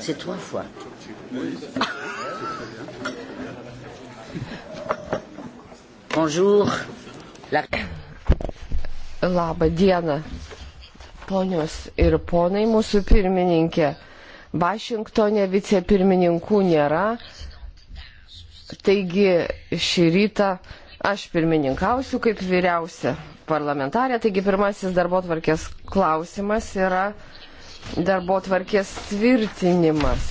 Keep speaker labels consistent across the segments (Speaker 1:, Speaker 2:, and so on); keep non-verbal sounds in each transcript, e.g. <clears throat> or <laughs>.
Speaker 1: C'est trois fois. Bonjour. La...
Speaker 2: Labą dieną, ponios ir ponai, mūsų pirmininkė. Vašingtonė vicepirmininkų nėra, taigi šį rytą aš pirmininkausiu kaip vyriausia parlamentarė, taigi pirmasis darbo tvarkės klausimas yra darbo tvarkės tvirtinimas.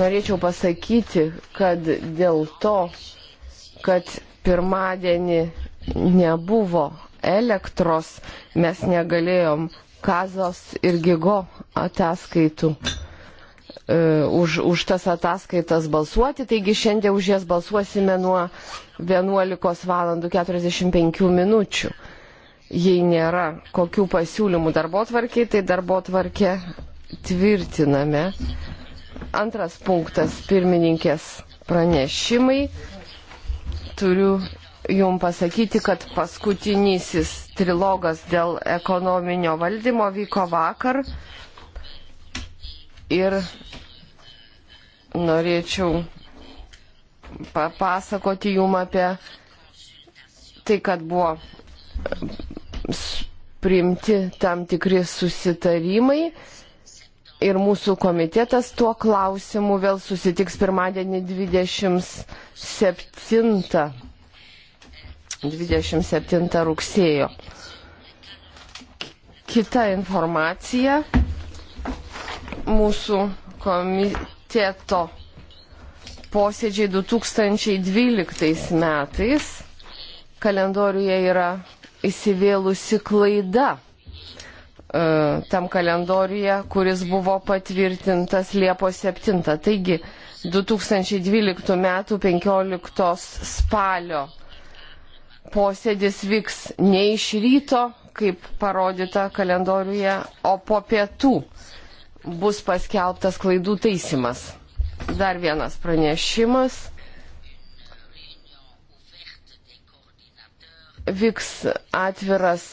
Speaker 2: Norėčiau pasakyti, kad dėl to, kad pirmadienį nebuvo elektros, mes negalėjom kazos ir gigo ataskaitų. E, už, už tas ataskaitas balsuoti, taigi šiandien už jas balsuosime nuo 11 val. 45 minučių. Jei nėra kokių pasiūlymų darbo tvarkiai, tai darbo tvarkė tvirtiname. Antras punktas - pirmininkės pranešimai. Turiu Jums pasakyti, kad paskutinysis trilogas dėl ekonominio valdymo vyko vakar. Ir norėčiau papasakoti jum apie tai, kad buvo priimti tam tikri susitarimai. Ir mūsų komitetas tuo klausimu vėl susitiks pirmadienį 27, 27 rugsėjo. Kita informacija mūsų komiteto posėdžiai 2012 metais. Kalendoriuje yra įsivėlusi klaida e, tam kalendoriuje, kuris buvo patvirtintas Liepos 7. Taigi 2012 m. 15 spalio posėdis vyks ne iš ryto, kaip parodyta kalendoriuje, o po pietų bus paskelbtas klaidų taisimas. Dar vienas pranešimas. vyks atviras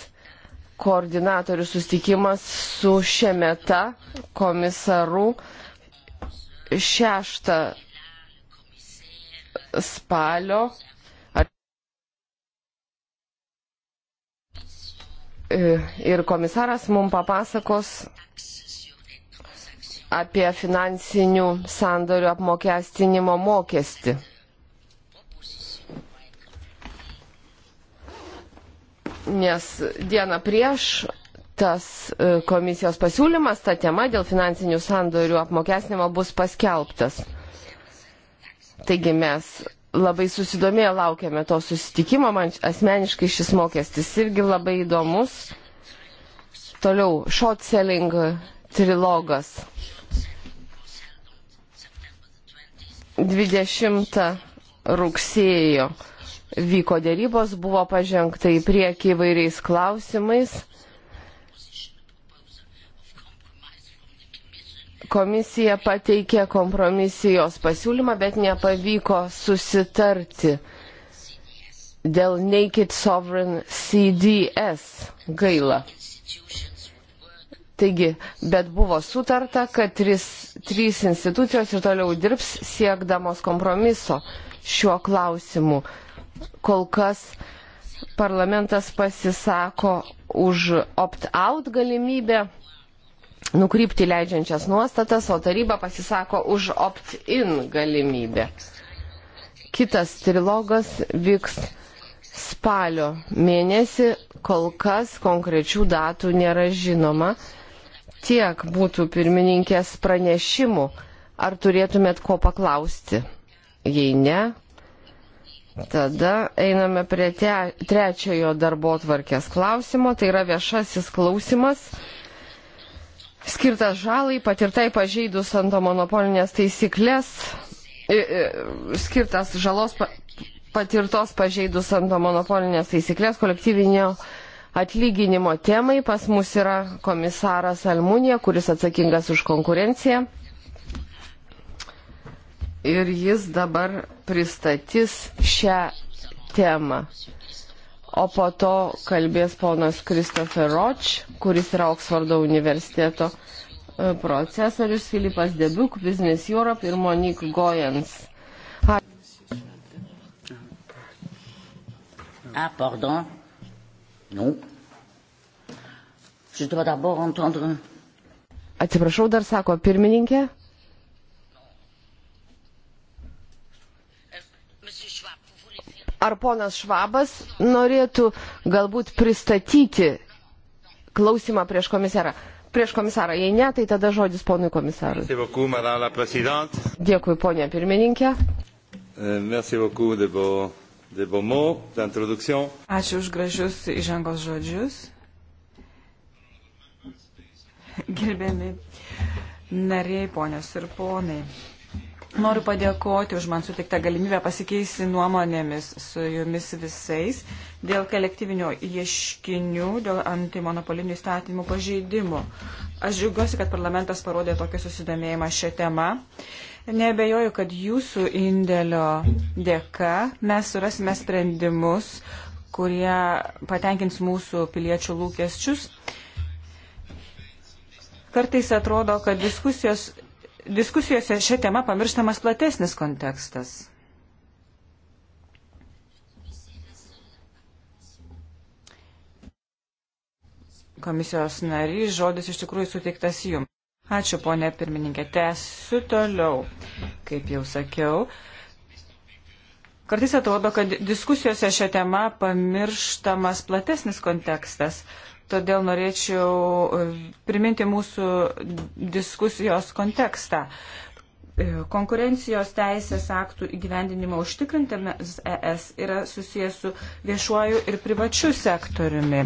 Speaker 2: koordinatorių sustikimas su Šemeta komisaru 6 spalio. Ir komisaras mums papasakos apie finansinių sandorių apmokestinimo mokestį. nes dieną prieš tas e, komisijos pasiūlymas, ta tema dėl finansinių sandorių apmokesnimo bus paskelbtas. Taigi mes labai susidomėję laukiame to susitikimo, man asmeniškai šis mokestis irgi labai įdomus. Toliau, short selling trilogas. 20 rugsėjo vyko dėrybos, buvo pažengta į priekį įvairiais klausimais. Komisija pateikė kompromisijos pasiūlymą, bet nepavyko susitarti dėl Naked Sovereign CDS gaila. Taigi, bet buvo sutarta, kad tris, trys institucijos ir toliau dirbs siekdamos kompromiso šiuo klausimu kol kas parlamentas pasisako už opt-out galimybę nukrypti leidžiančias nuostatas, o taryba pasisako už opt-in galimybę. Kitas trilogas vyks spalio mėnesį, kol kas konkrečių datų nėra žinoma. Tiek būtų pirmininkės pranešimų. Ar turėtumėt ko paklausti? Jei ne, Tada einame prie te, trečiojo darbo tvarkės klausimo, tai yra viešasis klausimas, skirtas žalai patirtai pažeidus antomonopolinės taisyklės, skirtas žalos patirtos pažeidus antomonopolinės taisyklės kolektyvinio atlyginimo temai. Pas mus yra komisaras Almunė, kuris atsakingas už konkurenciją ir jis dabar pristatys šią temą. O po to kalbės ponas Kristofer Roč, kuris yra Oksfordo universiteto e, procesorius, Filipas Debiuk, Business Europe ir Monique Goyens.
Speaker 1: Ah, pardon. Non. Je dois d'abord entendre.
Speaker 2: Atsiprašau, dar sako pirmininkė. ar ponas Švabas norėtų galbūt pristatyti klausimą prieš komisarą. Prieš komisarą, jei ne, tai tada žodis ponui komisarui. Dėkui, ponė pirmininkė.
Speaker 3: Euh,
Speaker 1: Ačiū už gražius įžangos žodžius. Gerbiami nariai, ponios ir ponai. Noriu padėkoti už man sutiktą galimybę pasikeisti nuomonėmis su jumis visais dėl kolektyvinio ieškinių, dėl antimonopolinių įstatymų pažeidimų. Aš džiaugiuosi, kad parlamentas parodė tokį susidomėjimą šią temą. Nebejoju, kad jūsų indėlio dėka mes surasime sprendimus, kurie patenkins mūsų piliečių lūkesčius. Kartais atrodo, kad diskusijos diskusijose šią temą pamirštamas platesnis kontekstas. Komisijos narys žodis iš tikrųjų suteiktas jums. Ačiū, ponė pirmininkė. Tęsiu toliau. Kaip jau sakiau, kartais atrodo, kad diskusijose šią temą pamirštamas platesnis kontekstas. Todėl norėčiau e, priminti mūsų diskusijos kontekstą. E, konkurencijos teisės aktų įgyvendinimo užtikrintamas e ES yra susijęs su viešuoju ir privačiu sektoriumi.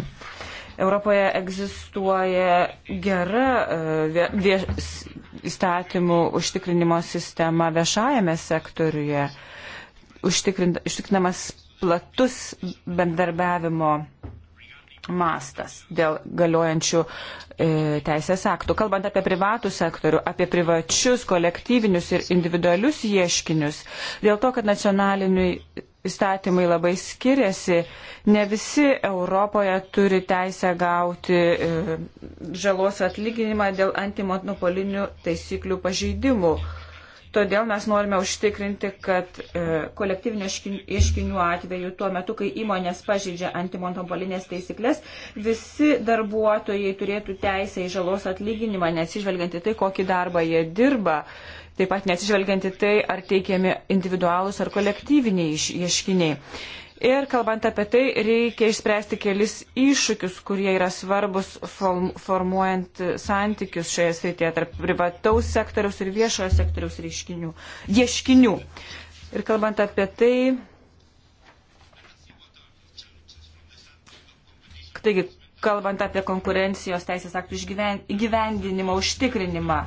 Speaker 1: Europoje egzistuoja gera vie, įstatymų užtikrinimo sistema viešajame sektoriuje, užtikrinamas platus bendarbiavimo mastas dėl galiojančių e, teisės aktų. Kalbant apie privatų sektorių, apie privačius, kolektyvinius ir individualius ieškinius, dėl to, kad nacionaliniai įstatymai labai skiriasi, ne visi Europoje turi teisę gauti e, žalos atlyginimą dėl antimonopolinių taisyklių pažeidimų. E, Todėl mes norime užtikrinti, kad e, kolektyvinio ieškinių atveju tuo metu, kai įmonės pažydžia antimonopolinės taisyklės, visi darbuotojai turėtų teisę į žalos atlyginimą, nesižvelgiant į tai, kokį darbą jie dirba, taip pat nesižvelgiant į tai, ar teikiami individualūs ar kolektyviniai ieškiniai. Iš, Ir kalbant apie tai, reikia išspręsti kelis iššūkius, kurie yra svarbus formuojant santykius šioje srityje tarp privataus sektoriaus ir viešojo sektoriaus reiškinių, ieškinių. Ir kalbant apie tai, taigi, kalbant apie konkurencijos teisės aktų įgyvendinimą, užtikrinimą.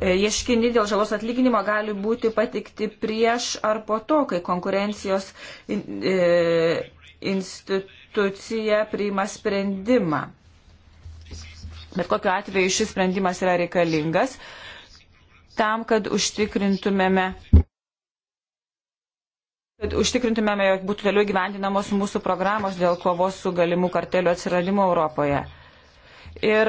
Speaker 1: E, Ieškini dėl žalos atlyginimo gali būti patikti prieš ar po to, kai konkurencijos e, institucija priima sprendimą. Bet kokiu atveju šis sprendimas yra reikalingas tam, kad užtikrintumėme kad užtikrintumėme, jog būtų vėliau gyvendinamos mūsų programos dėl kovos su galimu karteliu atsiradimu Europoje. Ir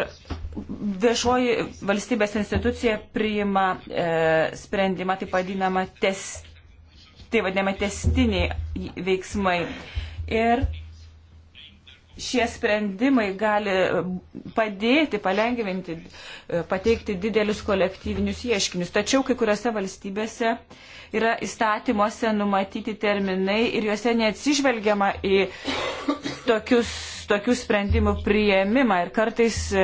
Speaker 1: viešoji valstybės institucija priima e, sprendimą, tai vadinama tes, tai vadinama testiniai veiksmai. Ir šie sprendimai gali padėti, palengvinti, e, pateikti didelius kolektyvinius ieškinius. Tačiau kai kuriuose valstybėse yra įstatymuose numatyti terminai ir juose neatsižvelgiama į tokius tokių sprendimų prieimimą ir kartais e,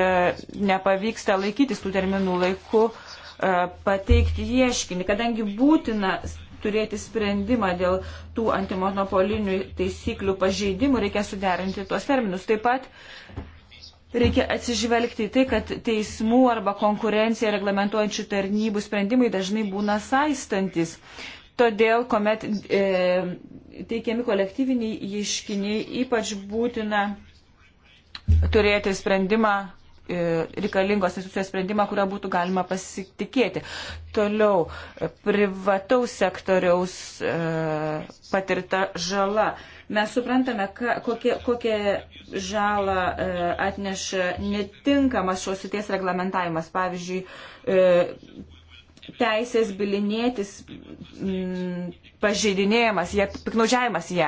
Speaker 1: nepavyksta laikytis tų terminų laiku e, pateikti ieškinį, kadangi būtina turėti sprendimą dėl tų antimonopolinių taisyklių pažeidimų, reikia suderinti tuos terminus. Taip pat reikia atsižvelgti į tai, kad teismų arba konkurenciją reglamentuojančių tarnybų sprendimai dažnai būna saistantis. Todėl, kuomet e, teikiami kolektyviniai ieškiniai, ypač būtina turėti sprendimą, e, reikalingos institucijos sprendimą, kurio būtų galima pasitikėti. Toliau, e, privataus sektoriaus e, patirta žala. Mes suprantame, kokią žalą atneša netinkamas šios sities reglamentavimas. Pavyzdžiui, teisės bilinėtis pažeidinėjimas, piknaudžiavimas ją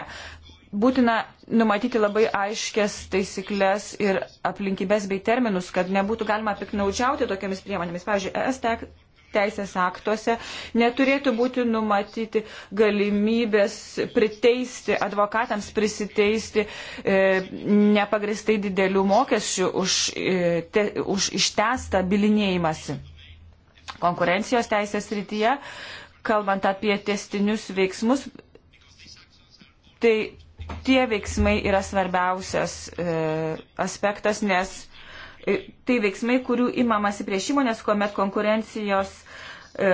Speaker 1: būtina numatyti labai aiškias taisyklės ir aplinkybės bei terminus, kad nebūtų galima piknaudžiauti tokiamis priemonėmis. Pavyzdžiui, ES te, teisės aktuose neturėtų būti numatyti galimybės priteisti advokatams, prisiteisti e, nepagristai didelių mokesčių už, e, te, už ištestą bilinėjimąsi. Konkurencijos teisės rytyje, kalbant apie testinius veiksmus, tai tie veiksmai yra svarbiausias e, aspektas, nes e, tai veiksmai, kurių imamasi prieš įmonės, kuomet konkurencijos e,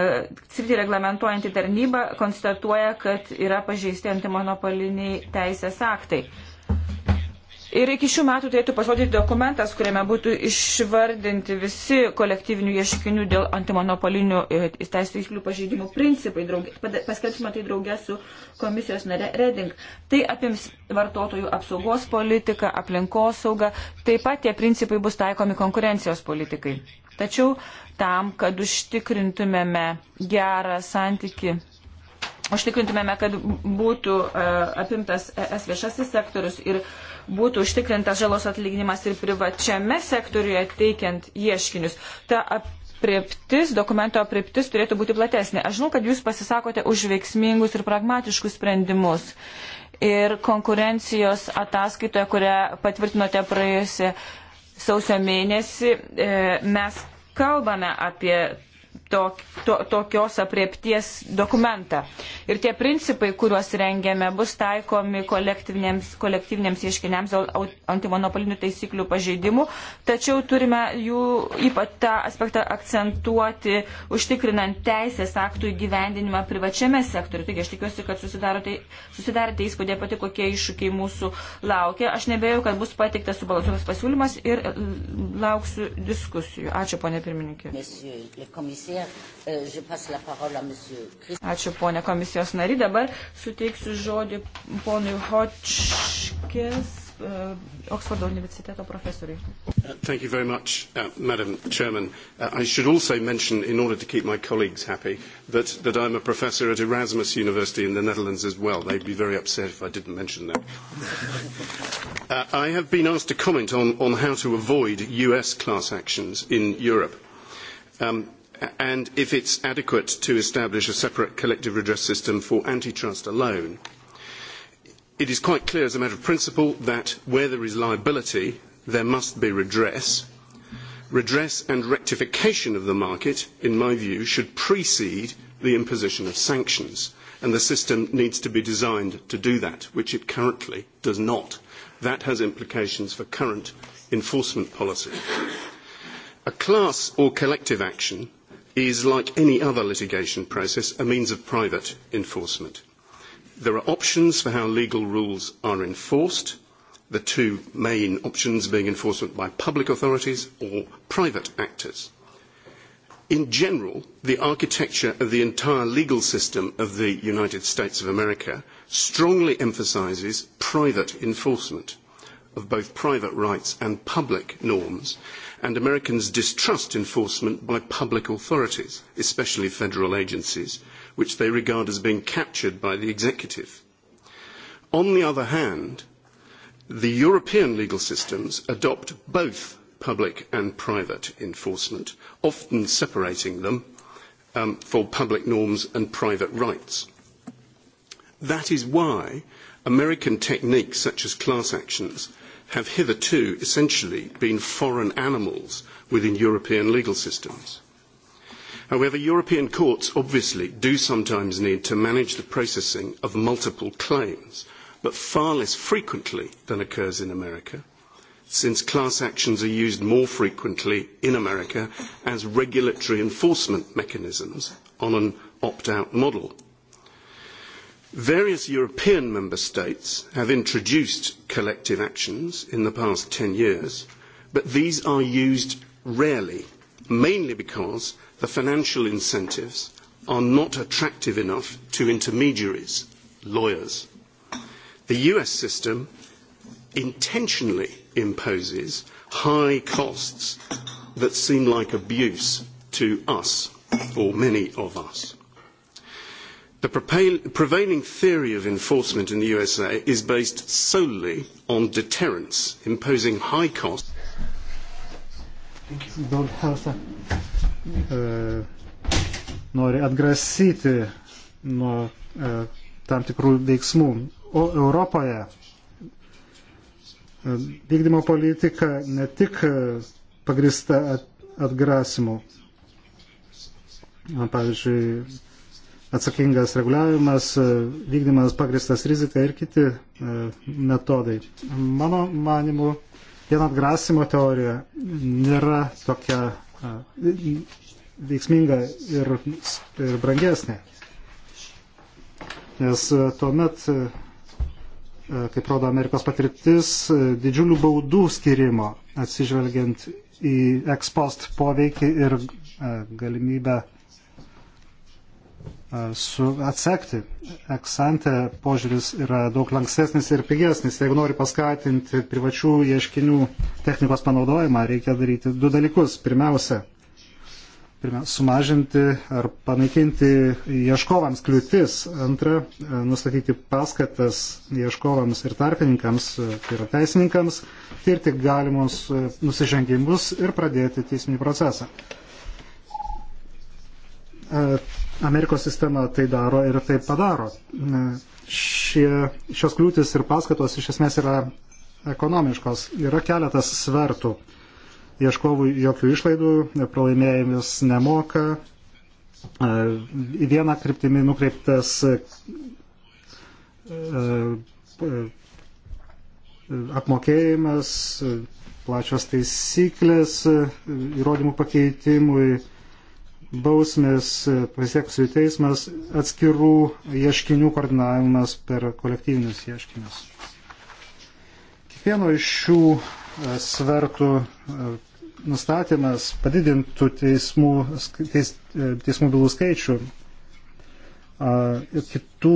Speaker 1: sritį reglamentuojantį tarnybą konstatuoja, kad yra pažeisti antimonopoliniai teisės aktai. E, Ir iki šių metų turėtų pasirodyti dokumentas, kuriame būtų išvardinti visi kolektyvinių ieškinių dėl antimonopolinių e, teisų įsklių pažeidimų principai. Paskelbsime tai draugė su komisijos nare Reding. Tai apims vartotojų apsaugos politiką, aplinkos saugą. Taip pat tie principai bus taikomi konkurencijos politikai. Tačiau tam, kad užtikrintumėme gerą santyki užtikrintumėme, kad būtų e, apimtas es viešasis sektorius ir būtų užtikrintas žalos atlyginimas ir privačiame sektoriuje teikiant ieškinius. Ta apriptis, dokumento apriptis turėtų būti platesnė. Aš žinau, kad jūs pasisakote už veiksmingus ir pragmatiškus sprendimus. Ir konkurencijos ataskaitoje, kurią patvirtinote praėjusią sausio mėnesį, e, mes kalbame apie tok, to, tokios apriepties dokumentą. Ir tie principai, kuriuos rengėme, bus taikomi kolektyvinėms, kolektyvinėms ieškiniams antimonopolinių taisyklių pažeidimų, tačiau turime jų ypat tą aspektą akcentuoti, užtikrinant teisės aktų įgyvendinimą privačiame sektoriu. Taigi aš tikiuosi, kad susidarote, susidarėte įspūdį apie tai, kokie iššūkiai mūsų laukia. Aš nebėjau, kad bus pateiktas subalansuotas pasiūlymas ir lauksiu diskusijų. Ačiū, ponė pirmininkė. Monsieur, Euh, Ačiū ponė komisijos nari. Dabar suteiksiu žodį ponui Hočkės, e, Oksfordo universiteto profesoriui.
Speaker 4: Uh, thank you very much, uh, Madam Chairman. Uh, I should also mention, in order to keep my colleagues happy, that, that I'm a professor at Erasmus University in the Netherlands as well. They'd be very upset if I didn't mention that. <laughs> uh, I have been asked to comment on, on how to avoid US class actions in Europe. Um, and if it's adequate to establish a separate collective redress system for antitrust alone. It is quite clear as a matter of principle that where there is liability, there must be redress. Redress and rectification of the market, in my view, should precede the imposition of sanctions, and the system needs to be designed to do that, which it currently does not. That has implications for current enforcement policy. A class or collective action is, like any other litigation process, a means of private enforcement. There are options for how legal rules are enforced, the two main options being enforcement by public authorities or private actors. In general, the architecture of the entire legal system of the United States of America strongly emphasizes private enforcement of both private rights and public norms, and Americans distrust enforcement by public authorities, especially federal agencies, which they regard as being captured by the executive. On the other hand, the European legal systems adopt both public and private enforcement, often separating them um, for public norms and private rights. That is why American techniques such as class actions have hitherto essentially been foreign animals within European legal systems. However, European courts obviously do sometimes need to manage the processing of multiple claims, but far less frequently than occurs in America, since class actions are used more frequently in America as regulatory enforcement mechanisms on an opt-out model Various European member states have introduced collective actions in the past 10 years, but these are used rarely, mainly because the financial incentives are not attractive enough to intermediaries, lawyers. The US system intentionally imposes high costs that seem like abuse to us, or many of us. The prevailing theory of enforcement in the USA is based solely on deterrence, imposing high costs.
Speaker 3: Daugiausia e, nori atgrasyti nuo e, tam tikrų veiksmų. O Europoje e, vykdymo politika ne tik e, pagrista at, atgrasimu. Pavyzdžiui, atsakingas reguliavimas, e, vykdymas pagristas rizika ir kiti e, metodai. Mano manimu, viena atgrasimo teorija nėra tokia e, veiksminga ir, ir brangesnė. Nes tuomet, kaip rodo Amerikos patirtis, didžiulių baudų skirimo atsižvelgiant į ekspost poveikį ir galimybę su atsekti. Eksante požiūris yra daug lankstesnis ir pigesnis. Jeigu nori paskatinti privačių ieškinių technikos panaudojimą, reikia daryti du dalykus. Pirmiausia, pirmia, sumažinti ar panaikinti ieškovams kliūtis. Antra, nustatyti paskatas ieškovams ir tarpininkams, tai yra teisininkams, tirti galimus nusižengimus ir pradėti teisminį procesą Amerikos sistema tai daro ir tai padaro. Šie, šios kliūtis ir paskatos iš esmės yra ekonomiškos. Yra keletas svertų. Ieškovų jokių išlaidų, pralaimėjimus nemoka. E, į vieną kryptimį nukreiptas e, e, apmokėjimas, plačios taisyklės įrodymų pakeitimui bausmės pasiekusių teismas atskirų ieškinių koordinavimas per kolektyvinius ieškinius. Kiekvieno iš šių e, svertų e, nustatymas padidintų teismų, teis, e, teismų bylų skaičių. Kitų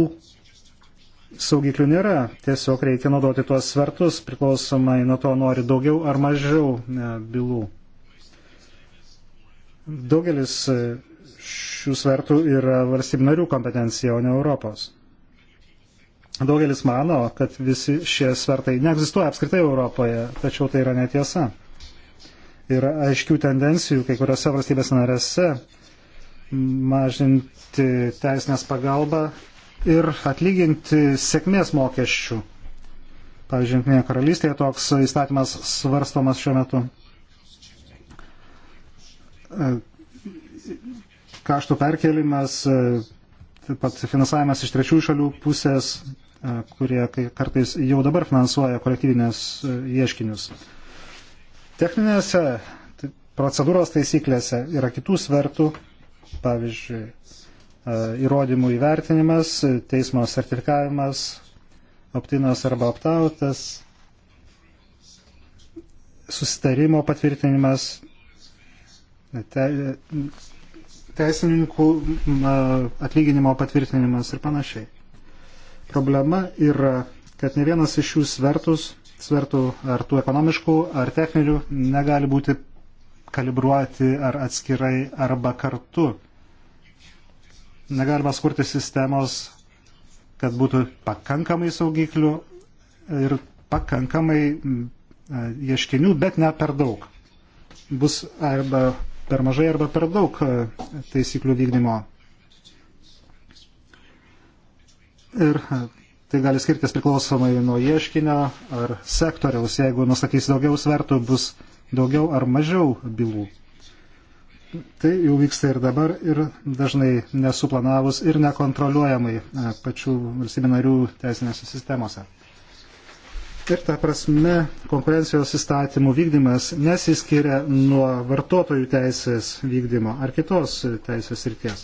Speaker 3: saugiklių nėra, tiesiog reikia naudoti tuos svertus priklausomai nuo to, nori daugiau ar mažiau bylų. Daugelis e, šių svertų yra valstybinarių kompetencija, o ne Europos. Daugelis mano, kad visi šie svertai neegzistuoja apskritai Europoje, tačiau tai yra netiesa. Yra aiškių tendencijų kai kuriuose valstybės narėse mažinti teisinės pagalbą ir atlyginti sėkmės mokesčių. Pavyzdžiui, Junktinėje karalystėje toks įstatymas svarstomas šiuo metu. E, kaštų perkelimas, e, taip pat finansavimas iš trečiųjų šalių pusės, e, kurie kartais jau dabar finansuoja kolektyvinės ieškinius. Techninėse procedūros taisyklėse yra kitų svertų, pavyzdžiui, įrodymų įvertinimas, teismo sertifikavimas, optinas arba optautas, susitarimo patvirtinimas, te, teisininkų atlyginimo patvirtinimas ir panašiai. Problema yra, kad ne vienas iš šių svertus, svertų ar tų ekonomiškų, ar techninių, negali būti kalibruoti ar atskirai arba kartu. Negalima skurti sistemos, kad būtų pakankamai saugiklių ir pakankamai mm, e, ieškinių, bet ne per daug. Bus arba per mažai arba per daug e, taisyklių vykdymo. Ir e, tai gali skirtis priklausomai nuo ieškinio ar sektoriaus. Jeigu nustatys daugiau svertų, bus daugiau ar mažiau bylų. Tai jau vyksta ir dabar ir dažnai nesuplanavus ir nekontroliuojamai e, pačių valstybinarių teisinėse sistemose. Ir ta prasme, konkurencijos įstatymų vykdymas nesiskiria nuo vartotojų teisės vykdymo ar kitos teisės ryties.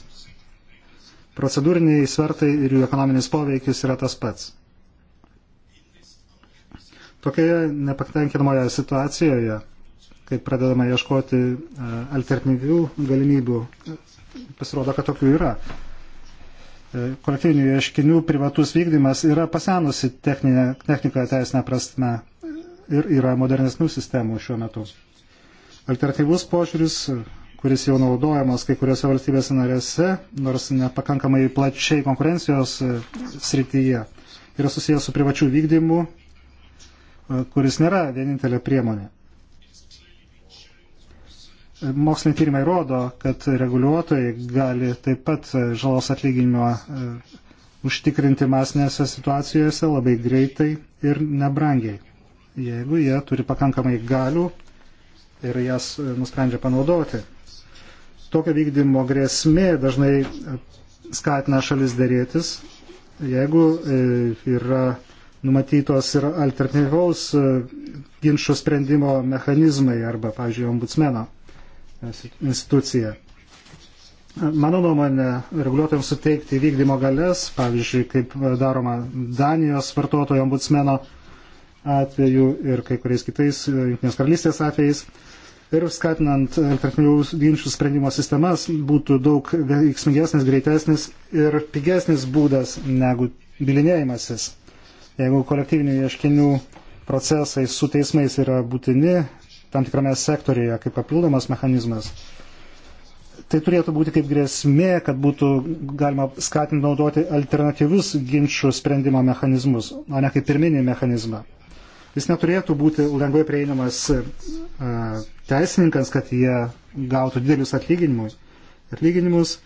Speaker 3: Procedūriniai svertai ir jų ekonominis poveikis yra tas pats. Tokioje nepatenkinamoje situacijoje, kai pradedama ieškoti e, alternatyvių galimybių, e, pasirodo, kad tokių yra. E, kolektyvinių ieškinių privatus vykdymas yra pasenusi techninė, technika teisinė prasme ir yra modernesnių sistemų šiuo metu. Alternatyvus požiūris, kuris jau naudojamas kai kuriuose valstybėse narėse, nors nepakankamai plačiai konkurencijos e, srityje, yra susijęs su privačių vykdymu, e, kuris nėra vienintelė priemonė. Moksliniai tyrimai rodo, kad reguliuotojai gali taip pat e, žalos atlyginimo e, užtikrinti masinėse situacijose labai greitai ir nebrangiai, jeigu jie turi pakankamai galių ir jas e, nusprendžia panaudoti. Tokia vykdymo grėsmė dažnai skatina šalis dėrėtis, jeigu yra numatytos ir alternatyvaus ginčių sprendimo mechanizmai arba, pavyzdžiui, ombudsmeno institucija. Mano nuomonė, reguliuotojams suteikti vykdymo galės, pavyzdžiui, kaip daroma Danijos vartotojo ombudsmeno atveju ir kai kuriais kitais Junktinės karalystės atvejais, ir skatinant tarptautinių ginčių sprendimo sistemas būtų daug veiksmingesnis, greitesnis ir pigesnis būdas negu bilinėjimasis. Jeigu kolektyvinių ieškinių procesai su teismais yra būtini, tam tikrame sektorėje kaip papildomas mechanizmas. Tai turėtų būti kaip grėsmė, kad būtų galima skatinti naudoti alternatyvius ginčių sprendimo mechanizmus, o ne kaip pirminį mechanizmą. Jis neturėtų būti lengvai prieinamas e, teisininkams, kad jie gautų didelius atlyginimus. atlyginimus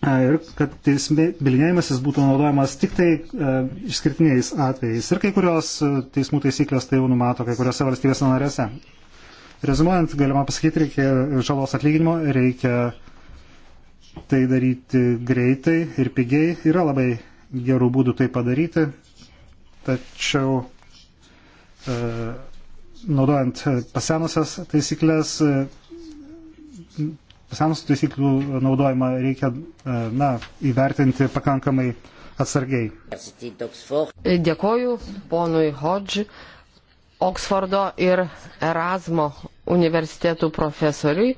Speaker 3: ir kad bilinėjimasis būtų naudojamas tik tai e, išskirtiniais atvejais. Ir kai kurios e, teismų taisyklės tai jau numato kai kuriuose valstybėse narėse. Rezumuojant, galima pasakyti, reikia žalos atlyginimo, reikia tai daryti greitai ir pigiai. Yra labai gerų būdų tai padaryti, tačiau e, naudojant e, pasenusias taisyklės. E, senos taisyklių naudojimą reikia e, na, įvertinti pakankamai atsargiai. Dėkoju
Speaker 2: ponui Hodži, Oksfordo ir Erasmo universitetų profesoriui.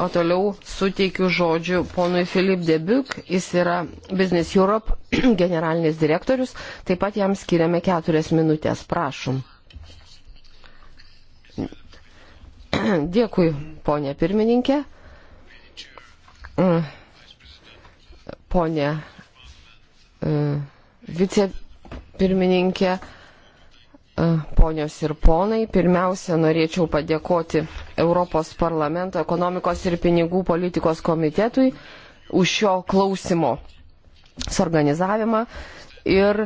Speaker 2: O toliau suteikiu žodžių ponui Filip Debiuk, jis yra Business Europe <clears throat> generalinis direktorius, taip pat jam skiriame keturias minutės, prašom. <clears throat> Dėkui, ponė pirmininkė ponė e, vicepirmininkė, e, ponios ir ponai, pirmiausia, norėčiau padėkoti Europos parlamento ekonomikos ir pinigų politikos komitetui už šio klausimo suorganizavimą ir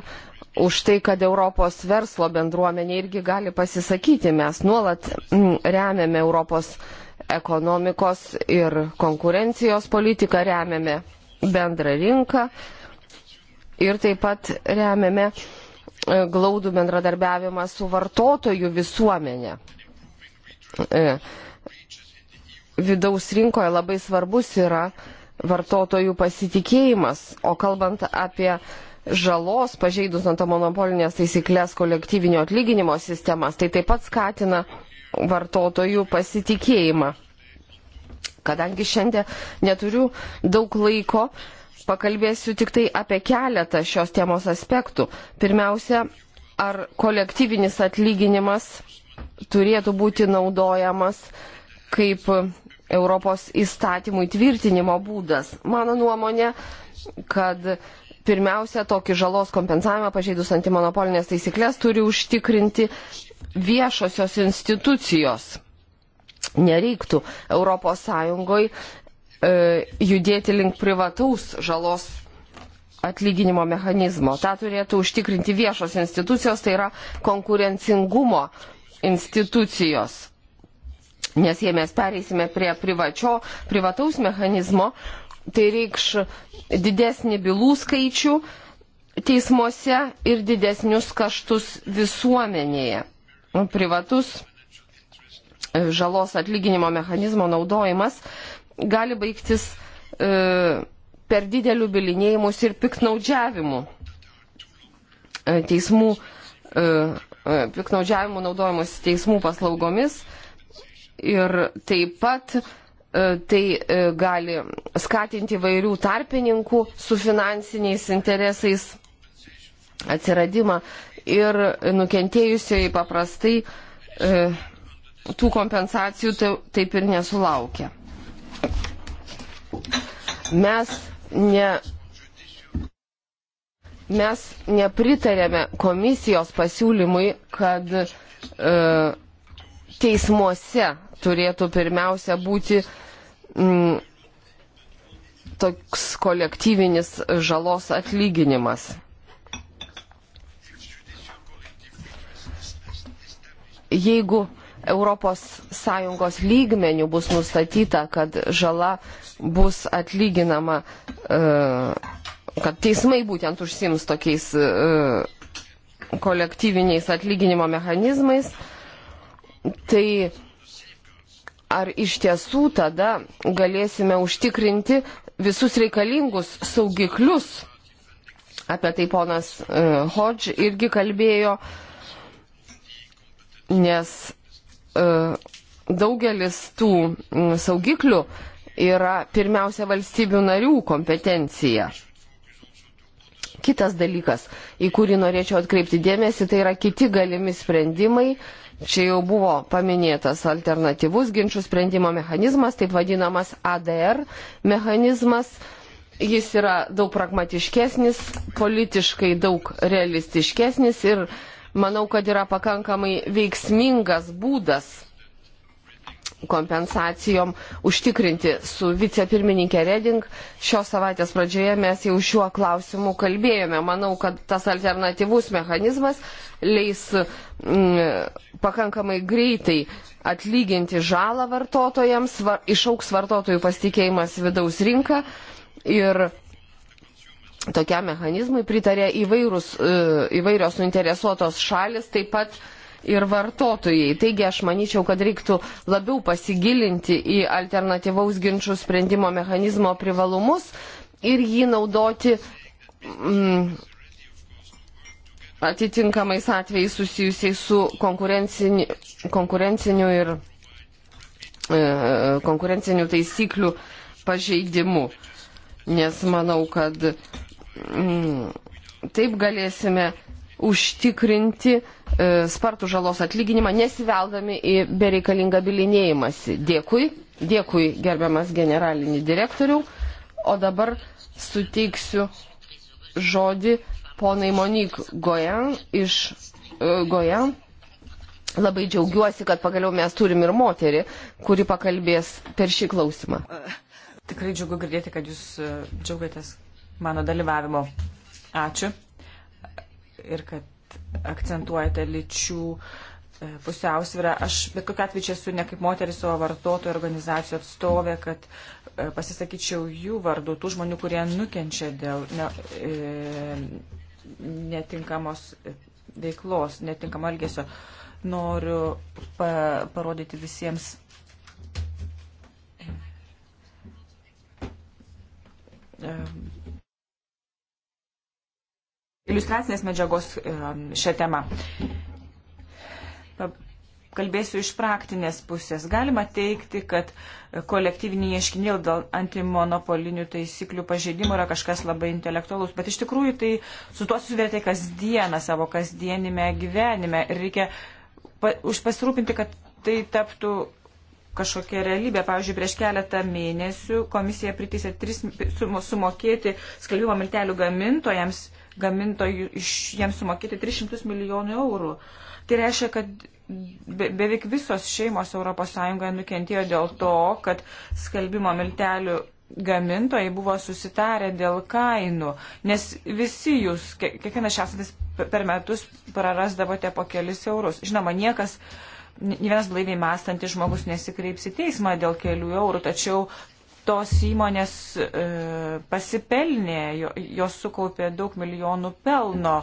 Speaker 2: už tai, kad Europos verslo bendruomenė irgi gali pasisakyti. Mes nuolat mm, remiame Europos parlamento ekonomikos ir konkurencijos politiką, remiame bendrą rinką ir taip pat remiame e, glaudų bendradarbiavimą su vartotojų visuomenė. E, vidaus rinkoje labai svarbus yra vartotojų pasitikėjimas, o kalbant apie žalos pažeidus antamonopolinės taisyklės kolektyvinio atlyginimo sistemas, tai taip pat skatina vartotojų pasitikėjimą. Kadangi šiandien neturiu daug laiko, pakalbėsiu tik tai apie keletą šios temos aspektų. Pirmiausia, ar kolektyvinis atlyginimas turėtų būti naudojamas kaip Europos įstatymų įtvirtinimo būdas. Mano nuomonė, kad pirmiausia, tokį žalos kompensavimą pažeidus antimonopolinės taisyklės turi užtikrinti viešosios institucijos nereiktų ES e, judėti link privataus žalos atlyginimo mechanizmo. Ta turėtų užtikrinti viešos institucijos, tai yra konkurencingumo institucijos. Nes jei mes pereisime prie privačio, privataus mechanizmo, tai reikš didesnį bylų skaičių teismuose ir didesnius kaštus visuomenėje. Privatus žalos atlyginimo mechanizmo naudojimas gali baigtis e, per didelių bilinėjimus ir piknaudžiavimų e, teismų, e, e piknaudžiavimų naudojimus teismų paslaugomis ir taip pat e, tai e, gali skatinti vairių tarpininkų su finansiniais interesais atsiradimą ir nukentėjusiai paprastai tų kompensacijų tai taip ir nesulaukė. Mes, ne, mes nepritarėme komisijos pasiūlymui, kad e, teismuose turėtų pirmiausia būti m, mm, toks kolektyvinis žalos atlyginimas. Jeigu ES lygmenių bus nustatyta, kad žala bus atlyginama, e, kad teismai būtent užsims tokiais e, kolektyviniais atlyginimo mechanizmais, tai ar iš tiesų tada galėsime užtikrinti visus reikalingus saugiklius, apie tai ponas e, Hodge irgi kalbėjo, nes E, daugelis tų saugiklių yra pirmiausia valstybių narių kompetencija. Kitas dalykas, į kurį norėčiau atkreipti dėmesį, tai yra kiti galimi sprendimai. Čia jau buvo paminėtas alternatyvus ginčių sprendimo mechanizmas, taip vadinamas ADR mechanizmas. Jis yra daug pragmatiškesnis, politiškai daug realistiškesnis ir uh, manau, kad yra pakankamai veiksmingas būdas kompensacijom užtikrinti su vicepirmininkė Reding. Šios savaitės pradžioje mes jau šiuo klausimu kalbėjome. Manau, kad tas alternatyvus mechanizmas leis mm, pakankamai greitai atlyginti žalą vartotojams, var, išauks vartotojų pasitikėjimas vidaus rinka ir tokiam mechanizmui pritarė įvairūs, e, įvairios suinteresuotos šalis, taip pat ir vartotojai. Taigi aš manyčiau, kad reiktų labiau pasigilinti į alternatyvaus ginčių sprendimo mechanizmo privalumus ir jį naudoti mm, atitinkamais atvejais susijusiais su konkurenciniu, konkurenciniu ir e, konkurencinių taisyklių pažeidimu. Nes manau, kad Mm, taip galėsime užtikrinti e, spartų žalos atlyginimą, nesiveldami į bereikalingą bilinėjimąsi. Dėkui, dėkui gerbiamas generalinį direktorių. O dabar suteiksiu žodį ponai Monik Gojan iš e, Gojan. Labai džiaugiuosi, kad pagaliau mes turim ir moterį, kuri pakalbės per šį klausimą.
Speaker 1: Tikrai džiugu girdėti, kad jūs e, džiaugiatės, mano dalyvavimo. Ačiū ir kad akcentuojate lyčių e, pusiausvyrą. Aš bet kokiu atveju čia esu ne kaip moteris, o vartotojų organizacijų atstovė, kad e, pasisakyčiau jų vardu, tų žmonių, kurie nukenčia dėl ne, e, netinkamos veiklos, netinkamo elgesio. Noriu pa, parodyti visiems. E, iliustracinės medžiagos šią temą. Kalbėsiu iš praktinės pusės. Galima teikti, kad kolektyviniai ieškiniai dėl antimonopolinių taisyklių pažeidimų yra kažkas labai intelektualus, bet iš tikrųjų tai su tuo susivertai kasdieną savo kasdienime gyvenime ir reikia pa, pasirūpinti, kad tai taptų kažkokia realybė. Pavyzdžiui, prieš keletą mėnesių komisija priteisė tris, sumokėti skalbimo miltelių gamintojams gamintojų iš jiems sumokėti 300 milijonų eurų. Tai reiškia, kad be, beveik visos šeimos ES nukentėjo dėl to, kad skalbimo miltelių gamintojai buvo susitarę dėl kainų, nes visi jūs, kiekvienas šesantis per metus prarasdavote po kelis eurus. Žinoma, niekas, ne vienas blaiviai mąstantis žmogus nesikreips į teismą dėl kelių eurų, tačiau tos įmonės e, pasipelnė, jos sukaupė daug milijonų pelno.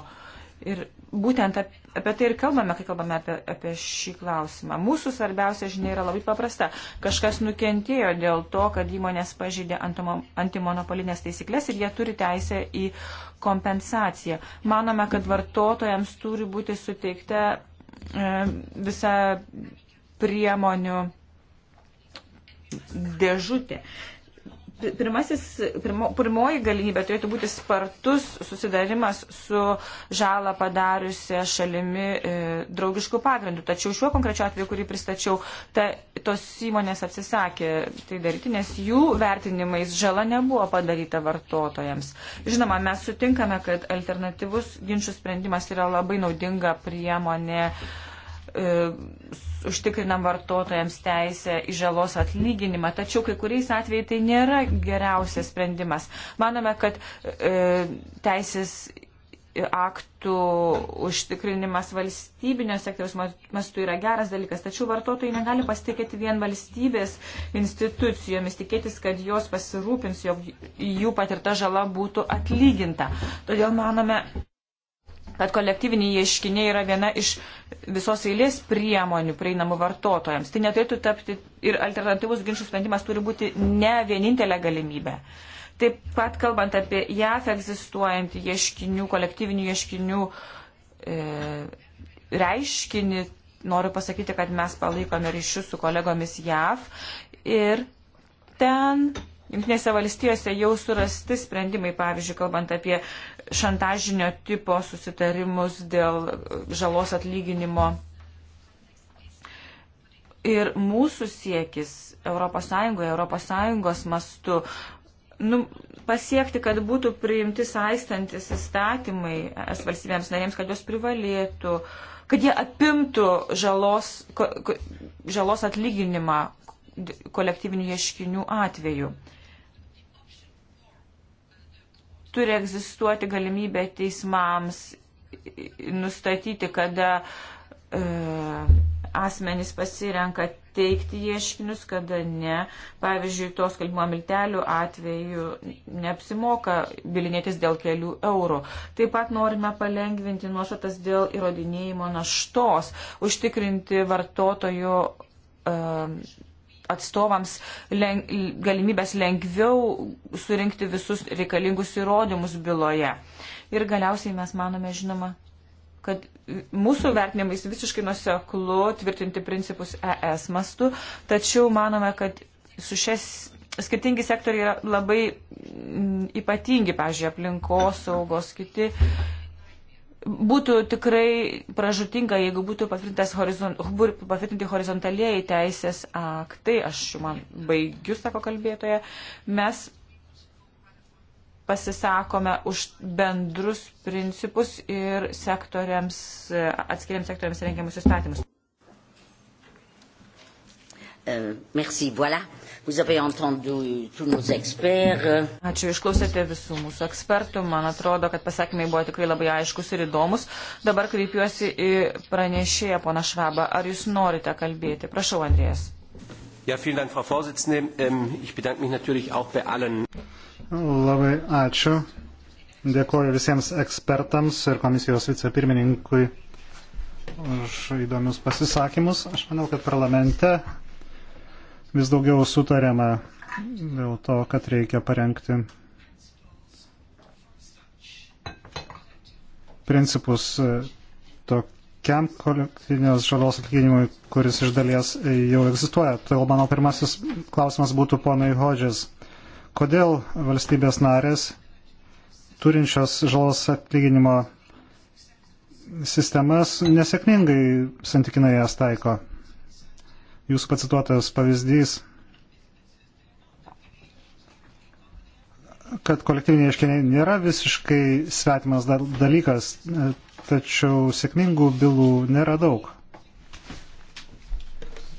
Speaker 1: Ir būtent apie tai ir kalbame, kai kalbame apie, apie šį klausimą. Mūsų svarbiausia žinia yra labai paprasta. Kažkas nukentėjo dėl to, kad įmonės pažydė antimonopolinės taisyklės ir jie turi teisę į kompensaciją. Manome, kad vartotojams turi būti suteikta e, visa priemonių dėžutė. Pirmasis, pirmo, pirmoji galimybė turėtų būti spartus susidarimas su žalą padariusią šalimi e, draugiškų pagrindų. Tačiau šiuo konkrečiu atveju, kurį pristačiau, ta, tos įmonės atsisakė tai daryti, nes jų vertinimais žala nebuvo padaryta vartotojams. Žinoma, mes sutinkame, kad alternatyvus ginčių sprendimas yra labai naudinga priemonė. E, užtikrinam vartotojams teisę į žalos atlyginimą, tačiau kai kuriais atvejais tai nėra geriausias sprendimas. Manome, kad e, teisės aktų užtikrinimas valstybinio sektoriaus mastu yra geras dalykas, tačiau vartotojai negali pasitikėti vien valstybės institucijomis, tikėtis, kad jos pasirūpins, jog jų patirta žala būtų atlyginta. Todėl manome, kad kolektyviniai ieškiniai yra viena iš visos eilės priemonių prieinamų vartotojams. Tai neturėtų tapti ir alternatyvus ginčių sprendimas turi būti ne vienintelė galimybė. Taip pat kalbant apie JAF egzistuojantį ieškinių, kolektyvinių ieškinių e, reiškinį, noriu pasakyti, kad mes palaikome ryšius su kolegomis JAF ir ten Junktinėse valstijose jau surasti sprendimai, pavyzdžiui, kalbant apie šantažinio tipo susitarimus dėl žalos atlyginimo. Ir mūsų siekis ES, ES mastu nu, pasiekti, kad būtų priimti saistantis įstatymai es valstybėms narėms, kad jos privalėtų, kad jie apimtų žalos, ko, žalos atlyginimą kolektyvinių ieškinių atveju turi egzistuoti galimybė teismams nustatyti, kada e, asmenys pasirenka teikti ieškinius, kada ne. Pavyzdžiui, tos kalbimo miltelių atveju neapsimoka bilinėtis dėl kelių eurų. Taip pat norime palengvinti nuostatas dėl įrodinėjimo naštos, užtikrinti vartotojų e, atstovams len, galimybės lengviau surinkti visus reikalingus įrodymus byloje. Ir galiausiai mes manome, žinoma, kad mūsų vertinimais visiškai nuseklu tvirtinti principus ES mastu, tačiau manome, kad su šias skirtingi sektoriai yra labai mm, ypatingi, pažiūrėjau, aplinkos saugos, kiti būtų tikrai pražutinga, jeigu būtų horizon, patvirtinti horizontalieji teisės aktai, aš jau man baigiu, sako kalbėtoje, mes pasisakome už bendrus principus ir sektoriams, atskiriams sektoriams rengiamus įstatymus.
Speaker 2: Uh, merci, voilà. Ačiū,
Speaker 1: išklausėte visų mūsų ekspertų. Man atrodo, kad pasakymai buvo tikrai labai aiškus ir įdomus. Dabar kreipiuosi į pranešėją, pana Švabą. Ar jūs norite kalbėti? Prašau, Andrėjas.
Speaker 3: Ja, vielen Dank, Frau Vorsitzende. Ähm, ich bedanke mich natürlich auch bei allen. Labai ačiū. Dėkuoju visiems ekspertams ir komisijos vicepirmininkui už įdomius pasisakymus. Aš manau, kad parlamente vis daugiau sutarėme dėl to, kad reikia parengti principus e, tokiam kolektyvinės žalos atlyginimui, kuris iš dalies e, jau egzistuoja. Todėl tai mano pirmasis klausimas būtų ponai Hodžės. Kodėl valstybės narės turinčios žalos atlyginimo sistemas nesėkmingai santykinai jas taiko? jūsų pacituotas pavyzdys, kad kolektyviniai ieškiniai nėra visiškai svetimas dalykas, tačiau sėkmingų bylų nėra daug.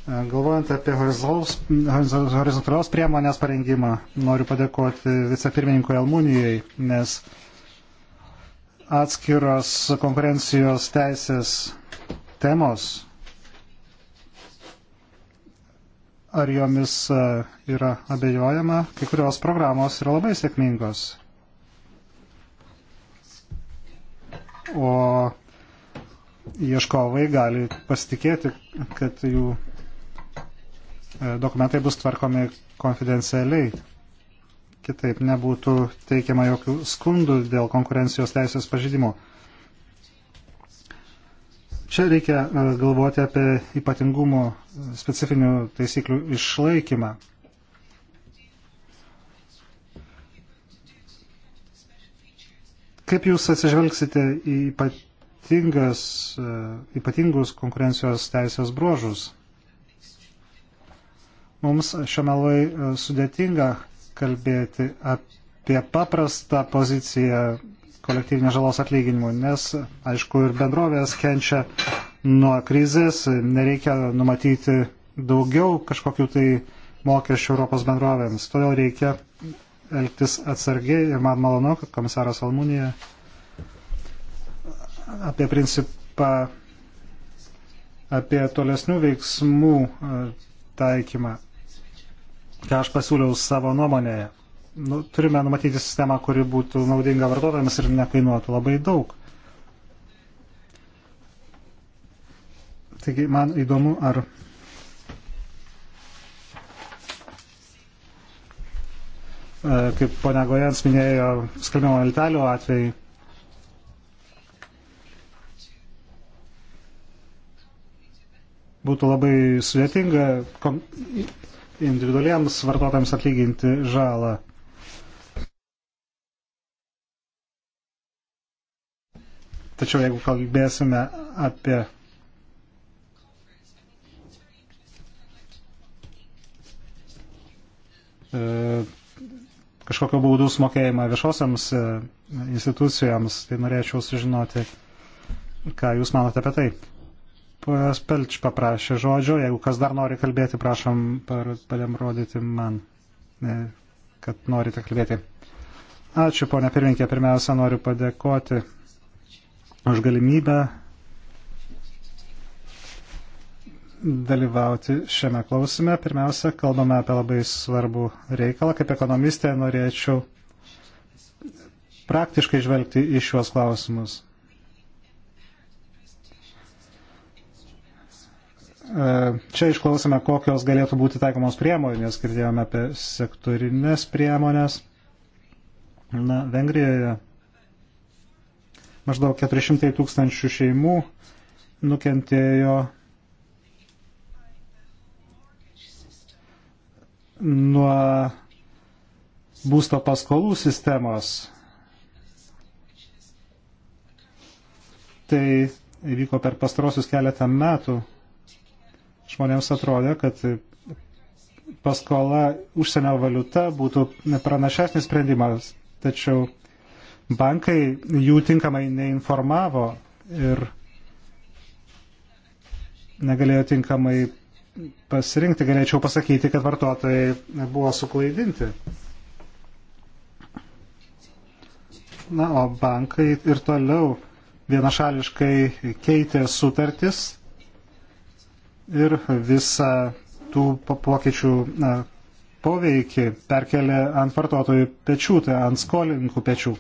Speaker 3: Galvojant apie horizontalios priemonės parengimą, noriu padėkoti vicepirmininkui Almunijai, nes atskiros konkurencijos teisės temos ar jomis e, yra abejojama, kai kurios programos yra labai sėkmingos. O ieškovai gali pasitikėti, kad jų e, dokumentai bus tvarkomi konfidencialiai. Kitaip nebūtų teikiama jokių skundų dėl konkurencijos teisės pažydimo. Čia reikia e, galvoti apie ypatingumo specifinių taisyklių išlaikymą. Kaip jūs atsižvelgsite į ypatingas, e, ypatingus konkurencijos teisės bruožus? Mums šiame lai e, sudėtinga kalbėti apie paprastą poziciją kolektyvinės žalos atlyginimų, nes, aišku, ir bendrovės kenčia nuo krizės, nereikia numatyti daugiau kažkokių tai mokesčių Europos bendrovėms. Todėl reikia elgtis atsargiai ir man malonu, kad komisaras Almunija apie principą, apie tolesnių veiksmų e, taikymą, ką aš pasiūliau savo nuomonėje nu, turime numatyti sistemą, kuri būtų naudinga vartotojams ir nekainuotų labai daug. Taigi man įdomu, ar e, kaip ponia Gojans minėjo, skalbimo miltelių atvejai. Būtų labai sudėtinga individualiems vartotojams atlyginti žalą. Tačiau jeigu kalbėsime apie e, kažkokio baudų sumokėjimą viešosiams e, institucijoms, tai norėčiau sužinoti, ką Jūs manote apie tai. Pojas Pelč paprašė žodžio, jeigu kas dar nori kalbėti, prašom padėm rodyti man, e, kad norite kalbėti. Ačiū, ponia pirminkė, pirmiausia noriu padėkoti už galimybę dalyvauti šiame klausime. Pirmiausia, kalbame apie labai svarbų reikalą. Kaip ekonomistė norėčiau praktiškai žvelgti į šiuos klausimus. E, čia išklausome, kokios galėtų būti taikomos priemonės, girdėjome apie sektorinės priemonės. Na, Vengrijoje maždaug 400 tūkstančių šeimų nukentėjo nuo būsto paskolų sistemos. Tai įvyko per pastarosius keletą metų. Žmonėms atrodė, kad paskola užsienio valiuta būtų pranašesnis sprendimas, tačiau bankai jų tinkamai neinformavo ir negalėjo tinkamai pasirinkti. Galėčiau pasakyti, kad vartotojai buvo suklaidinti. Na, o bankai ir toliau vienašališkai keitė sutartis ir visą tų pokyčių na, poveikį perkelė ant vartotojų pečių, tai ant skolininkų pečių.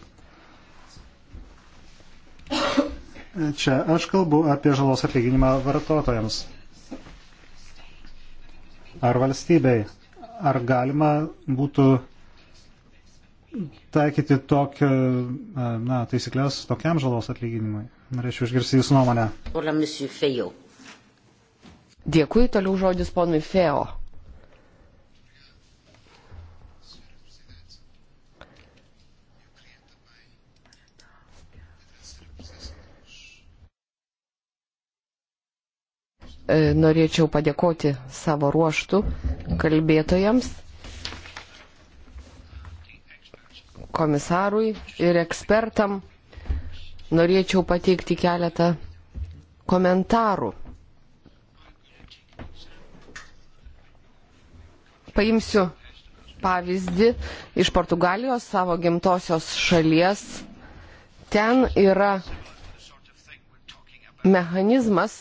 Speaker 3: Čia aš kalbu apie žalos atlyginimą vartotojams. Ar valstybei. Ar galima būtų taikyti tokią, na, taisyklės tokiam žalos atlyginimui? Norėčiau išgirsti Jūsų nuomonę. Dėkui, toliau
Speaker 2: žodis ponui Feo. E, norėčiau padėkoti savo ruoštų kalbėtojams, komisarui ir ekspertam. Norėčiau pateikti keletą komentarų. Paimsiu pavyzdį iš Portugalijos, savo gimtosios šalies. Ten yra mechanizmas,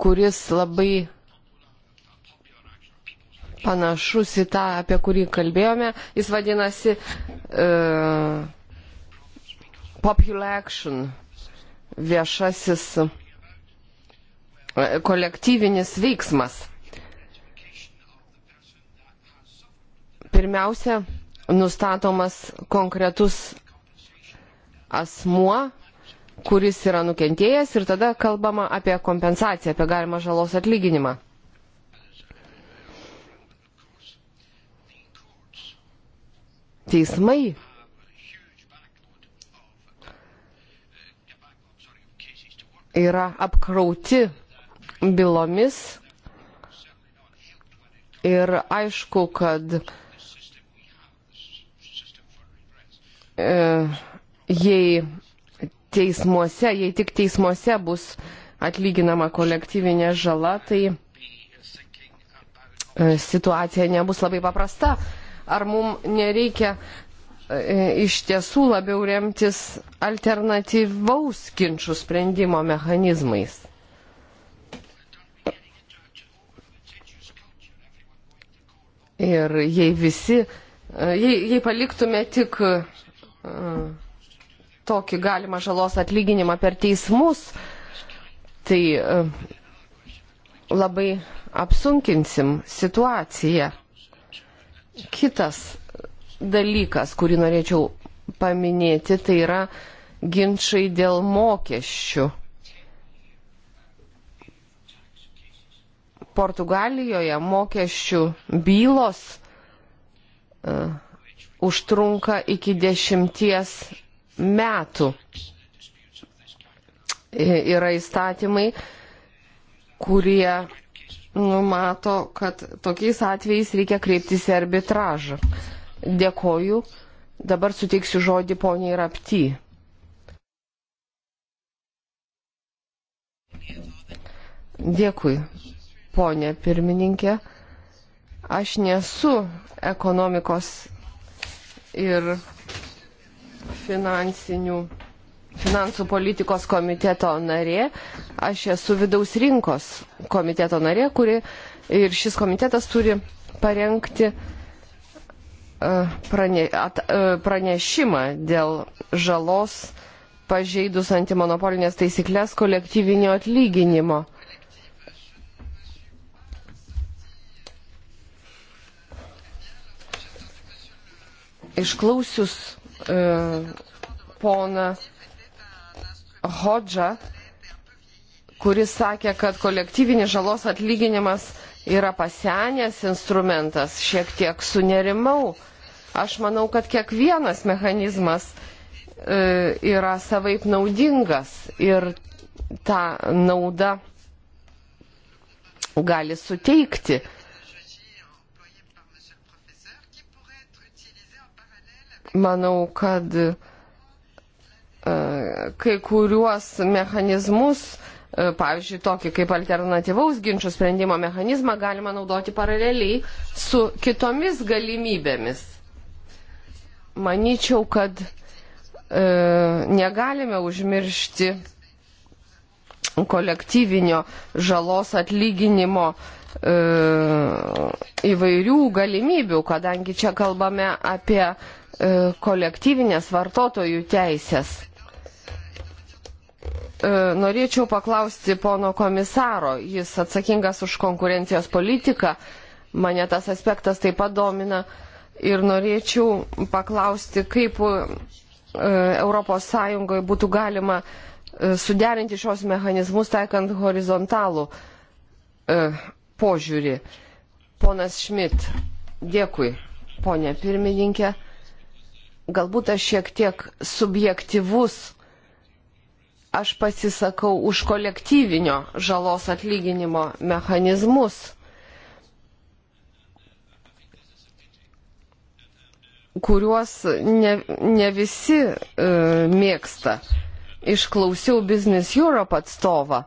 Speaker 2: kuris labai panašus į tą, apie kurį kalbėjome. Jis vadinasi uh, Popular Action, viešasis e, kolektyvinis veiksmas. Pirmiausia, nustatomas konkretus asmuo, kuris yra nukentėjęs ir tada kalbama apie kompensaciją, apie galimą žalos atlyginimą. Teismai yra apkrauti bylomis ir aišku, kad e, jei teismuose, jei tik teismuose bus atlyginama kolektyvinė žala, tai e, situacija nebus labai paprasta. Ar mums nereikia e, iš tiesų labiau remtis alternatyvaus ginčių sprendimo mechanizmais? Ir jei visi, e, jei, jei paliktume tik tokį galimą žalos atlyginimą per teismus, tai e, labai apsunkinsim situaciją. Kitas dalykas, kurį norėčiau paminėti, tai yra ginčiai dėl mokesčių. Portugalijoje mokesčių bylos uh, užtrunka iki dešimties metų yra įstatymai, kurie numato, kad tokiais atvejais reikia kreiptis į arbitražą. Dėkoju. Dabar suteiksiu žodį poniai Rapti. Dėkui, ponė pirmininkė. Aš nesu ekonomikos ir finansų politikos komiteto narė, aš esu vidaus rinkos komiteto narė, kuri ir šis komitetas turi parengti e, prane, at, e, pranešimą dėl žalos pažeidus antimonopolinės taisyklės kolektyvinio atlyginimo. Išklausius E, poną Hodžą, kuris sakė, kad kolektyvinis žalos atlyginimas yra pasenęs instrumentas, šiek tiek sunerimau. Aš manau, kad kiekvienas mechanizmas e, yra savaip naudingas ir tą naudą gali suteikti Manau, kad e, kai kuriuos mechanizmus, e, pavyzdžiui, tokį kaip alternatyvaus ginčio sprendimo mechanizmą galima naudoti paraleliai su kitomis galimybėmis. Manyčiau, kad e, negalime užmiršti kolektyvinio žalos atlyginimo e, įvairių galimybių, kadangi čia kalbame apie E, kolektyvinės vartotojų teisės. E, norėčiau paklausti pono komisaro, jis atsakingas už konkurencijos politiką, mane tas aspektas taip pat domina ir norėčiau paklausti, kaip ES būtų galima e, suderinti šios mechanizmus taikant horizontalų požiūrį. Ponas Šmit, dėkui, ponė pirmininkė galbūt aš šiek tiek subjektivus, aš pasisakau už kolektyvinio žalos atlyginimo mechanizmus. kuriuos ne, ne visi e, mėgsta. Išklausiau Business Europe atstovą.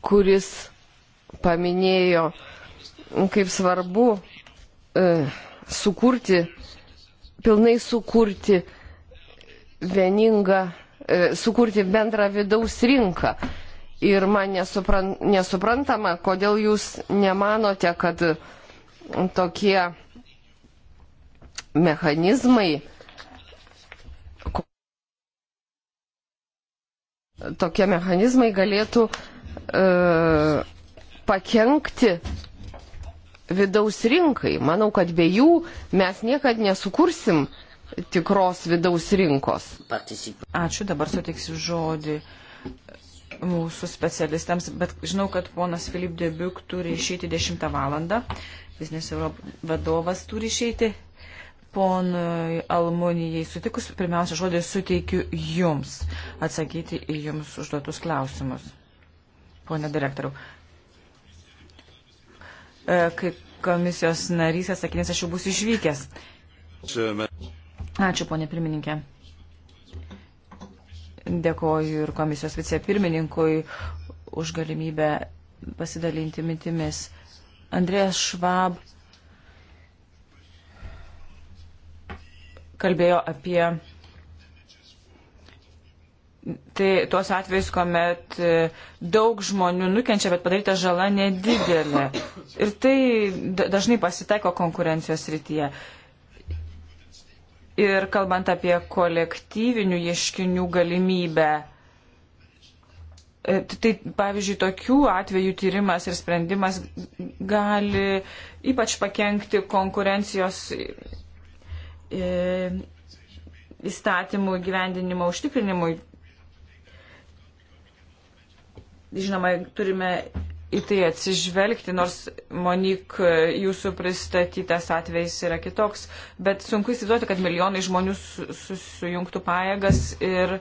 Speaker 2: kuris paminėjo, kaip svarbu e, sukurti, pilnai sukurti vieningą, e, sukurti bendrą vidaus rinką. Ir man nesupran, nesuprantama, kodėl jūs nemanote, kad tokie mechanizmai, tokie mechanizmai galėtų e, pakengti vidaus rinkai. Manau, kad be jų mes niekad nesukursim tikros vidaus rinkos.
Speaker 1: Ačiū, dabar suteiksiu žodį mūsų specialistams, bet žinau, kad ponas Filip Debiuk turi išeiti 10 valandą, Biznes Europe vadovas turi išeiti. Ponui Almonijai sutikus, pirmiausia žodį suteikiu jums atsakyti į jums užduotus klausimus. Pone direktoriau, E, kaip komisijos narys atsakinės, aš jau būsiu išvykęs. Ačiū, ponė pirmininkė. Dėkoju ir komisijos vicepirmininkui už galimybę pasidalinti mintimis. Andrėjas Švab kalbėjo apie Tai tuos atvejus, kuomet e, daug žmonių nukenčia, bet padaryta žala nedidelė. Ir tai dažnai pasitaiko konkurencijos rytyje. Ir kalbant apie kolektyvinių ieškinių galimybę, e, Tai pavyzdžiui, tokių atvejų tyrimas ir sprendimas gali ypač pakengti konkurencijos e, įstatymų gyvendinimo užtikrinimui Žinoma, turime į tai atsižvelgti, nors Monik jūsų pristatytas atvejs yra kitoks, bet sunku įsivaizduoti, kad milijonai žmonių susijungtų pajėgas ir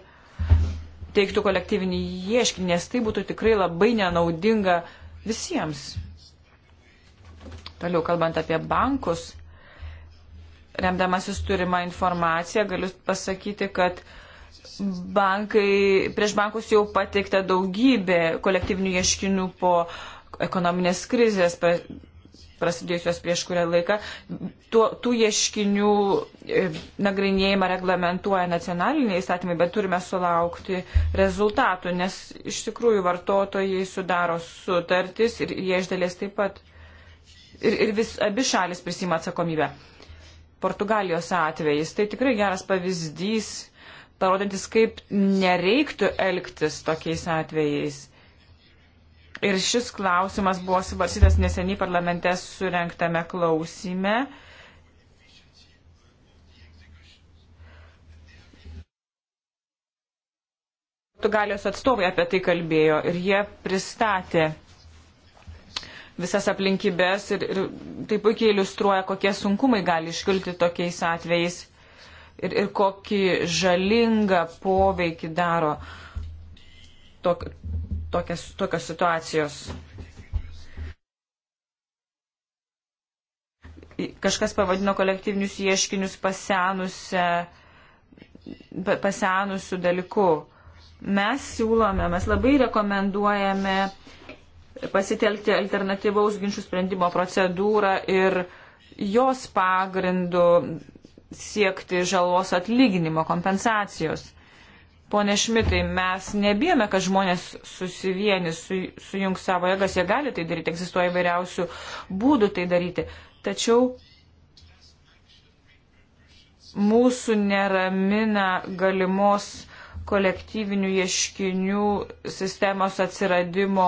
Speaker 1: teiktų kolektyvinį ieškinį, nes tai būtų tikrai labai nenaudinga visiems. Toliau kalbant apie bankus, remdamasis turimą informaciją, galiu pasakyti, kad uh, bankai, prieš bankus jau pateikta daugybė kolektyvinių ieškinių po ekonominės krizės prasidėjusios prieš kurią laiką. Tuo, tų ieškinių e, nagrinėjimą reglamentuoja nacionaliniai įstatymai, bet turime sulaukti rezultatų, nes iš tikrųjų vartotojai sudaro sutartis ir jie iš dalies taip pat. Ir, ir vis, abi šalis prisima atsakomybę. Portugalijos atvejais tai tikrai geras pavyzdys parodantis, kaip nereiktų elgtis tokiais atvejais. Ir šis klausimas buvo svarstytas neseniai parlamente surenktame klausime. Portugalijos atstovai apie tai kalbėjo ir jie pristatė visas aplinkybės ir, ir tai puikiai iliustruoja, kokie sunkumai gali iškilti tokiais atvejais ir, ir kokį žalingą poveikį daro tok, tokias, tokios situacijos. Kažkas pavadino kolektyvinius ieškinius pasenusių dalykų. Mes siūlome, mes labai rekomenduojame pasitelkti alternatyvaus ginčių sprendimo procedūrą ir jos pagrindu siekti žalos atlyginimo kompensacijos. Pone Šmitai, mes nebijome, kad žmonės susivienys, su, sujungs savo jėgas, jie gali tai daryti, egzistuoja įvairiausių būdų tai daryti. Tačiau mūsų neramina galimos kolektyvinių ieškinių sistemos atsiradimo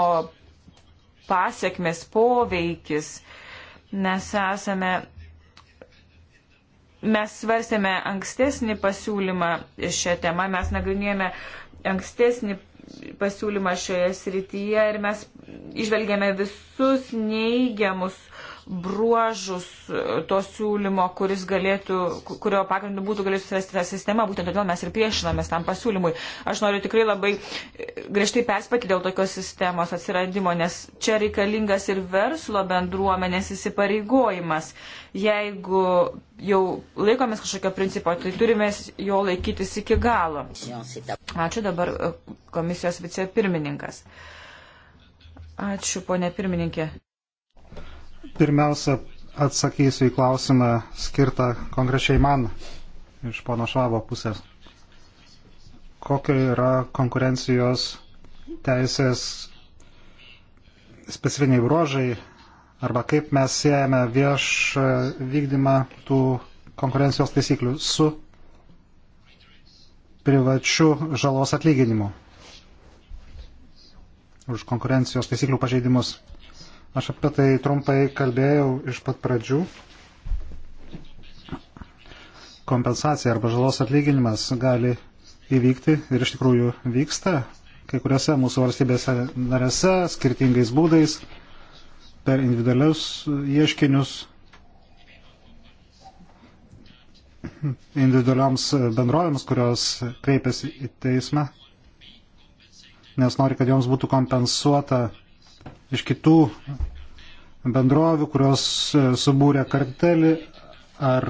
Speaker 1: pasiekmes, poveikis. Mes esame Mes svarstėme ankstesnį pasiūlymą šią temą, mes nagrinėjome ankstesnį pasiūlymą šioje srityje ir mes išvelgėme visus neigiamus uh, bruožus e, to siūlymo, kuris galėtų, kurio pagrindu būtų galėtų surasti tą sistemą, būtent todėl mes ir priešinamės tam pasiūlymui. Aš noriu tikrai labai e, griežtai perspėti dėl tokios sistemos atsiradimo, nes čia reikalingas ir verslo bendruomenės įsipareigojimas. Jeigu jau laikomės kažkokio principo, tai turime jo laikytis iki galo. Ačiū dabar e, komisijos vicepirmininkas. Ačiū, ponė pirmininkė.
Speaker 3: Pirmiausia, atsakysiu į klausimą skirtą konkrečiai man iš pono Švavo pusės. Kokia yra konkurencijos teisės specifiniai bruožai arba kaip mes siejame vieš vykdymą tų konkurencijos taisyklių su privačiu žalos atlyginimu už konkurencijos taisyklių pažeidimus. Aš apie tai trumpai kalbėjau iš pat pradžių. Kompensacija arba žalos atlyginimas gali įvykti ir iš tikrųjų vyksta kai kuriuose mūsų valstybėse narėse skirtingais būdais per individualius ieškinius individualioms bendrovėms, kurios kreipiasi į teismą, nes nori, kad joms būtų kompensuota iš kitų bendrovių, kurios e, subūrė kartelį ar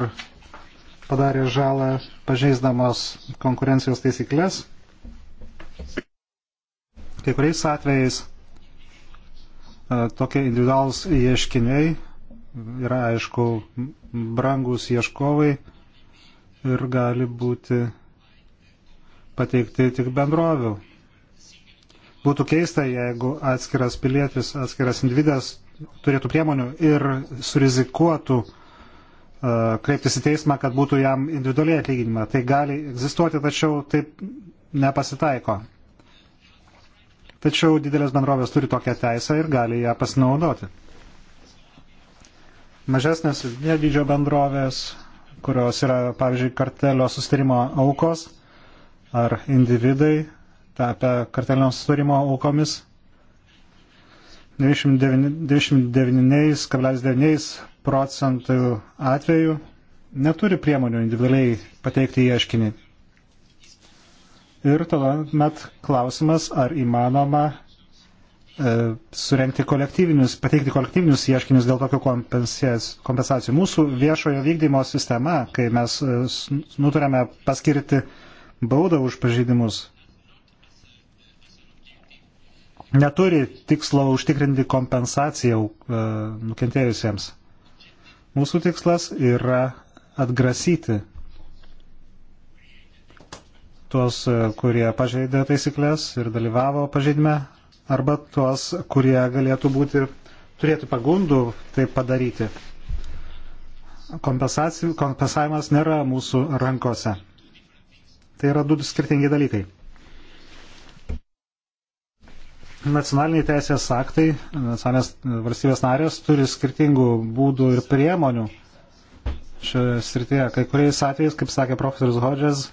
Speaker 3: padarė žalą pažeisdamos konkurencijos taisyklės. Kai kuriais atvejais e, tokie individualūs ieškiniai yra, aišku, brangus ieškovai ir gali būti pateikti tik bendrovių Būtų keista, jeigu atskiras pilietis, atskiras individas turėtų priemonių ir surizikuotų e, kreiptis į teismą, kad būtų jam individualiai atlyginima. Tai gali egzistuoti, tačiau taip nepasitaiko. Tačiau didelės bendrovės turi tokią teisę ir gali ją pasinaudoti. Mažesnės dydžio bendrovės, kurios yra, pavyzdžiui, kartelio sustarimo aukos ar individai, apie kartelinio sustarimo aukomis. 99,9 procentų atvejų neturi priemonių individualiai pateikti ieškinį. Ir tada met klausimas, ar įmanoma e, surenkti kolektyvinius, pateikti kolektyvinius ieškinius dėl tokių kompensacijų. Mūsų viešojo vykdymo sistema, kai mes e, nutarėme paskirti baudą už pažeidimus, neturi tikslo užtikrinti kompensaciją e, nukentėjusiems. Mūsų tikslas yra atgrasyti tuos, e, kurie pažeidė taisyklės ir dalyvavo pažeidime, arba tuos, kurie galėtų būti ir turėtų pagundų tai padaryti. Kompensavimas nėra mūsų rankose. Tai yra du skirtingi dalykai. nacionaliniai teisės aktai, nacionalinės valstybės narės turi skirtingų būdų ir priemonių šioje srityje. Kai kuriais atvejais, kaip sakė profesorius Hodžes,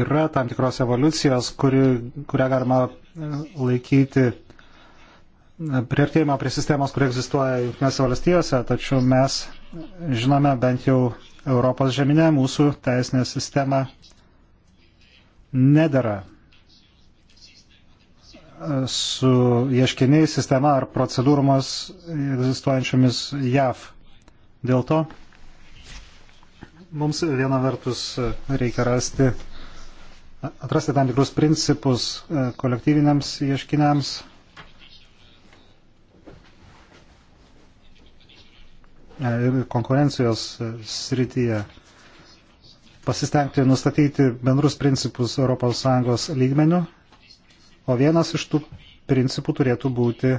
Speaker 3: yra tam tikros evoliucijos, kuri, kurią galima laikyti prieartėjimą prie sistemos, kuri egzistuoja Junktinėse valstijose, tačiau mes žinome bent jau Europos žeminę mūsų teisinę sistemą nedara e, su ieškiniai sistema ar procedūrumos egzistuojančiomis JAV. Dėl to mums viena vertus reikia rasti, atrasti tam tikrus principus e, kolektyviniams ieškiniams. E, ir konkurencijos srityje pasistengti nustatyti bendrus principus ES lygmenių, o vienas iš tų principų turėtų būti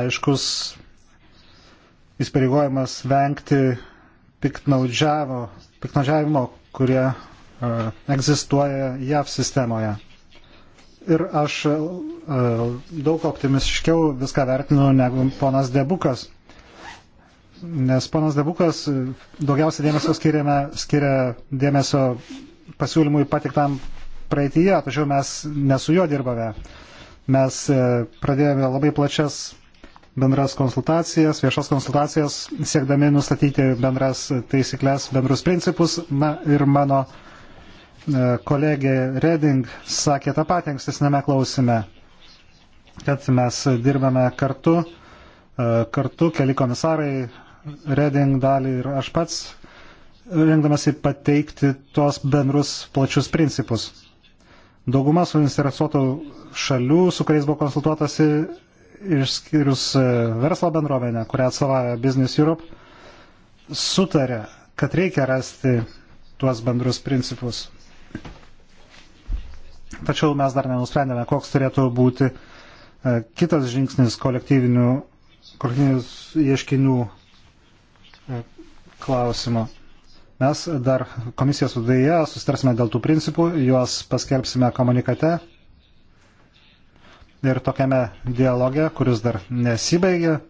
Speaker 3: aiškus įsipareigojimas vengti piktnaudžiavimo, kurie e, egzistuoja JAV sistemoje. Ir aš e, daug optimistiškiau viską vertinu negu ponas Debukas nes panas Debukas e, daugiausia dėmesio skiriame, skiria dėmesio pasiūlymui patiktam praeitįje, tačiau mes nesu juo dirbame. Mes e, pradėjome labai plačias bendras konsultacijas, viešas konsultacijas, siekdami nustatyti bendras taisyklės, bendrus principus. Na ir mano e, kolegė Reding sakė tą patį ankstesnėme klausime, kad mes dirbame kartu, kartu keli komisarai Reding dalį ir aš pats, rengdamasi pateikti tuos bendrus plačius principus. Dauguma suinteresuotų šalių, su kuriais buvo konsultuotasi, išskyrus e, verslo bendruomenę, kurią atstovauja Business Europe, sutarė, kad reikia rasti tuos bendrus principus. Tačiau mes dar nenusprendėme, koks turėtų būti e, kitas žingsnis kolektyvinių kolektyvinius ieškinių klausimu. Mes dar komisijos viduje sustarsime dėl tų principų, juos paskelbsime komunikate ir tokiame dialoge, kuris dar nesibaigė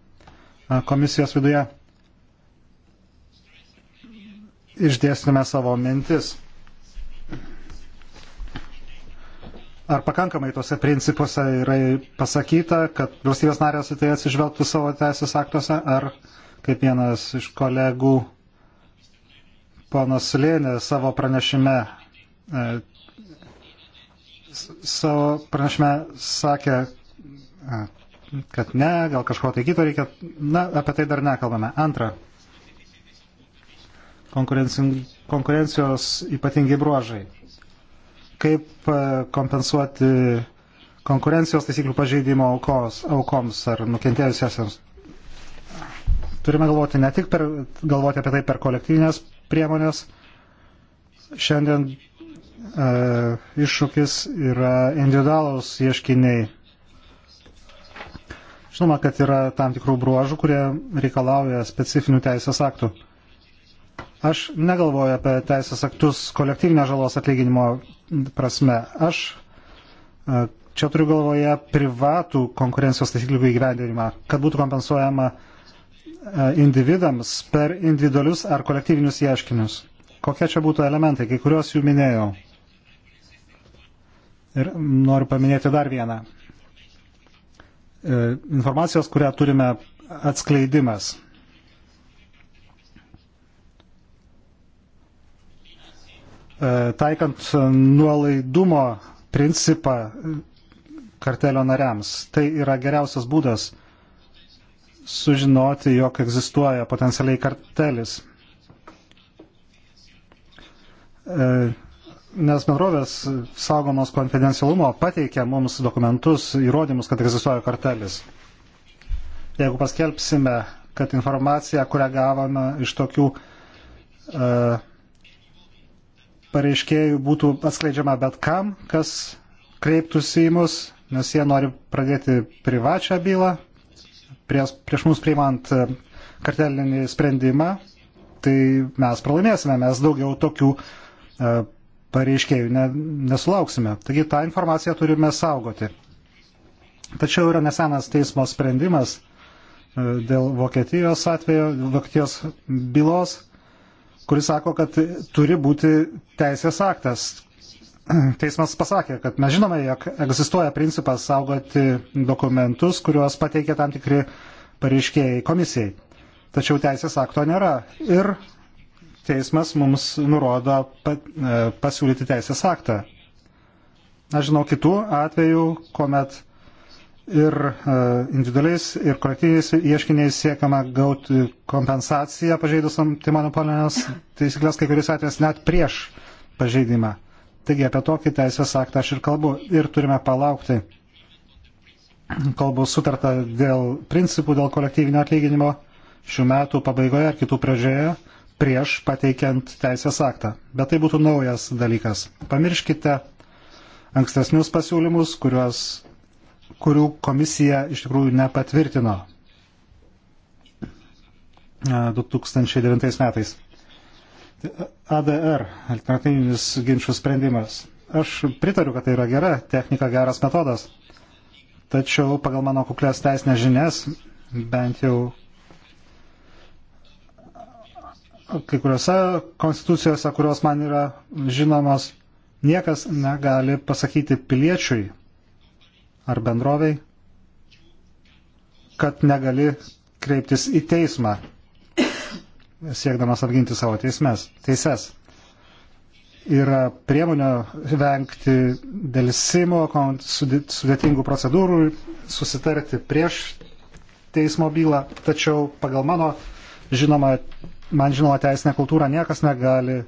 Speaker 3: komisijos viduje, išdėstėme savo mintis. Ar pakankamai tuose principuose yra pasakyta, kad valstybės narės į tai atsižvelgtų savo teisės aktuose, ar kaip vienas iš kolegų panas Lėnė savo pranešime e, savo pranešime sakė, e, kad ne, gal kažko tai kito reikia. Na, apie tai dar nekalbame. Antra. Konkurencijos ypatingi bruožai. Kaip e, kompensuoti konkurencijos taisyklių pažeidimo aukos, aukoms ar nukentėjusiesiams. Turime galvoti ne tik per, galvoti apie tai per kolektyvinės priemonės. Šiandien e, iššūkis yra individualūs ieškiniai. Žinoma, kad yra tam tikrų bruožų, kurie reikalauja specifinių teisės aktų. Aš negalvoju apie teisės aktus kolektyvinės žalos atlyginimo prasme. Aš e, čia turiu galvoje privatų konkurencijos taisyklių įgyvendinimą, kad būtų kompensuojama E, individams per individualius ar kolektyvinius ieškinius. Kokie čia būtų elementai, kai kuriuos jų minėjau. Ir noriu paminėti dar vieną. E, informacijos, kurią turime atskleidimas. E, taikant nuolaidumo principą kartelio nariams. Tai yra geriausias būdas sužinoti, jog egzistuoja potencialiai kartelis. E, nes bendrovės saugomos konfidencialumo pateikia mums dokumentus, įrodymus, kad egzistuoja kartelis. Jeigu paskelbsime, kad informacija, kurią gavome iš tokių uh, pareiškėjų, būtų atskleidžiama bet kam, kas kreiptųsi į mus, nes jie nori pradėti privačią bylą, prieš, prieš mums priimant e, kartelinį sprendimą, tai mes pralaimėsime, mes daugiau tokių e, pareiškėjų ne, nesulauksime. Taigi tą informaciją turime saugoti. Tačiau yra nesenas teismo sprendimas e, dėl Vokietijos atvejo, Vokietijos bylos, kuris sako, kad turi būti teisės aktas, <clears throat> teismas pasakė, kad mes žinome, jog egzistuoja principas saugoti dokumentus, kuriuos pateikia tam tikri pareiškėjai komisijai. Tačiau teisės akto nėra. Ir teismas mums nurodo e, pasiūlyti teisės aktą. Aš žinau kitų atvejų, kuomet ir e, individualiais, ir kolektyviais ieškiniais siekiama gauti kompensaciją pažeidusam tai mano palinės taisyklės, kai kuris atvejas net prieš pažeidimą. Taigi apie tokį teisės aktą aš ir kalbu ir turime palaukti, kol bus sutarta dėl principų, dėl kolektyvinio atlyginimo šių metų pabaigoje ar kitų pradžioje prieš pateikiant teisės aktą. Bet tai būtų naujas dalykas. Pamirškite ankstesnius pasiūlymus, kuriuos, kurių komisija iš tikrųjų nepatvirtino 2009 e, metais. ADR, tai alternatyvinis ginčių sprendimas. Aš pritariu, kad tai yra gera technika, geras metodas. Tačiau pagal mano kuklės teisinės žinias, bent jau kai kuriuose konstitucijose, kurios man yra žinomos, niekas negali pasakyti piliečiui ar bendroviai, kad negali kreiptis į teismą siekdamas apginti savo teismes, teises. Yra priemonių vengti dėlsimo, sudėtingų procedūrų, susitarti prieš teismo bylą, tačiau pagal mano žinoma, man žinoma teisinė kultūra niekas negali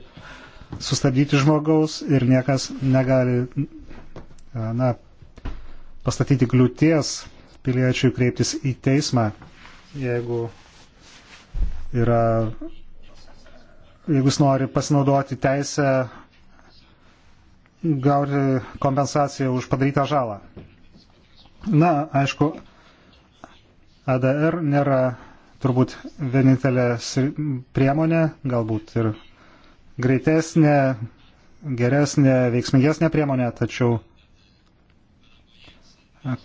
Speaker 3: sustabdyti žmogaus ir niekas negali na, pastatyti kliūties piliečiui kreiptis į teismą, jeigu yra, jeigu jis nori pasinaudoti teisę gauti kompensaciją už padarytą žalą. Na, aišku, ADR nėra turbūt vienintelė priemonė, galbūt ir greitesnė, geresnė, veiksmingesnė priemonė, tačiau,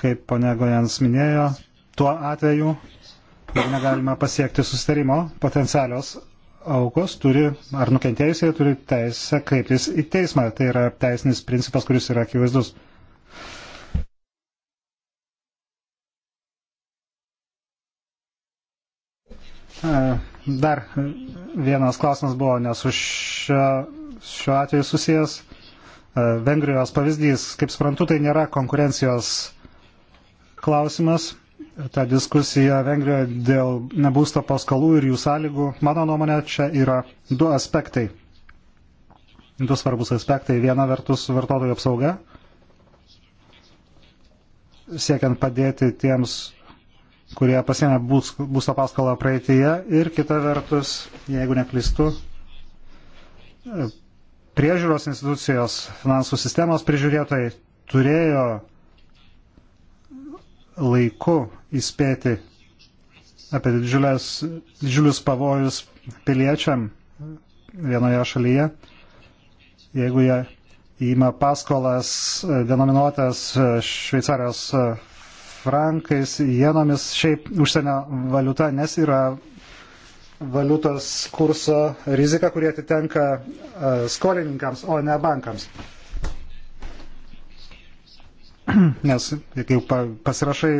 Speaker 3: kaip ponia Gojans minėjo, tuo atveju jeigu negalima pasiekti sustarimo, potencialios aukos turi, ar nukentėjusiai turi teisę kreiptis į teismą. Tai yra teisinis principas, kuris yra akivaizdus. E, dar vienas klausimas buvo, nes už šio, šiuo atveju susijęs. E, Vengrijos pavyzdys, kaip suprantu, tai nėra konkurencijos klausimas, tą diskusiją Vengrijoje dėl nebūsto paskalų ir jų sąlygų. Mano nuomonė, čia yra du aspektai. Du svarbus aspektai. Viena vertus vartotojų apsauga, siekiant padėti tiems, kurie pasiemė būsto paskolą praeitėje. Ir kita vertus, jeigu neklystu, priežiūros institucijos, finansų sistemos prižiūrėtojai turėjo laiku įspėti apie didžiulės, didžiulius pavojus piliečiam vienoje šalyje, jeigu jie įima paskolas e, denominuotas e, Šveicarijos e, frankais, jenomis, šiaip užsienio valiuta, nes yra valiutos kurso rizika, kurie atitenka skolininkams, o ne bankams. <clears throat> nes kai pasirašai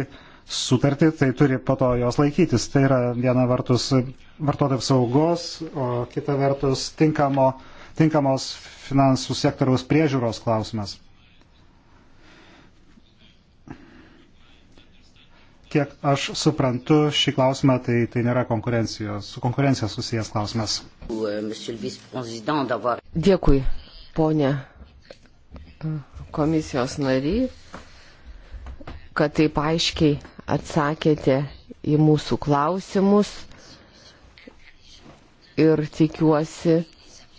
Speaker 3: sutartį, tai turi po to jos laikytis. Tai yra viena vertus vartotojų apsaugos, o kita vertus tinkamo, tinkamos finansų sektoriaus priežiūros klausimas. Kiek aš suprantu šį klausimą, tai, tai nėra konkurencijos, su konkurencija susijęs klausimas. Dėkui, ponė komisijos nariai
Speaker 2: kad taip aiškiai atsakėte į mūsų klausimus ir tikiuosi,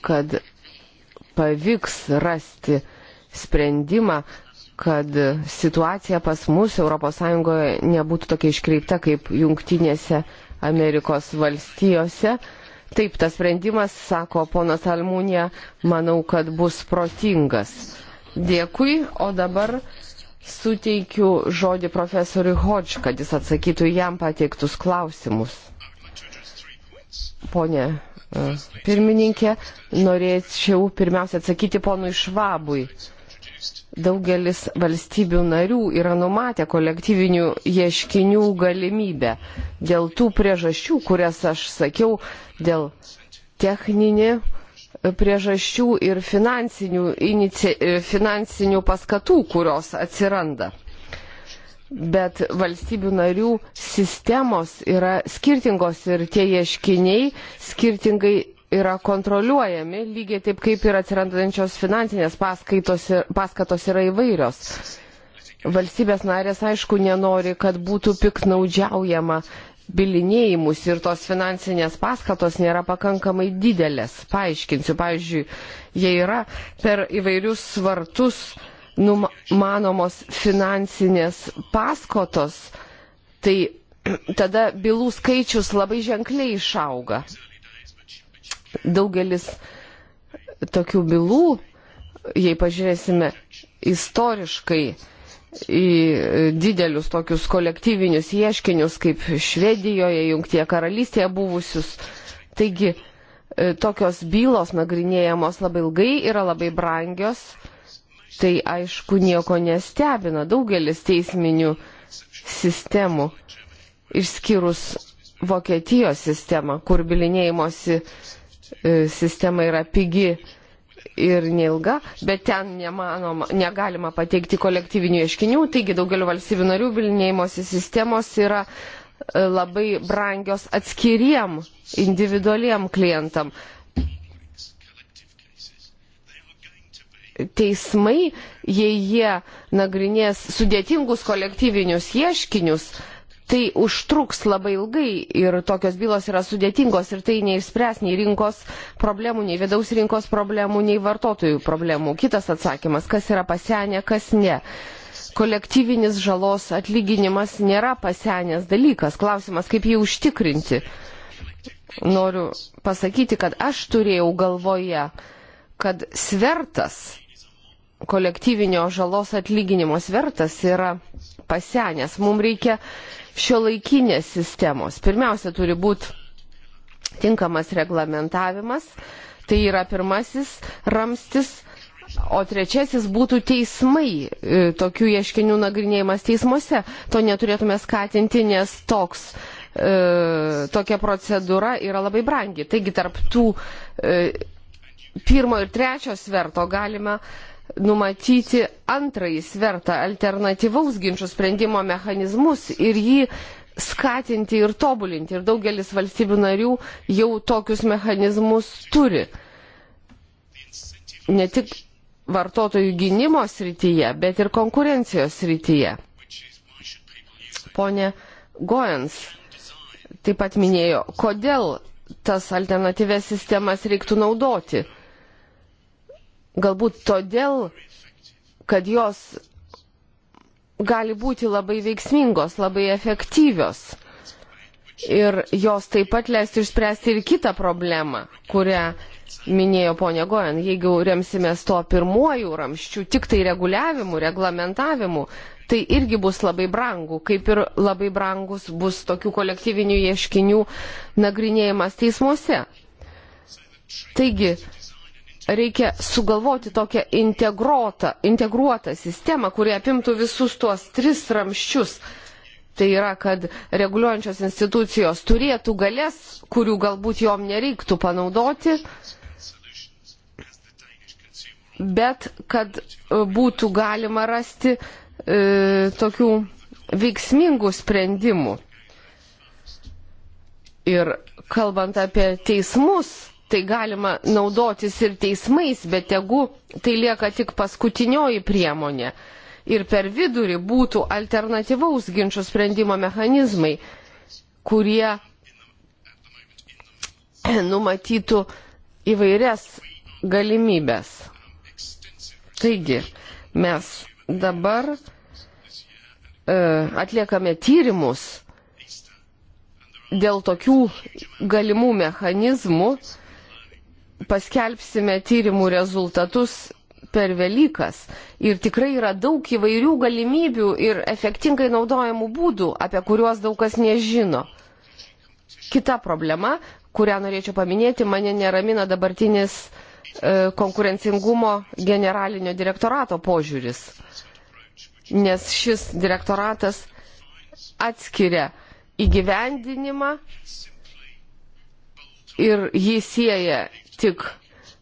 Speaker 2: kad pavyks rasti sprendimą, kad situacija pas mus ES nebūtų tokia iškreipta kaip Junktinėse Amerikos valstijose. Taip, tas sprendimas, sako ponas Almūnė, manau, kad bus protingas. Dėkui, o dabar suteikiu žodį profesoriui Hodž, kad jis atsakytų jam pateiktus klausimus. Pone e, pirmininkė, norėčiau pirmiausia atsakyti ponui Švabui. Daugelis valstybių narių yra numatę kolektyvinių ieškinių galimybę. Dėl tų priežasčių, kurias aš sakiau, dėl techninį priežasčių ir finansinių, inici, e, finansinių paskatų, kurios atsiranda. Bet valstybių narių sistemos yra skirtingos ir tie ieškiniai skirtingai yra kontroliuojami, lygiai taip kaip ir atsirandančios finansinės paskatos yra įvairios. Valstybės narės aišku nenori, kad būtų piknaudžiaujama bilinėjimus ir tos finansinės paskatos nėra pakankamai didelės. Paaiškinsiu, pavyzdžiui, jie yra per įvairius svartus numanomos finansinės paskatos, tai <clears throat> tada bylų skaičius labai ženkliai išauga. Daugelis tokių bylų, jei pažiūrėsime istoriškai, į e, didelius tokius kolektyvinius ieškinius, kaip Švedijoje, Jungtie karalystėje buvusius. Taigi e, tokios bylos nagrinėjamos labai ilgai, yra labai brangios. Tai aišku, nieko nestebina daugelis teisminių sistemų, išskyrus Vokietijos sistemą, kur bilinėjimosi e, sistema yra pigi ir neilga, bet ten nemanoma, negalima pateikti kolektyvinių ieškinių, taigi daugelio valstybių narių vilnėjimosi sistemos yra e, labai brangios atskiriem individualiem klientam. Teismai, jei jie nagrinės sudėtingus kolektyvinius ieškinius, uh, tai užtruks labai ilgai ir tokios bylos yra sudėtingos ir tai neišspręs nei rinkos problemų, nei vidaus rinkos problemų, nei vartotojų problemų. Kitas atsakymas, kas yra pasenę, kas ne. Kolektyvinis žalos atlyginimas nėra pasenęs dalykas. Klausimas, kaip jį užtikrinti. Noriu pasakyti, kad aš turėjau galvoje, kad svertas kolektyvinio žalos atlyginimo svertas yra pasenęs. Mums reikia šio laikinės sistemos. Pirmiausia, turi būti tinkamas reglamentavimas, tai yra pirmasis ramstis, o trečiasis būtų teismai, e, tokių ieškinių nagrinėjimas teismuose. To neturėtume skatinti, nes toks e, tokia procedūra yra labai brangi. Taigi tarp tų e, pirmo ir trečio sverto galima e, numatyti antrąjį svertą alternatyvaus ginčių sprendimo mechanizmus ir jį skatinti ir tobulinti. Ir daugelis valstybių narių jau tokius mechanizmus turi. Ne tik vartotojų gynimo srityje, bet ir konkurencijos srityje. Pone Goens taip pat minėjo, kodėl tas alternatyves sistemas reiktų naudoti. Galbūt todėl, kad jos gali būti labai veiksmingos, labai efektyvios. Ir jos taip pat leistų išspręsti ir kitą problemą, kurią minėjo ponė Gojan. Jeigu remsimės to pirmuoju ramščiu, tik tai reguliavimu, reglamentavimu, tai irgi bus labai brangu, kaip ir labai brangus bus tokių kolektyvinių ieškinių nagrinėjimas teismuose. Taigi, reikia sugalvoti tokią integruotą, integruotą sistemą, kuri apimtų visus tuos tris ramščius. Tai yra, kad reguliuojančios institucijos turėtų galės, kurių galbūt jom nereiktų panaudoti, bet kad e, būtų galima rasti e, tokių veiksmingų sprendimų. Ir kalbant apie teismus, tai galima naudotis ir teismais, bet tegu tai lieka tik paskutinioji priemonė. Ir per vidurį būtų alternatyvaus ginčių sprendimo mechanizmai, kurie numatytų įvairias galimybės. Taigi, mes dabar e, atliekame tyrimus dėl tokių galimų mechanizmų, paskelbsime tyrimų rezultatus per Velykas. Ir tikrai yra daug įvairių galimybių ir efektingai naudojamų būdų, apie kuriuos daug kas nežino. Kita problema, kurią norėčiau paminėti, mane neramina dabartinis e, konkurencingumo generalinio direktorato požiūris. Nes šis direktoratas atskiria įgyvendinimą ir jį sieja tik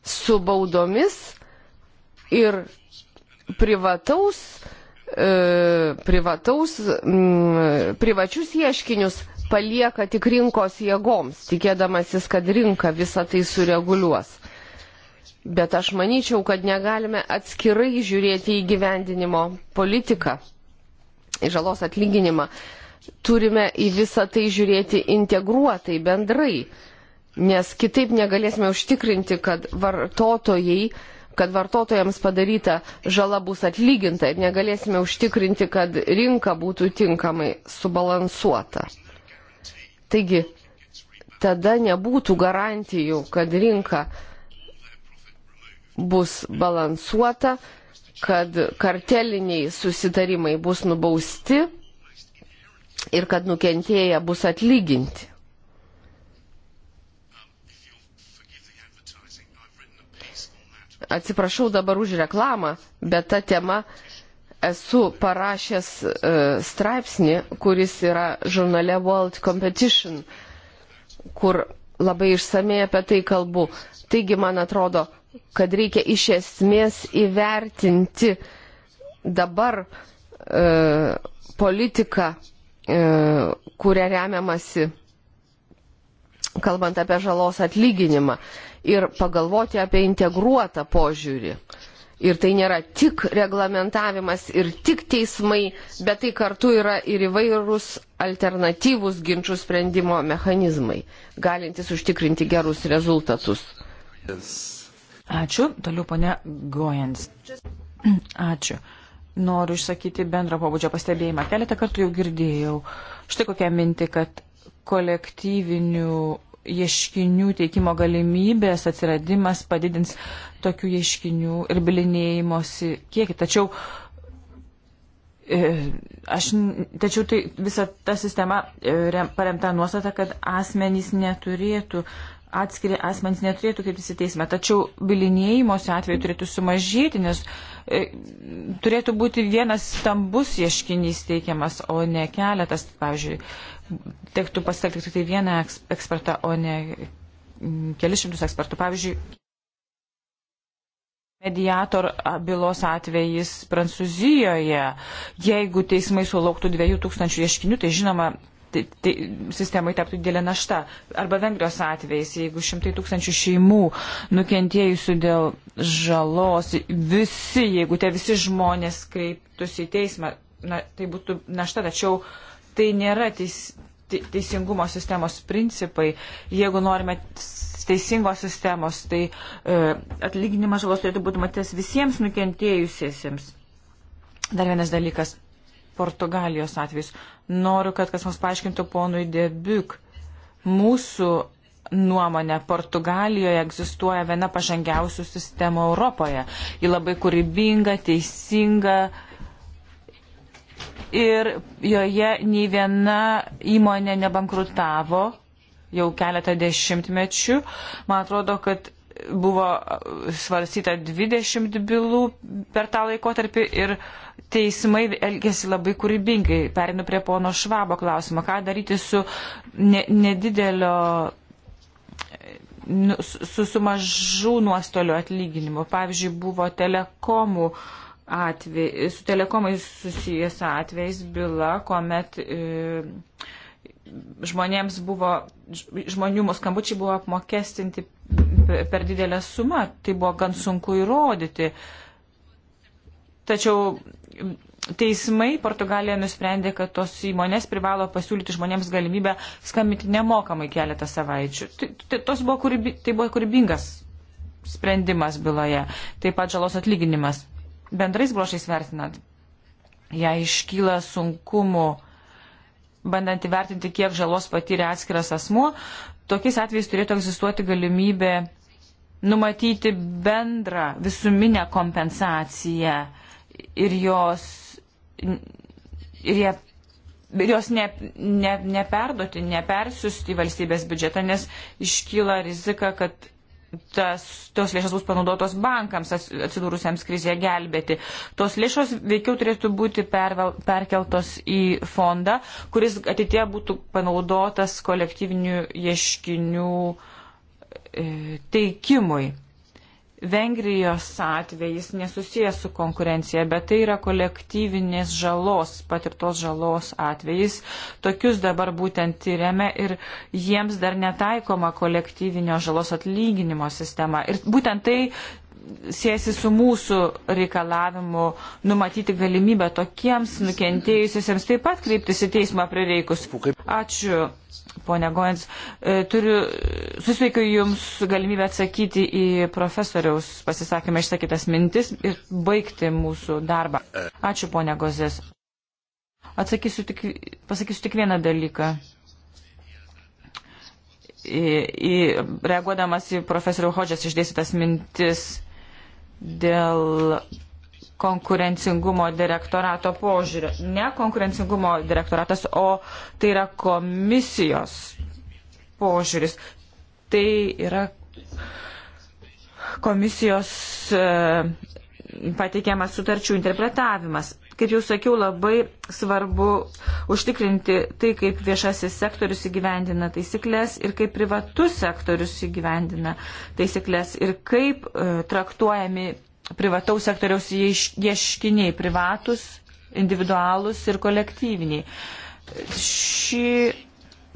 Speaker 2: su baudomis ir privataus, e, privataus, m, mm, privačius ieškinius palieka tik rinkos jėgoms, tikėdamasis, kad rinka visą tai sureguliuos. Bet aš manyčiau, kad negalime atskirai žiūrėti į gyvendinimo politiką, į žalos atlyginimą. Turime į visą tai žiūrėti integruotai, bendrai nes kitaip negalėsime užtikrinti, kad vartotojai kad vartotojams padaryta žala bus atlyginta ir negalėsime užtikrinti, kad rinka būtų tinkamai subalansuota. Taigi, tada nebūtų garantijų, kad rinka bus balansuota, kad karteliniai susitarimai bus nubausti ir kad nukentėję bus atlyginti. atsiprašau dabar už reklamą, bet ta tema esu parašęs e, straipsnį, kuris yra žurnale World Competition, kur labai išsamei apie tai kalbu. Taigi, man atrodo, kad reikia iš esmės įvertinti dabar e, politiką, e, kurią remiamasi, kalbant apie žalos atlyginimą ir pagalvoti apie integruotą požiūrį. Ir tai nėra tik reglamentavimas ir tik teismai, bet tai kartu yra ir įvairūs alternatyvūs ginčių sprendimo mechanizmai, galintys užtikrinti gerus rezultatus.
Speaker 1: Ačiū. Toliau ponia Gojens. Ačiū. Noriu išsakyti bendrą pobūdžio pastebėjimą. Keletą kartų jau girdėjau štai kokią mintį, kad kolektyvinių ieškinių teikimo galimybės atsiradimas padidins tokių ieškinių ir bilinėjimosi kiekį. Tačiau, e, aš, tačiau tai, visa ta sistema e, paremta nuostata, kad asmenys neturėtų atskiri asmens neturėtų kreiptis į teismą. Tačiau bilinėjimuose atveju turėtų sumažėti, nes e, turėtų būti vienas stambus ieškinys teikiamas, o ne keletas. Pavyzdžiui, tektų pasitelkti tik tai vieną ekspertą, o ne mm, kelis šimtus ekspertų. Pavyzdžiui, mediator bylos atvejis Prancūzijoje. Jeigu teismai sulauktų 2000 ieškinių, tai žinoma, tai, tai, sistemai taptų didelė našta. Arba Vengrijos atvejais, jeigu šimtai tūkstančių šeimų nukentėjusių dėl žalos, visi, jeigu tie visi žmonės kreiptųsi į teismą, na, tai būtų našta, tačiau tai nėra teis, teisingumo sistemos principai. Jeigu norime teisingos sistemos, tai e, atlyginimas žalos turėtų būti matęs visiems nukentėjusiesiems. Dar vienas dalykas. Portugalijos atvejs noriu, kad kas mums paaiškintų ponui Debiuk. Mūsų nuomonė, Portugalijoje egzistuoja viena pažangiausių sistemų Europoje. Ji labai kūrybinga, teisinga ir joje nei viena įmonė nebankrutavo jau keletą dešimtmečių. Man atrodo, kad buvo svarstyta 20 bylų per tą laikotarpį ir teismai elgesi labai kūrybingai. Perinu prie pono Švabo klausimą. Ką daryti su ne, nedidelio, nu, su, su mažų nuostolių atlyginimu? Pavyzdžiui, buvo telekomų atvej, su telekomais susijęs atvejais byla, kuomet e, žmonėms buvo, žmonių skambučiai buvo apmokestinti per didelę sumą. Tai buvo gan sunku įrodyti. Tačiau teismai Portugalija nusprendė, kad tos įmonės privalo pasiūlyti žmonėms galimybę skambinti nemokamai keletą savaičių. Tai, tai, buvo kūrybi, tai buvo kūrybingas sprendimas byloje, taip pat žalos atlyginimas. Bendrais brošais vertinant, jei iškyla sunkumų, bandant įvertinti, kiek žalos patyrė atskiras asmuo, tokiais atvejais turėtų egzistuoti galimybė numatyti bendrą visuminę kompensaciją ir jos, ir jie, ir jos ne, ne, neperduoti, nepersiusti į valstybės biudžetą, nes iškyla rizika, kad tas, tos lėšos bus panaudotos bankams atsidūrusiems krizėje gelbėti. Tos lėšos veikiau turėtų būti pervel, perkeltos į fondą, kuris ateitie būtų panaudotas kolektyvinių ieškinių e, teikimui. Vengrijos atvejis nesusijęs su konkurencija, bet tai yra kolektyvinės žalos, patirtos žalos atvejis. Tokius dabar būtent tyriame ir jiems dar netaikoma kolektyvinio žalos atlyginimo sistema. Ir būtent tai siesi su mūsų reikalavimu numatyti galimybę tokiems nukentėjusiems taip pat kreiptis į teismą prireikus. Ačiū, ponia Goins. E, turiu, susveikiu Jums galimybę atsakyti į profesoriaus pasisakymą išsakytas mintis ir baigti mūsų darbą. Ačiū, ponia Gozės. Atsakysiu tik, pasakysiu tik vieną dalyką į, į, reaguodamas į profesorių Hodžės išdėstytas mintis, dėl konkurencingumo direktorato požiūrio. Ne konkurencingumo direktoratas, o tai yra komisijos požiūris. Tai yra komisijos e, pateikiamas sutarčių interpretavimas kaip jau sakiau, labai svarbu užtikrinti tai, kaip viešasis sektorius įgyvendina taisyklės ir kaip privatus sektorius įgyvendina taisyklės ir kaip e, traktuojami privataus sektoriaus ieškiniai privatus, individualus ir kolektyviniai. Šį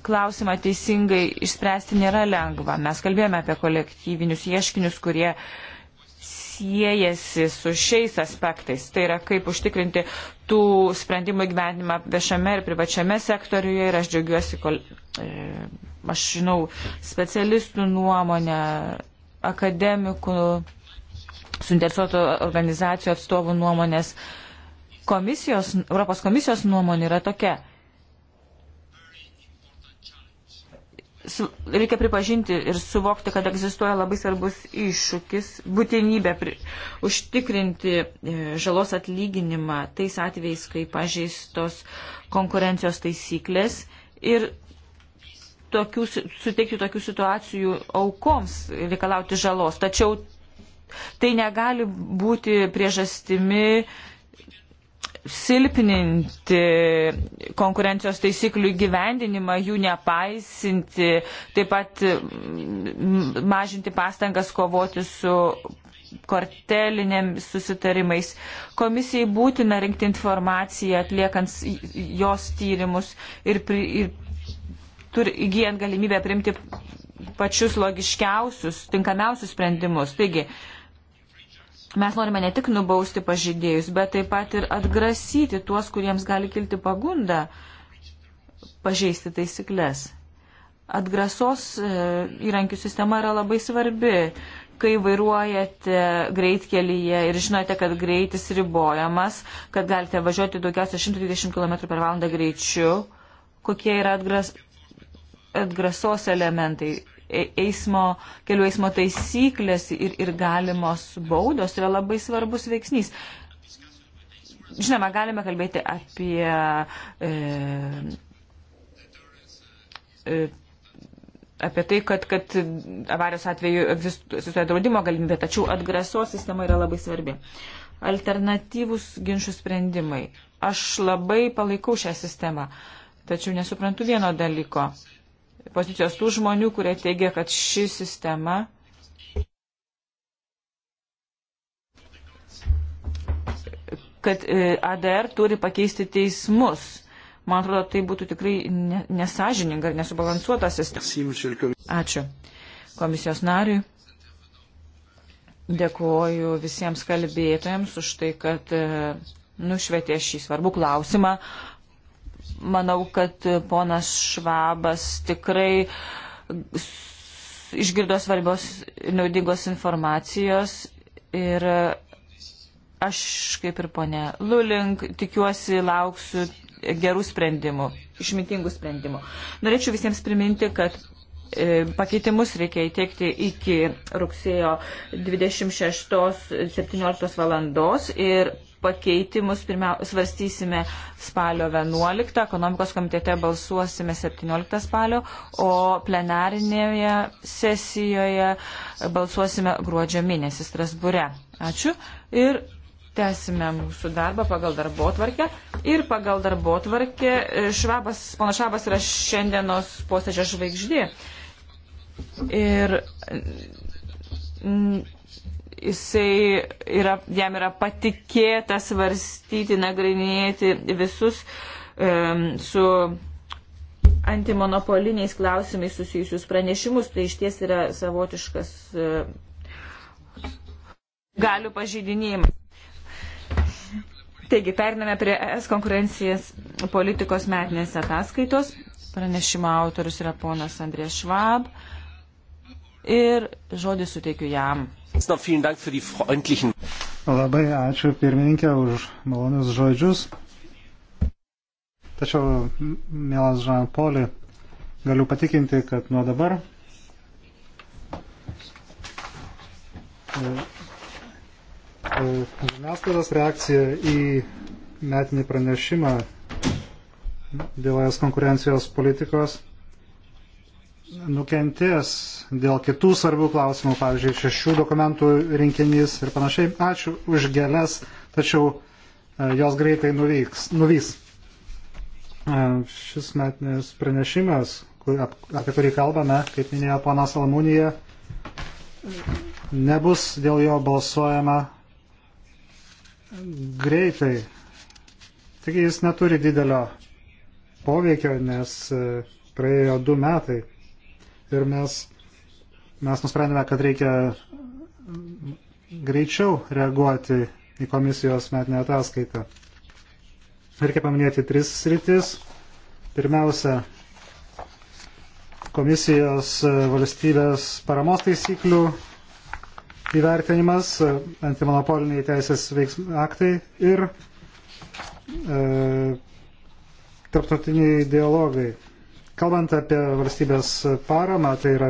Speaker 1: klausimą teisingai išspręsti nėra lengva. Mes kalbėjome apie kolektyvinius ieškinius, kurie e, siejasi su šiais aspektais. Tai yra, kaip užtikrinti tų sprendimų įgyvendimą viešame ir privačiame sektoriuje. Ir aš džiaugiuosi, kol, e, aš žinau, specialistų nuomonę, akademikų, suinteresuotų organizacijų atstovų nuomonės. Komisijos, Europos komisijos nuomonė yra tokia. reikia pripažinti ir suvokti, kad egzistuoja labai svarbus iššūkis, būtinybė pri, užtikrinti e, žalos atlyginimą tais atvejais, kai pažeistos konkurencijos taisyklės ir tokių, suteikti tokių situacijų aukoms reikalauti žalos. Tačiau tai negali būti priežastimi silpninti konkurencijos taisyklių gyvendinimą, jų nepaisinti, taip pat mm, mažinti pastangas kovoti su kortelinėm susitarimais. Komisijai būtina rinkti informaciją, atliekant jos tyrimus ir, pri, ir turi, įgyjant galimybę primti pačius logiškiausius, tinkamiausius sprendimus. Taigi, uh, Mes norime ne tik nubausti pažydėjus, bet taip pat ir atgrasyti tuos, kuriems gali kilti pagunda pažeisti taisyklės. Atgrasos e, įrankių sistema yra labai svarbi. Kai vairuojate greitkelyje ir žinote, kad greitis ribojamas, kad galite važiuoti daugiausia 120 km per valandą greičiu, kokie yra atgras, atgrasos elementai eismo, kelių eismo taisyklės ir, ir galimos baudos yra labai svarbus veiksnys. Žinoma, galime kalbėti apie e, e, apie tai, kad, kad avarijos atveju egzistuoja draudimo galimybė, tačiau atgrasos sistema yra labai svarbi. Alternatyvus ginčių sprendimai. Aš labai palaikau šią sistemą, tačiau nesuprantu vieno dalyko pozicijos tų žmonių, kurie teigia, kad ši sistema kad e, ADR turi pakeisti teismus. Man atrodo, tai būtų tikrai nesažininga ir nesubalansuota sistema. Ačiū komisijos nariui. Dėkuoju visiems kalbėtojams už tai, kad e, nušvietė šį svarbų klausimą, manau, kad ponas Švabas tikrai išgirdo svarbios ir naudingos informacijos ir aš, kaip ir ponė Lulink, tikiuosi lauksiu gerų sprendimų, išmintingų sprendimų. Norėčiau visiems priminti, kad e, pakeitimus reikia įteikti iki rugsėjo 26-17 valandos ir pakeitimus pirmia, svarstysime spalio 11, ekonomikos komitete balsuosime 17 spalio, o plenarinėje sesijoje balsuosime gruodžio mėnesį Strasbūre. Ačiū ir tęsime mūsų darbą pagal darbo tvarkę. Ir pagal darbo tvarkę e, švabas, pana Šabas yra šiandienos posėdžio žvaigždė. Ir jisai yra, jam yra patikėta svarstyti, nagrinėti visus um, su antimonopoliniais klausimais susijusius pranešimus, tai iš ties yra savotiškas uh, galių pažydinėjimas. Taigi, periname prie ES konkurencijas politikos metinės ataskaitos. Pranešimo autorius yra ponas Andrės Švab. Ir žodį suteikiu jam.
Speaker 4: Labai
Speaker 3: ačiū pirmininkė už malonius žodžius. Tačiau, mielas Žan Poli, galiu patikinti, kad nuo dabar e, e, žiniasklaidos reakcija į metinį pranešimą dėl es konkurencijos politikos nukentės dėl kitų svarbių klausimų, pavyzdžiui, šešių dokumentų rinkinys ir panašiai. Ačiū už gėlės, tačiau e, jos greitai nuvyks, nuvys. E, šis metinis pranešimas, apie kurį kalbame, kaip minėjo ponas Almūnija, nebus dėl jo balsuojama greitai. Taigi jis neturi didelio poveikio, nes e, praėjo du metai ir mes, mes nusprendėme, kad reikia greičiau reaguoti į komisijos metinę ataskaitą. Reikia paminėti tris sritis. Pirmiausia, komisijos e, valstybės paramos taisyklių įvertinimas, e, antimonopoliniai teisės veiksmai aktai ir e, tarptautiniai dialogai. Kalbant apie valstybės paramą, tai yra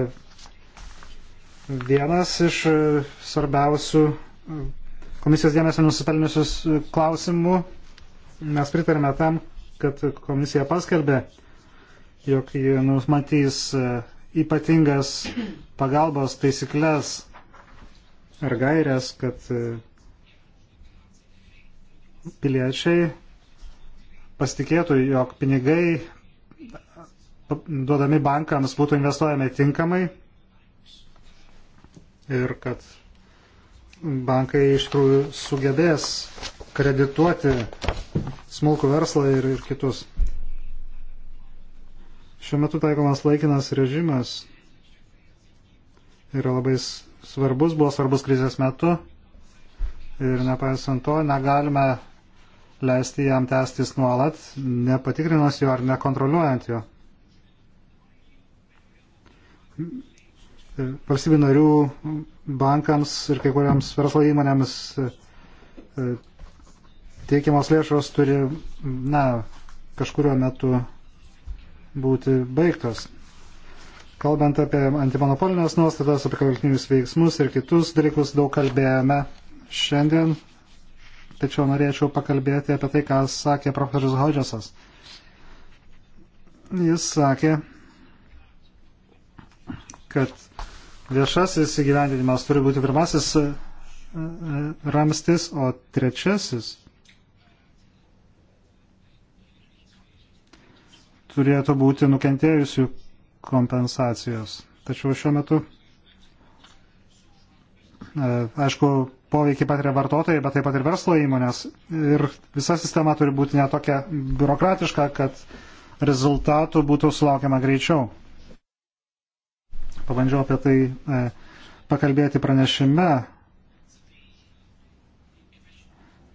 Speaker 3: vienas iš e, svarbiausių e, komisijos dėmesio nusipelniusius e, klausimų. Mes pritarėme tam, kad komisija paskelbė, jog ji numatys ypatingas pagalbos taisyklės ar gairias, kad piliečiai pasitikėtų, jog pinigai duodami bankams būtų investuojami tinkamai ir kad bankai iš tikrųjų sugebės kredituoti smulkų verslą ir, ir kitus. Šiuo metu taikomas laikinas režimas yra labai svarbus, buvo svarbus krizės metu ir nepaisant to negalime leisti jam tęstis nuolat, nepatikrinus jo ar nekontroliuojant jo. E, valstybių narių bankams ir kai kuriams verslo įmonėms e, e, teikiamos lėšos turi, na, kažkurio metu būti baigtos. Kalbant apie antimonopolinės nuostatas, apie kaltinius veiksmus ir kitus dalykus daug kalbėjome šiandien, tačiau norėčiau pakalbėti apie tai, ką sakė profesorius Hodžasas. Jis sakė, kad viešasis įgyvendinimas turi būti pirmasis e, e, ramstis, o trečiasis turėtų būti nukentėjusių kompensacijos. Tačiau šiuo metu, e, aišku, poveikį patiria vartotojai, bet taip pat ir verslo įmonės. Ir visa sistema turi būti netokia biurokratiška, kad rezultatų būtų sulaukiama greičiau pabandžiau apie tai e, pakalbėti pranešime,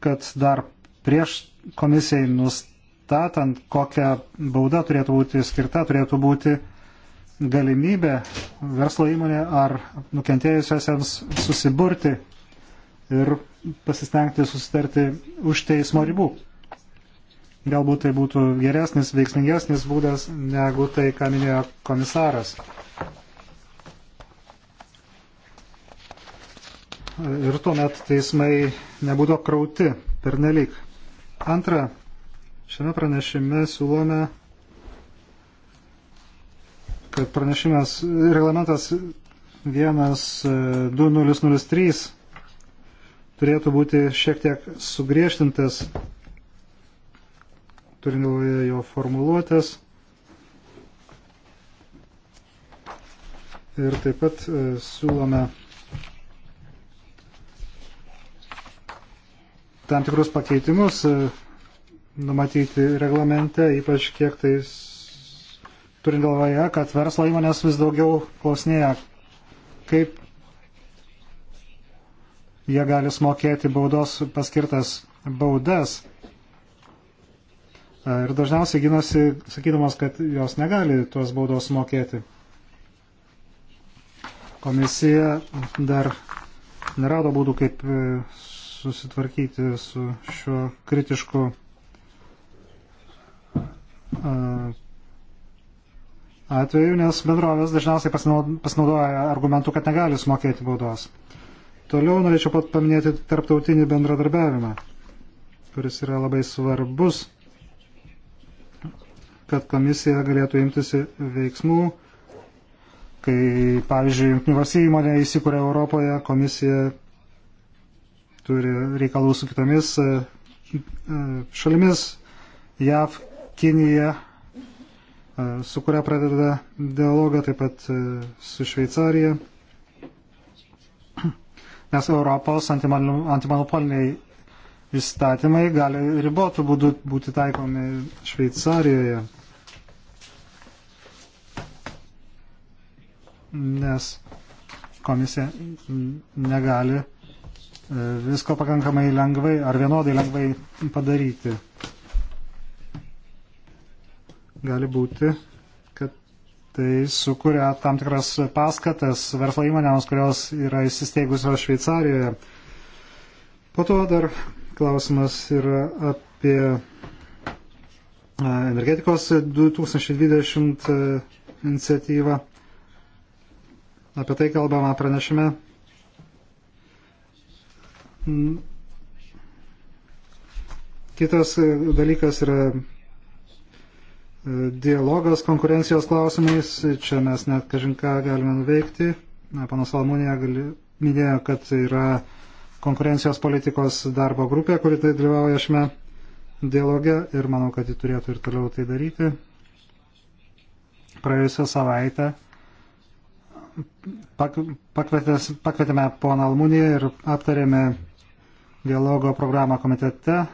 Speaker 3: kad dar prieš komisijai nustatant, kokia bauda turėtų būti skirta, turėtų būti galimybė verslo įmonė ar nukentėjusiesiems susiburti ir pasistengti susitarti už teismo ribų. Galbūt tai būtų geresnis, veiksmingesnis būdas negu tai, ką minėjo komisaras. ir tuomet teismai nebūtų apkrauti per nelik. Antra, šiame pranešime siūlome, kad pranešimas reglamentas 12003 e, turėtų būti šiek tiek sugriežtintas, turint galvoje jo formuluotės. Ir taip pat e, siūlome tam tikrus pakeitimus e, numatyti reglamente, ypač kiek tai turint galvoje, kad verslo įmonės vis daugiau klausinėja, kaip jie gali smokėti baudos paskirtas baudas. E, ir dažniausiai gynasi, sakydamas, kad jos negali tuos baudos mokėti. Komisija dar nerado būdų, kaip e, susitvarkyti su šiuo kritišku atveju, nes bendrovės dažniausiai pasinaudoja argumentų, kad negali sumokėti baudos. Toliau norėčiau pat paminėti tarptautinį bendradarbiavimą, kuris yra labai svarbus, kad komisija galėtų imtis veiksmų, kai, pavyzdžiui, jungtinių valstybių įmonė įsikūrė Europoje, komisija turi reikalų su kitomis e, e, šalimis JAV, Kinija, e, su kuria pradeda dialogą taip pat su Šveicarija. Nes Europos antimonopoliniai įstatymai gali ribotų būdų būti taikomi Šveicarijoje. Nes komisija negali visko pakankamai lengvai ar vienodai lengvai padaryti. Gali būti, kad tai sukuria tam tikras paskatas verslo įmonėms, kurios yra įsisteigusios Šveicarijoje. Po to dar klausimas yra apie energetikos 2020 iniciatyvą. Apie tai kalbama pranešime Mm. Kitas e, dalykas yra e, dialogas konkurencijos klausimais. Čia mes net kažinką galime nuveikti. Panas Almūnė minėjo, kad yra konkurencijos politikos darbo grupė, kuri tai dalyvauja šiame dialoge ir manau, kad ji turėtų ir toliau tai daryti. Praėjusią savaitę pakvietėme poną Almuniją ir aptarėme dialogo programą komitete.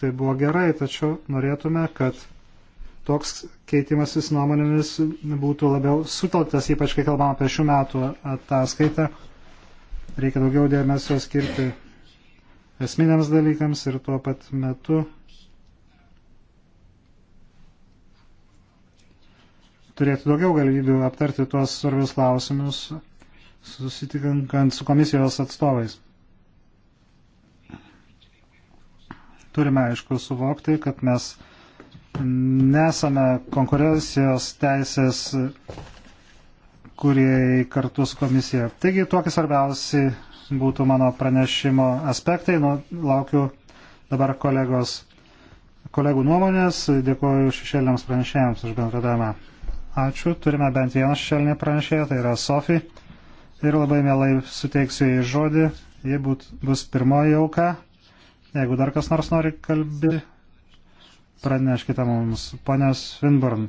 Speaker 3: Tai buvo gerai, tačiau norėtume, kad toks keitimasis nuomonėmis būtų labiau sutelktas, ypač kai kalbam apie šių metų ataskaitą. Reikia daugiau dėmesio skirti esminiams dalykams ir tuo pat metu turėti daugiau galimybių aptarti tuos svarbius klausimus susitikinkant su komisijos atstovais. turime aišku suvokti, kad mes nesame konkurencijos teisės kurie kartu su komisija. Taigi tokie svarbiausi būtų mano pranešimo aspektai. Nu, laukiu dabar kolegos, kolegų nuomonės. Dėkuoju šešėliams pranešėjams už bendradavimą. Ačiū. Turime bent vieną šešėlinį pranešėją, tai yra Sofi. Ir labai mielai suteiksiu jai žodį. Jie būt, bus pirmoji auka. Jeigu dar kas nors nori kalbėti, praneškite mums. Ponės Finburn.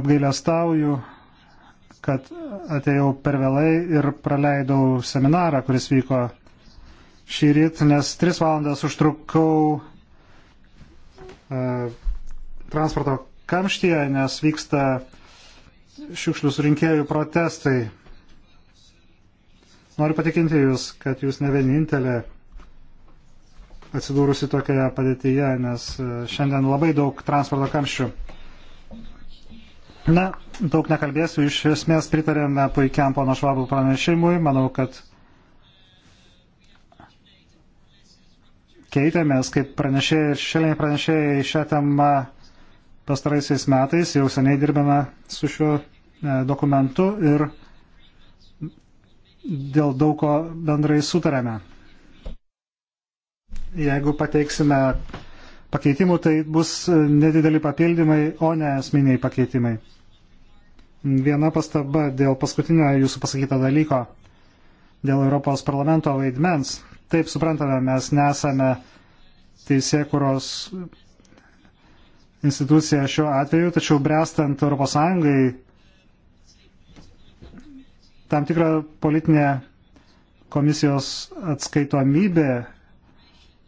Speaker 3: Apgailestauju, kad atėjau per vėlai ir praleidau seminarą, kuris vyko šį rytą, nes 3 valandas užtrukau uh, transporto kamštyje, nes vyksta šiukšlių surinkėjų protestai. Noriu patikinti Jūs, kad Jūs ne vienintelė atsidūrusi tokioje padėtyje, nes e, šiandien labai daug transporto kamščių. Na, daug nekalbėsiu, iš esmės pritarėme puikiam pono Švabų pranešimui. Manau, kad keitėmės kaip pranešėjai ir šeliniai pranešėjai šią temą pastaraisiais metais, jau seniai dirbame su šiuo e, dokumentu ir dėl daug ko bendrai sutarėme. Jeigu pateiksime pakeitimų, tai bus nedideli papildymai, o ne esminiai pakeitimai. Viena pastaba dėl paskutinio jūsų pasakyto dalyko, dėl Europos parlamento vaidmens. Taip suprantame, mes nesame teisėkuros institucija šiuo atveju, tačiau brestant ES tam tikra politinė komisijos atskaitomybė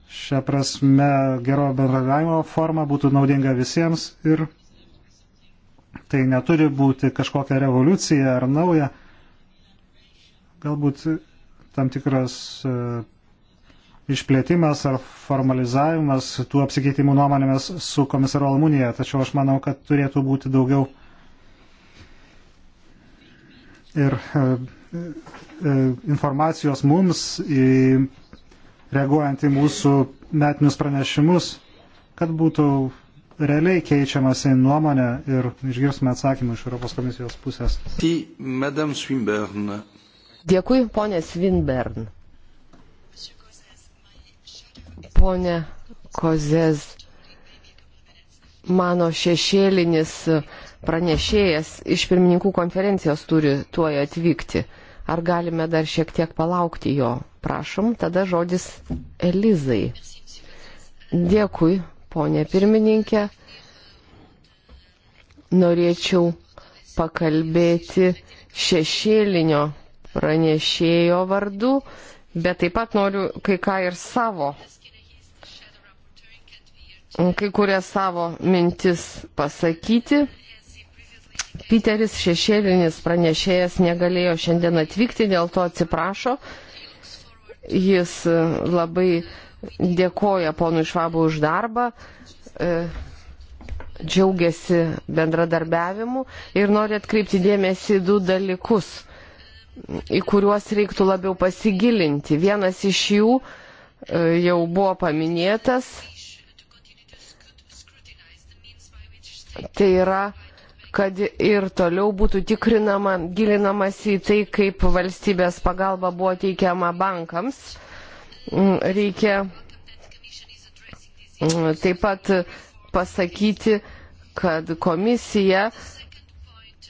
Speaker 3: šią prasme gero bendradavimo forma būtų naudinga visiems ir tai neturi būti kažkokia revoliucija ar nauja, galbūt tam tikras e, išplėtimas ar formalizavimas tų apsikeitimų nuomonėmis su komisaru Almunija, tačiau aš manau, kad turėtų būti daugiau ir e, e, informacijos mums, į, reaguojant į mūsų metinius pranešimus, kad būtų realiai keičiamasi nuomonė ir išgirsime atsakymą iš Europos komisijos pusės. Dėkui, ponė Svinbern. Pone
Speaker 2: Kozės, mano šešėlinis uh, pranešėjas iš pirmininkų konferencijos turi tuoj atvykti. Ar galime dar šiek tiek palaukti jo? Prašom, tada žodis Elizai. Dėkui, ponė pirmininkė. Norėčiau pakalbėti šešėlinio pranešėjo vardu, bet taip pat noriu kai ką ir savo kai kurias savo mintis pasakyti. Piteris šešėlinis pranešėjas negalėjo šiandien atvykti, dėl to atsiprašo. Jis e, labai dėkoja ponui Švabui už darbą, e, džiaugiasi bendradarbiavimu ir nori atkreipti dėmesį į du dalykus, į kuriuos reiktų labiau pasigilinti. Vienas iš jų e, jau buvo paminėtas. Tai yra kad ir toliau būtų tikrinama, gilinamas į tai, kaip valstybės pagalba buvo teikiama bankams. Mm, reikia mm, taip pat pasakyti, kad komisija,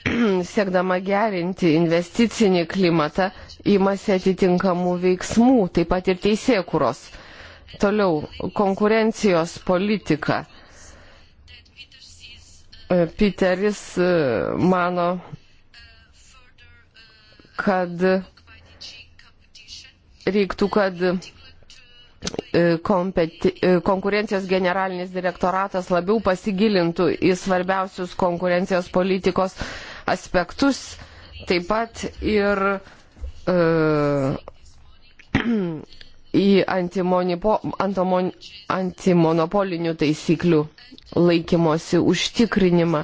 Speaker 2: mm, siekdama gerinti investicinį klimatą, imasi atitinkamų veiksmų, taip pat ir teisėkuros. Toliau, konkurencijos politika. Piteris e, mano, kad reiktų, kad e, kompeti, e, konkurencijos generalinis direktoratas labiau pasigilintų į svarbiausius konkurencijos politikos aspektus, taip pat ir e, <clears throat> į antimon, antimonopolinių taisyklių laikymosi užtikrinimą.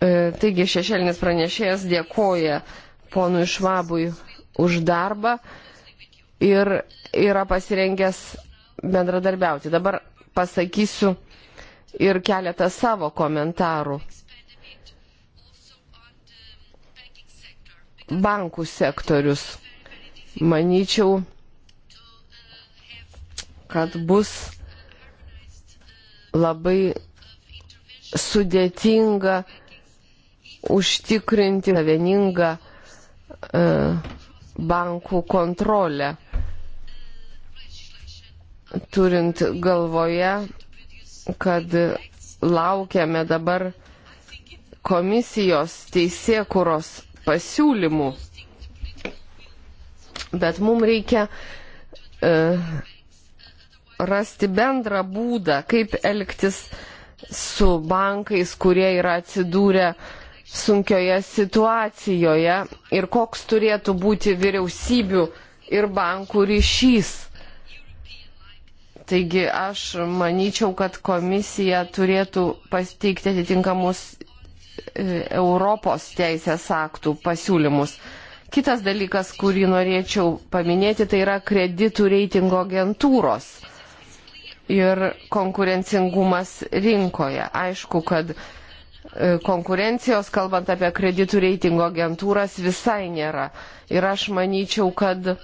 Speaker 2: E, taigi šešėlinis pranešėjas dėkoja ponui Švabui už darbą ir yra pasirengęs bendradarbiauti. Dabar pasakysiu ir keletą savo komentarų. bankų sektorius. Manyčiau, kad bus labai sudėtinga užtikrinti vieningą e, bankų kontrolę, turint galvoje, kad laukiame dabar komisijos teisėkuros pasiūlymų. Bet mums reikia uh, rasti bendrą būdą, kaip elgtis su bankais, kurie yra atsidūrę sunkioje situacijoje ir koks turėtų būti vyriausybių ir bankų ryšys. Taigi aš manyčiau, kad komisija turėtų pasteikti atitinkamus E, Europos teisės aktų pasiūlymus. Kitas dalykas, kurį norėčiau paminėti, tai yra kreditų reitingo agentūros ir konkurencingumas rinkoje. Aišku, kad e, konkurencijos, kalbant apie kreditų reitingo agentūras, visai nėra. Ir aš manyčiau, kad e,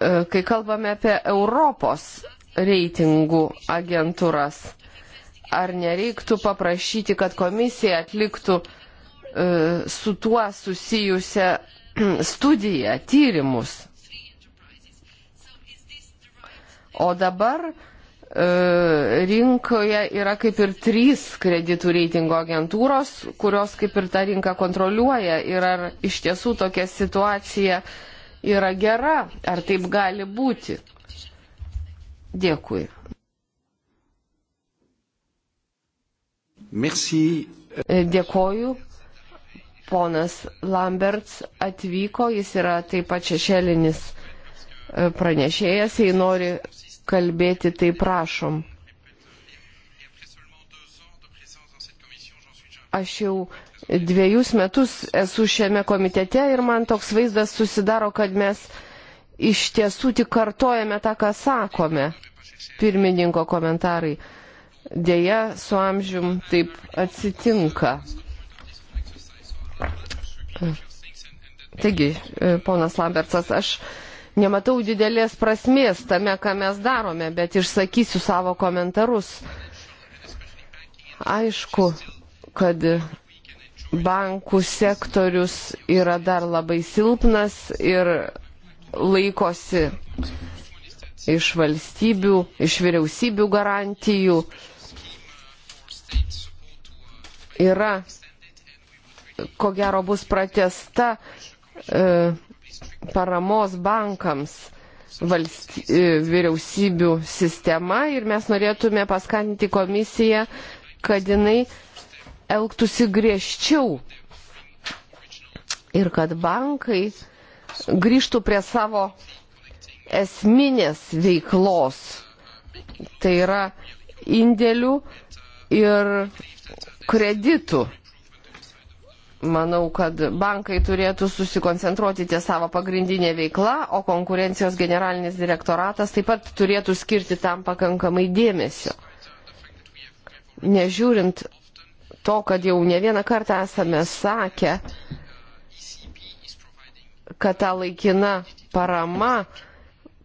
Speaker 2: kai kalbame apie Europos reitingų agentūras. Ar nereiktų paprašyti, kad komisija atliktų e, su tuo susijusią <clears throat> studiją, tyrimus? O dabar e, rinkoje yra kaip ir trys kreditų reitingo agentūros, kurios kaip ir tą rinką kontroliuoja. Ir ar iš tiesų tokia situacija yra gera, ar taip gali būti? Dėkui. Merci. E, dėkoju. Ponas Lamberts atvyko, jis yra taip pat šešėlinis e, pranešėjas, jei nori kalbėti, tai prašom. Aš jau dviejus metus esu šiame komitete ir man toks vaizdas susidaro, kad mes uh, iš tiesų tik kartojame tą, ką sakome. Pirmininko komentarai. Deja, su amžium taip atsitinka. Taigi, e, ponas Lambertsas, aš nematau didelės prasmės tame, ką mes darome, bet išsakysiu savo komentarus. Aišku, kad bankų sektorius yra dar labai silpnas ir laikosi iš valstybių, iš vyriausybių garantijų. Yra, ko gero, bus pratesta e, paramos bankams valsty, e, vyriausybių sistema ir mes norėtume paskatinti komisiją, kad jinai elgtųsi griežčiau ir kad bankai e, grįžtų prie savo esminės veiklos. Tai yra indėlių ir kreditų. Manau, kad bankai turėtų susikoncentruoti ties savo pagrindinė veikla, o konkurencijos generalinis direktoratas taip pat turėtų skirti tam pakankamai dėmesio. Nežiūrint to, kad jau ne vieną kartą esame sakę, kad ta laikina parama,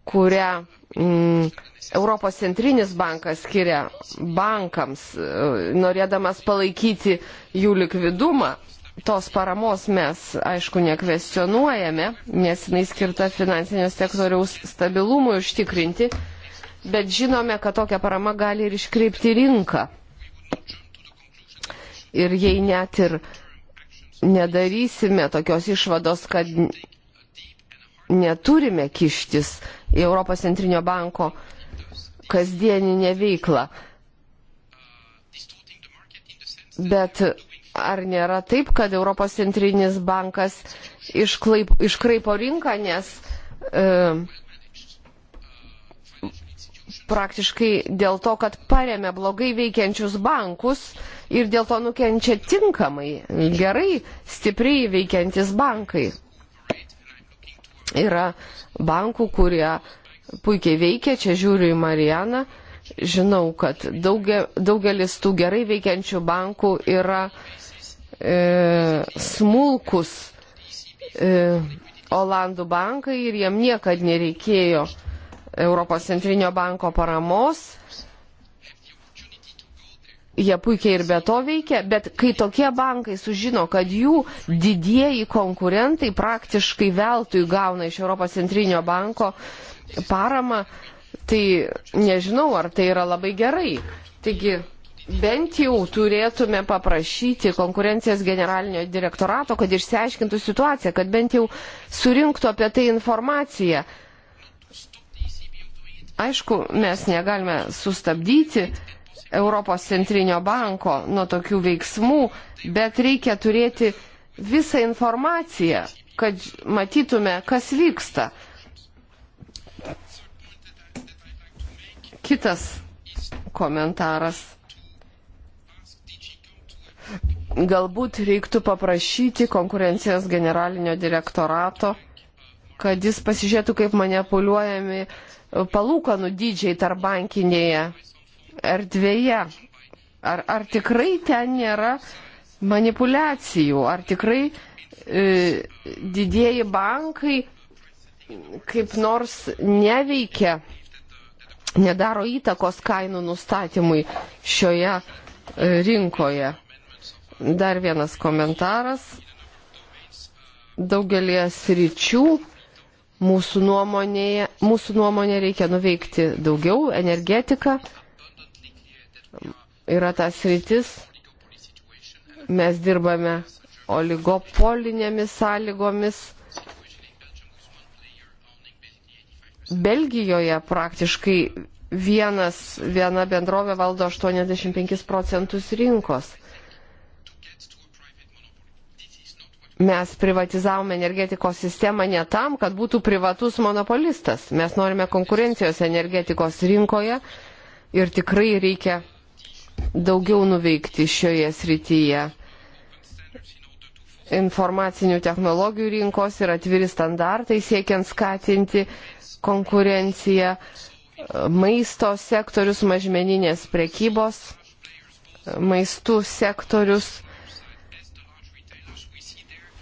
Speaker 2: kurią mm, Europos centrinis bankas skiria bankams, e, norėdamas palaikyti jų likvidumą, tos paramos mes, aišku, nekvestionuojame, nes jinai skirta finansinio sektoriaus stabilumui užtikrinti, bet žinome, kad tokia parama gali ir iškreipti rinką. Ir jei net ir uh, nedarysime tokios išvados, kad neturime kištis į Europos centrinio banko kasdieninę veiklą. Bet ar nėra taip, kad Europos centrinis bankas išklaip, iškraipo rinką, nes e, praktiškai dėl to, kad paremė blogai veikiančius bankus, e, ir dėl to nukenčia tinkamai, gerai, stipriai veikiantis bankai. Yra bankų, kurie puikiai veikia, čia žiūriu į Marijaną, žinau, kad daugia, daugelis tų gerai veikiančių bankų yra e, smulkus e, Olandų bankai ir jiem niekad nereikėjo Europos centrinio banko paramos jie puikiai ir be to veikia, bet kai tokie bankai sužino, kad jų didieji konkurentai praktiškai veltui gauna iš Europos centrinio banko paramą, tai nežinau, ar tai yra labai gerai. Taigi bent jau turėtume paprašyti konkurencijos generalinio direktorato, kad išsiaiškintų situaciją, kad bent jau surinktų apie tai informaciją. Aišku, mes negalime sustabdyti Europos centrinio banko nuo tokių veiksmų, bet reikia turėti visą informaciją, kad matytume, kas vyksta. Kitas komentaras. Galbūt reiktų paprašyti konkurencijos generalinio direktorato, kad jis pasižiūrėtų, kaip manipuliuojami palūkanų dydžiai tarp bankinėje erdvėje. Ar, ar tikrai ten nėra manipulacijų, ar tikrai e, didieji bankai kaip nors neveikia, nedaro įtakos kainų nustatymui šioje e, rinkoje. Dar vienas komentaras. Daugelie sričių mūsų nuomonė, mūsų nuomonė reikia nuveikti daugiau energetiką yra tas rytis. Mes dirbame oligopolinėmis sąlygomis. Belgijoje praktiškai vienas, viena bendrovė valdo 85 procentus rinkos. Mes privatizavome energetikos sistemą ne tam, kad būtų privatus monopolistas. Mes norime konkurencijos energetikos rinkoje ir tikrai reikia daugiau nuveikti šioje srityje. Informacinių technologijų rinkos yra atviri standartai siekiant skatinti konkurenciją, maisto sektorius, mažmeninės prekybos, maistų sektorius.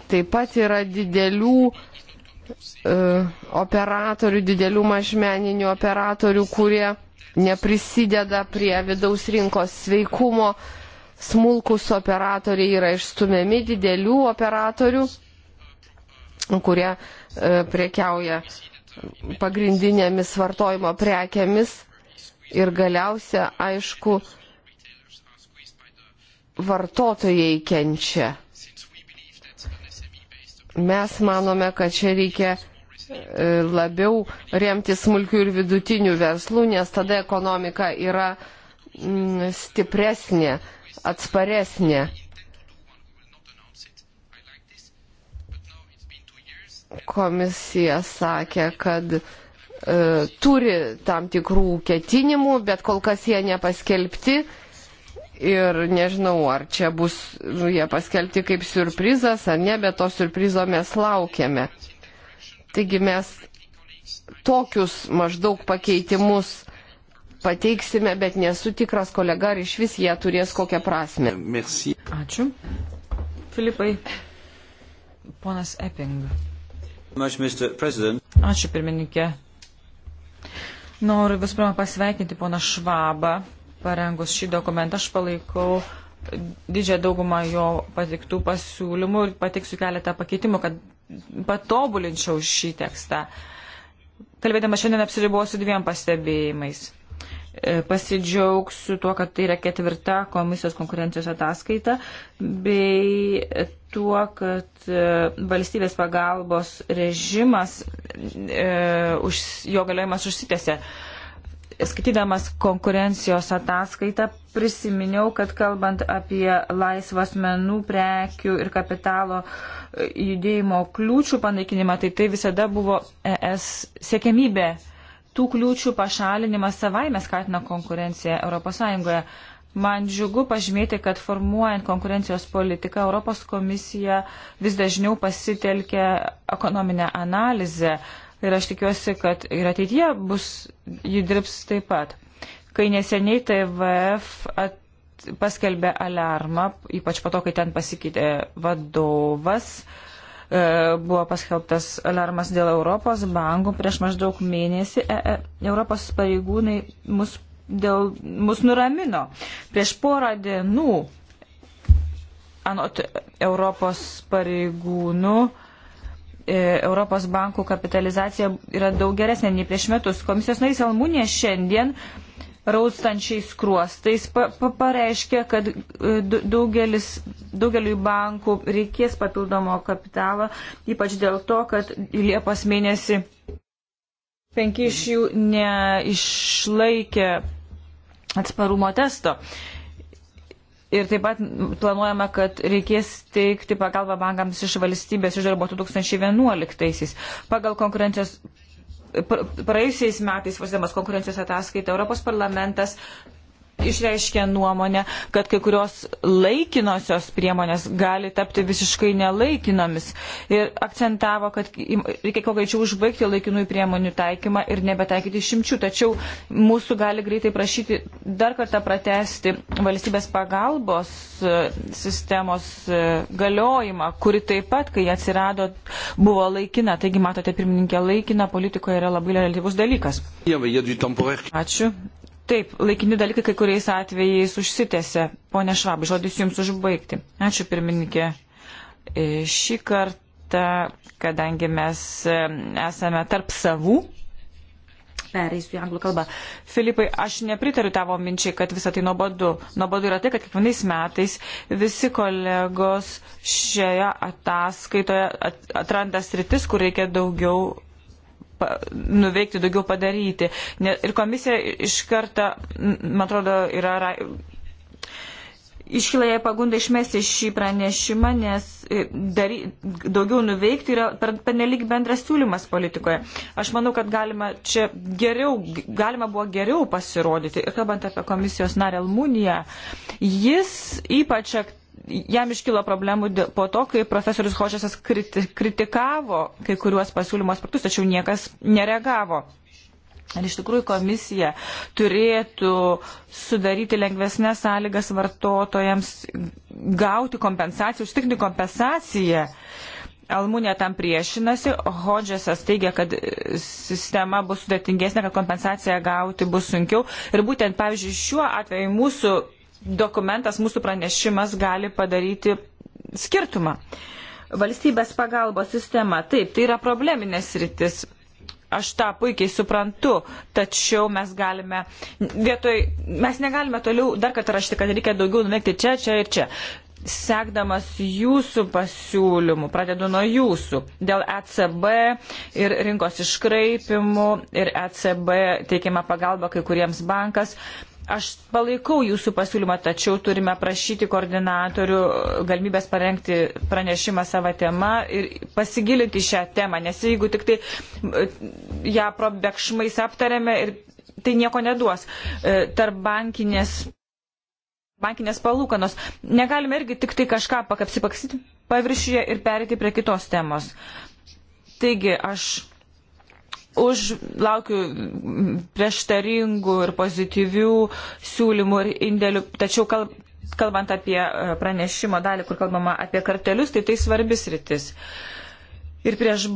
Speaker 2: Taip pat yra didelių e, operatorių, didelių mažmeninių operatorių, kurie neprisideda prie vidaus rinkos sveikumo, smulkus operatoriai yra išstumiami didelių operatorių, kurie e, prekiauja pagrindinėmis vartojimo prekiamis ir galiausia, aišku, vartotojai kenčia. Mes manome, kad čia reikia E, labiau remti smulkių ir vidutinių verslų, nes tada ekonomika yra mm, stipresnė, atsparesnė. Komisija sakė, kad e, turi tam tikrų ketinimų, bet kol kas jie nepaskelbti. Ir nežinau, ar čia bus jie paskelbti kaip surprizas ar ne, bet to surprizo mes laukiame. Taigi mes tokius maždaug pakeitimus pateiksime, bet nesu tikras kolega, ar iš vis jie turės kokią prasme.
Speaker 1: Merci. Ačiū. Filipai. Ponas Epping. Ačiū, pirmininkė. Noriu visų pirma pasveikinti poną Švabą, parengus šį dokumentą. Aš palaikau didžiąją daugumą jo patiktų pasiūlymų ir patiksiu keletą pakeitimų, kad patobulinčiau šį tekstą. Kalbėdama šiandien apsiribuosiu dviem pastebėjimais. E, pasidžiaugsiu tuo, kad tai yra ketvirta komisijos konkurencijos ataskaita, bei tuo, kad e, valstybės pagalbos režimas, e, jo galiojimas užsitėse. E, skaitydamas konkurencijos ataskaitą prisiminiau, kad kalbant apie laisvas menų, prekių ir kapitalo e, judėjimo kliūčių panaikinimą, tai tai visada buvo ES siekemybė. Tų kliūčių pašalinimas savaime skatina konkurenciją ES. Man džiugu pažymėti, kad formuojant konkurencijos politiką Europos komisija vis dažniau pasitelkia ekonominę analizę, ir aš tikiuosi, kad ir ateityje bus, ji dirbs taip pat. Kai neseniai TVF at, paskelbė alarmą, ypač po to, kai ten pasikeitė vadovas, e, buvo paskelbtas alarmas dėl Europos bankų prieš maždaug mėnesį. E, e, Europos pareigūnai mus, dėl, mus nuramino. Prieš porą dienų anot Europos pareigūnų e, E, Europos bankų kapitalizacija yra daug geresnė nei prieš metus. Komisijos narys Almūnė šiandien raustančiais kruostais pa, pa, pareiškia, kad e, daugelis, daugeliui bankų reikės papildomo kapitalo, ypač dėl to, kad Liepos mėnesį penki iš jų neišlaikė atsparumo testo. Uh, Ir taip pat planuojama, kad reikės teikti pagalbą bankams iš valstybės išdarbo 2011-aisiais. Pagal konkurencijos. Praėjusiais metais, vasdamas konkurencijos ataskaitą, Europos parlamentas išreiškė nuomonę, kad kai kurios laikinosios priemonės gali tapti visiškai nelaikinomis ir akcentavo, kad reikia kuo greičiau užbaigti laikinųjų priemonių taikymą ir nebetaikyti šimčių. Tačiau mūsų gali greitai prašyti dar kartą pratesti valstybės pagalbos e, sistemos e, galiojimą, kuri taip pat, kai atsirado, buvo laikina. Taigi, matote, pirmininkė laikina politikoje yra labai relatyvus dalykas. Ačiū. Taip, laikini dalykai kai kuriais atvejais užsitėse. Pone Švabai, žodis Jums užbaigti. Ačiū pirmininkė. E, šį kartą, kadangi mes e, esame tarp savų, pereisiu į anglų kalbą. Filipai, aš nepritariu tavo minčiai, kad visą tai nuobodu. Nuobodu yra tai, kad kiekvienais metais visi kolegos šioje ataskaitoje atranda sritis, kur reikia daugiau nuveikti, daugiau padaryti. Ir komisija iš karto, man atrodo, yra. Iškyla jai pagunda išmesti šį pranešimą, nes e, dary, daugiau nuveikti yra panelik bendras siūlymas politikoje. Aš manau, kad galima čia geriau, galima buvo geriau pasirodyti. Ir kalbant apie komisijos narę Almuniją, jis ypač aktyviai jam iškilo problemų po to, kai profesorius Hošesas kriti, kritikavo kai kuriuos pasiūlymo aspektus, tačiau niekas nereagavo. Ar iš tikrųjų komisija turėtų sudaryti lengvesnės sąlygas vartotojams gauti kompensaciją, užtikrinti kompensaciją? Almūnė tam priešinasi, Hodžesas teigia, kad sistema bus sudėtingesnė, kad kompensaciją gauti bus sunkiau. Ir būtent, pavyzdžiui, šiuo atveju mūsų dokumentas, mūsų pranešimas gali padaryti skirtumą. Valstybės pagalbos sistema, taip, tai yra probleminės rytis. Aš tą puikiai suprantu, tačiau mes galime, vietoj, mes negalime toliau dar kartą rašti, kad reikia daugiau nuveikti čia, čia ir čia. Sekdamas jūsų pasiūlymų, pradedu nuo jūsų, dėl ECB ir rinkos iškraipimų ir ECB teikiama pagalba kai kuriems bankas, Aš palaikau jūsų pasiūlymą, tačiau turime prašyti koordinatorių galimybės parengti pranešimą savo temą ir pasigilinti šią temą, nes jeigu tik tai e, ją probekšmais aptarėme, tai nieko neduos. E, tarp bankinės, bankinės palūkanos negalime irgi tik tai kažką pakapsipaksyti paviršiuje ir perėti prie kitos temos. Taigi aš už laukiu prieštaringų ir pozityvių siūlymų ir indėlių, tačiau kal, kalbant apie e, pranešimo dalį, kur kalbama apie kartelius, tai tai svarbis rytis. Ir prieš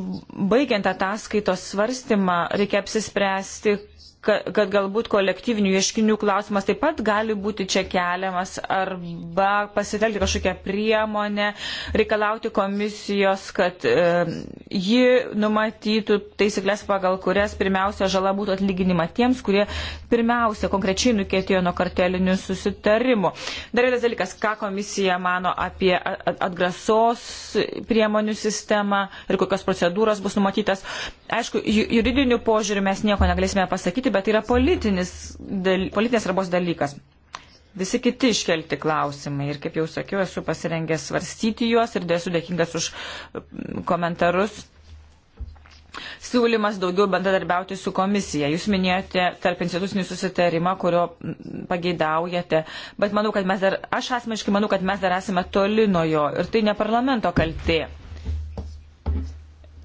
Speaker 1: baigiant ataskaitos svarstymą reikia apsispręsti, kad galbūt kolektyvinių ieškinių klausimas taip pat gali būti čia keliamas arba pasitelkti kažkokią priemonę, reikalauti komisijos, kad e, ji numatytų taisyklės, pagal kurias pirmiausia žala būtų atlyginima tiems, kurie pirmiausia konkrečiai nukėtėjo nuo kartelinių susitarimų. Dar vienas dalykas, ką komisija mano apie atgrasos priemonių sistemą ir kokios procedūros bus numatytas. Aišku, juridinių požiūrių mes nieko negalėsime pasakyti, pasakyti, bet tai yra dal, politinės arbos dalykas. Visi kiti iškelti klausimai ir, kaip jau sakiau, esu pasirengęs svarstyti juos ir esu dėkingas už komentarus. Siūlymas daugiau bendradarbiauti su komisija. Jūs minėjote tarp institucinį susitarimą, kurio pageidaujate, bet manau, kad mes dar, aš asmeniškai manau, kad mes dar esame toli nuo jo ir tai ne parlamento kaltė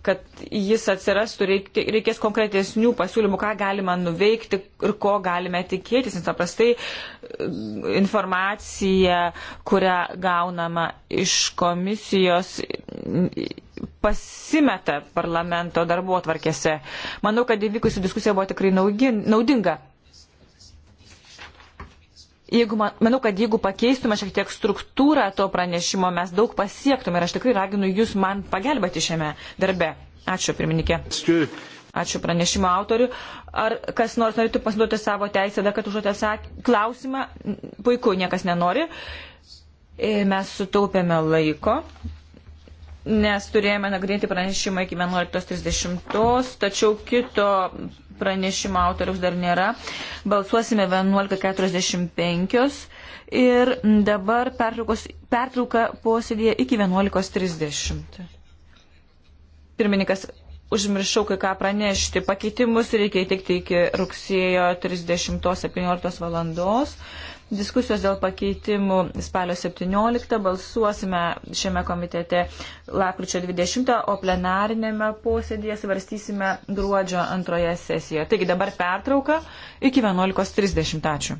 Speaker 1: kad jis atsirastų, reikės konkretesnių pasiūlymų, ką galima nuveikti ir ko galime tikėtis. Nes paprastai mm, informacija, kurią gaunama iš komisijos, mm, pasimeta parlamento darbo atvarkėse. Manau, kad įvykusi diskusija buvo tikrai naudinga. Jeigu man, manau, kad jeigu pakeistume šiek tiek struktūrą to pranešimo, mes daug pasiektume ir aš tikrai raginu jūs man pagelbėti šiame darbe. Ačiū, pirmininkė. Ačiū pranešimo autoriu. Ar kas nors norėtų pasiduoti savo teisę, dar kad užduotė klausimą? Puiku, niekas nenori. E, mes sutaupėme laiko nes turėjome nagrinėti pranešimą iki 11.30, tačiau kito pranešimo autoriaus dar nėra. Balsuosime 11.45 ir dabar pertrauka posėdėje iki 11.30. Pirmininkas, užmiršau kai ką pranešti. Pakeitimus reikia įteikti iki rugsėjo 30.17 valandos. Diskusijos dėl pakeitimų spalio 17 balsuosime šiame komitete lapkričio 20, o plenarinėme posėdėje svarstysime gruodžio antroje sesijoje. Taigi dabar pertrauka iki 11.30. Ačiū.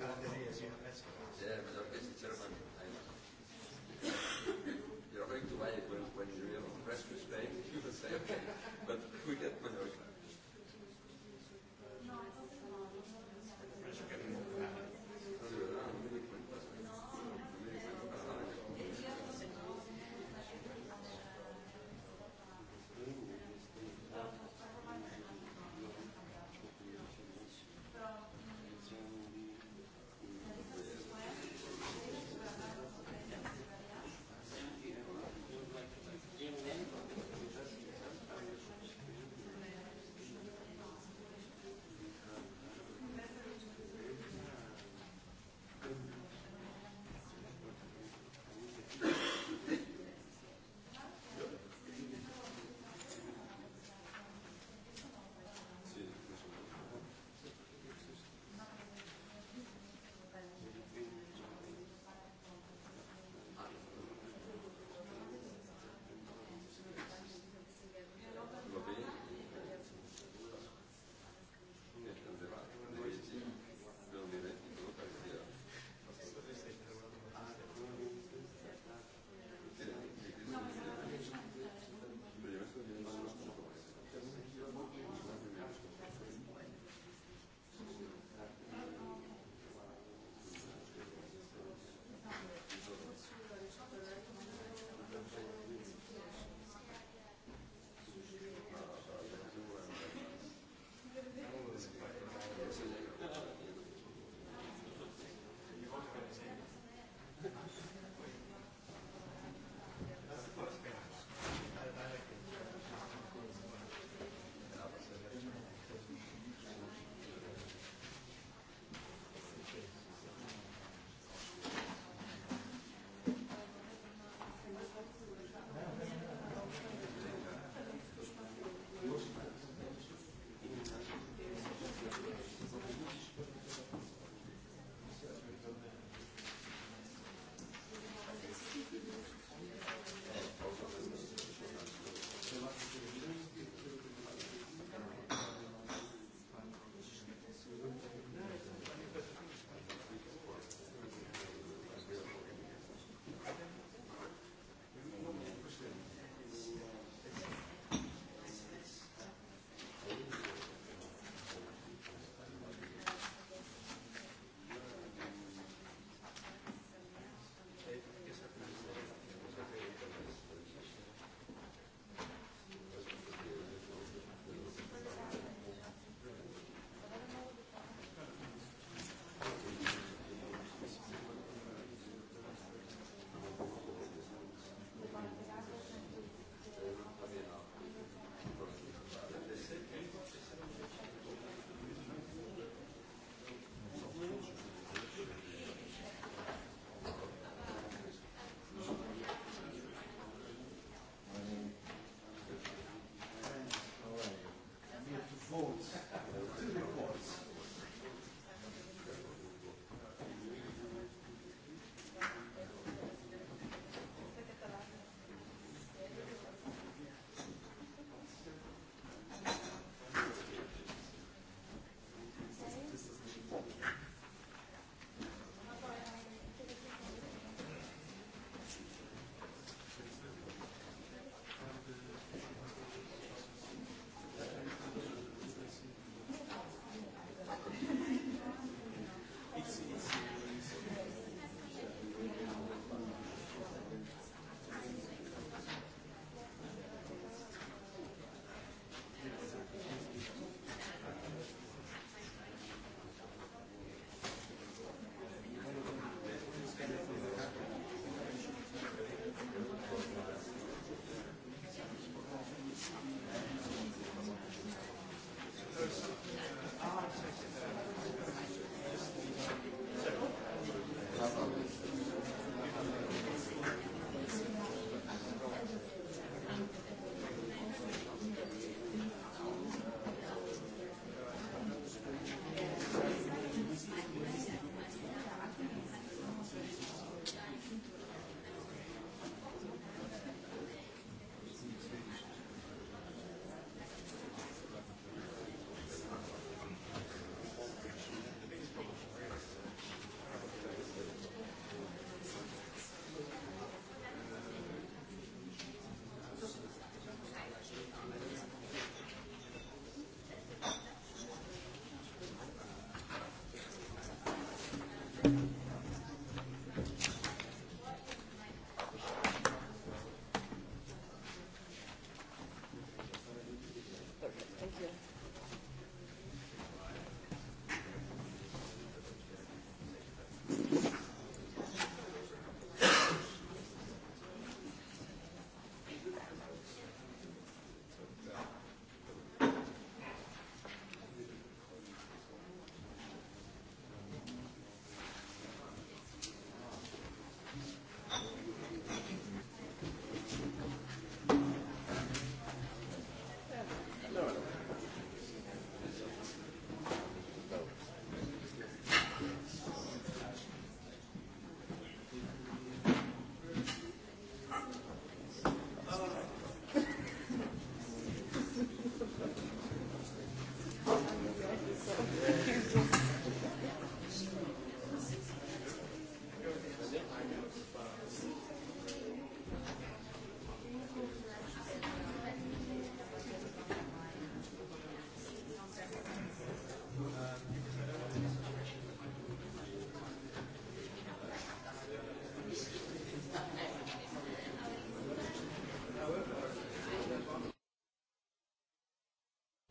Speaker 4: Calendaria, sì, a Pesca. Sì, mi sono chiesto sinceramente.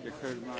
Speaker 3: because my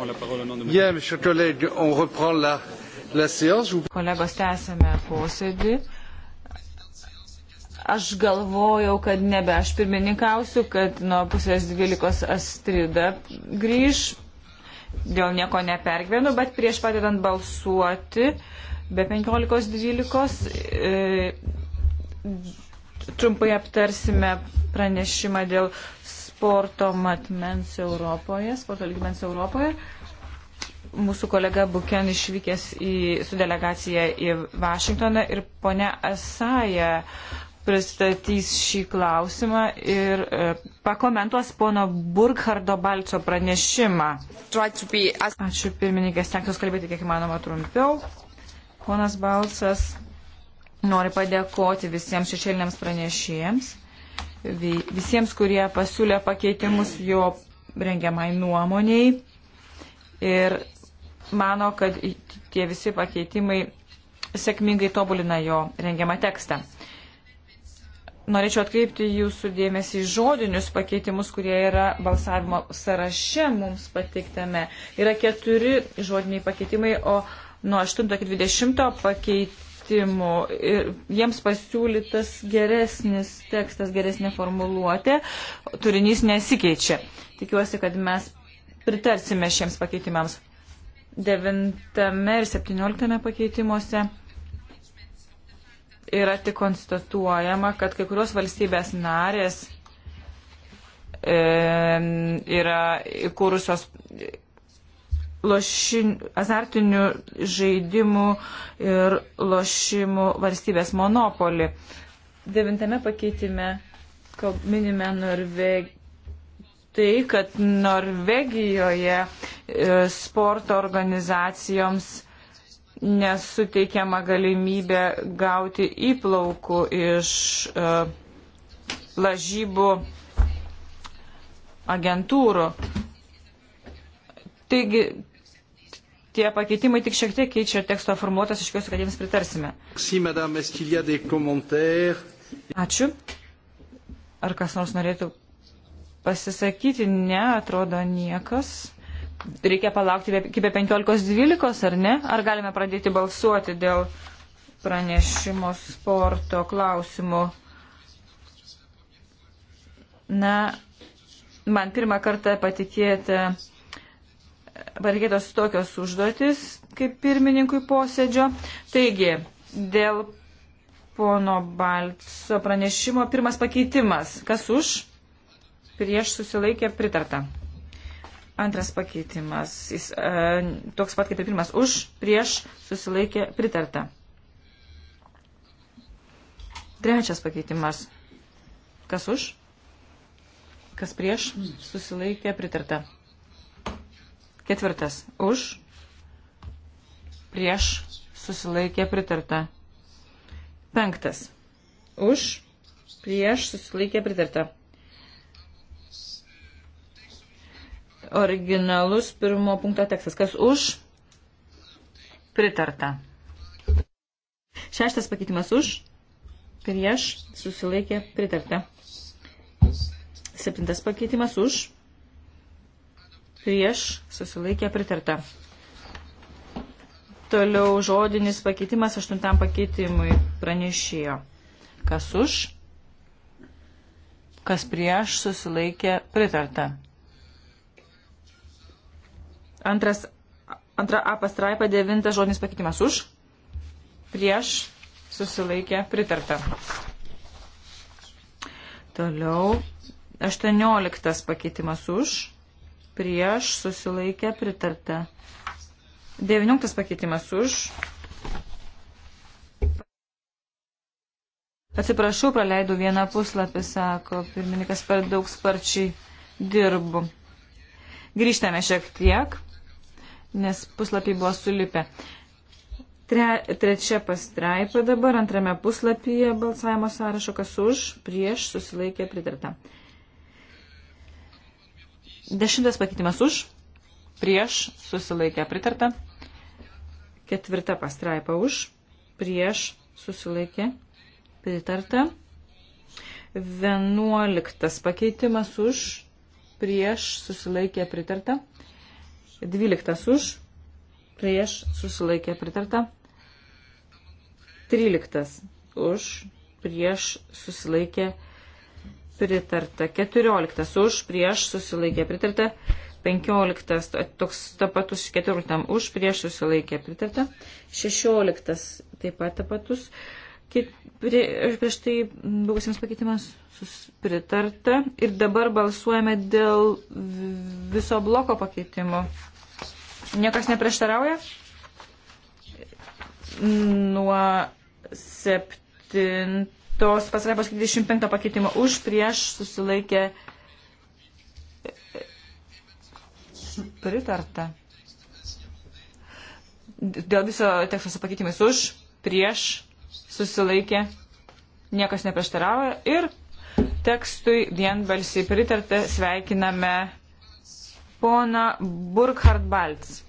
Speaker 3: prend la parole au nom de Bien, mes chers collègues, on reprend la, la séance.
Speaker 1: Kolegos, tęsėme posėdį. Aš galvojau, kad nebe aš pirmininkausiu, kad nuo pusės dvylikos Astrida grįž. Dėl nieko nepergyvenu, bet prieš padedant balsuoti be penkiolikos dvylikos. E, trumpai aptarsime pranešimą dėl sporto matmens Europoje, sporto lygmens Europoje. Mūsų kolega Buken išvykęs į, su delegacija į Vašingtoną ir ponia Asaja pristatys šį klausimą ir e, pakomentuos pono Burkhardo Balco pranešimą. Ačiū pirmininkė, stengsiuos kalbėti kiek įmanoma trumpiau. Ponas Balcas nori padėkoti visiems šešėliniams pranešėjams visiems, kurie pasiūlė pakeitimus jo rengiamai nuomoniai ir mano, kad tie visi pakeitimai sėkmingai tobulina jo rengiamą tekstą. Norėčiau atkreipti jūsų dėmesį į žodinius pakeitimus, kurie yra balsavimo sąraše mums patiktame. Yra keturi žodiniai pakeitimai, o nuo 8 iki 20 pakeit, pakeitimų ir jiems pasiūlytas geresnis tekstas, geresnė formuluotė, turinys nesikeičia. Tikiuosi, kad mes pritarsime šiems pakeitimams. 9 ir 17 pakeitimuose yra tik konstatuojama, kad kai kurios valstybės narės e, yra įkūrusios lošin, azartinių žaidimų ir lošimų valstybės monopolį. Devintame pakeitime minime Norvegiją. Tai, kad Norvegijoje e, sporto organizacijoms nesuteikiama galimybė gauti įplaukų iš uh, lažybų agentūrų. Taigi tie pakeitimai tik šiek tiek keičia teksto formuotas, iš tikiuosi, kad jiems pritarsime.
Speaker 4: Ačiū. Ar kas
Speaker 1: nors norėtų pasisakyti? Ne, atrodo niekas. Reikia palaukti iki be 15.12, ar ne? Ar galime pradėti balsuoti dėl pranešimo sporto klausimų? Na, man pirmą kartą patikėjote patikėtos tokios užduotis kaip pirmininkui posėdžio. Taigi, dėl pono Baltso pranešimo pirmas pakeitimas. Kas už? Prieš susilaikė pritarta. Antras pakeitimas. Jis, e, toks pat kaip ir pirmas. Už, prieš susilaikė pritarta. Trečias pakeitimas. Kas už? Kas prieš susilaikė pritarta. Ketvirtas. Už. Prieš. Susilaikė pritarta. Penktas. Už. Prieš. Susilaikė pritarta. Originalus pirmo punkto tekstas. Kas už? Pritarta. Šeštas pakeitimas už. Prieš. Susilaikė pritarta. Septintas pakeitimas už prieš susilaikė pritarta. Toliau žodinis pakeitimas aštuntam pakeitimui pranešėjo. Kas už, kas prieš susilaikė pritarta. Antras, antra A pastraipa devintas žodinis pakeitimas už, prieš susilaikė pritarta. Toliau aštuonioliktas pakeitimas už prieš, susilaikę, pritarta. 19 pakeitimas už. Atsiprašau, praleidau vieną puslapį, sako pirmininkas, per daug sparčiai dirbu. Grįžtame šiek tiek, nes puslapiai buvo sulipę. Tre, trečia pastraipa dabar, antrame puslapyje balsavimo sąrašo, kas už, prieš, susilaikė, pritarta. Dešimtas pakeitimas už, prieš, susilaikę pritarta. Ketvirta pastraipa už, prieš, susilaikė pritarta. Vienuoliktas pakeitimas už, prieš, susilaikė pritarta. Dvyliktas už, prieš, susilaikė pritarta. Tryliktas už, prieš, susilaikė pritarta pritarta. 14 už, prieš susilaikė pritarta. 15 toks tapatus 14 už, prieš susilaikė pritarta. 16 taip pat tapatus. Kit, prie, prieš tai buvusiems pakeitimams pritarta. Ir dabar balsuojame dėl viso bloko pakeitimo. Niekas neprieštarauja? Nuo 7 pastraipos 25 pakeitimo už prieš susilaikė pritarta. Dėl viso teksto su pakeitimais už, prieš, susilaikė, niekas neprieštaravo ir tekstui vienbalsiai pritarta sveikiname pona Burkhard Balts.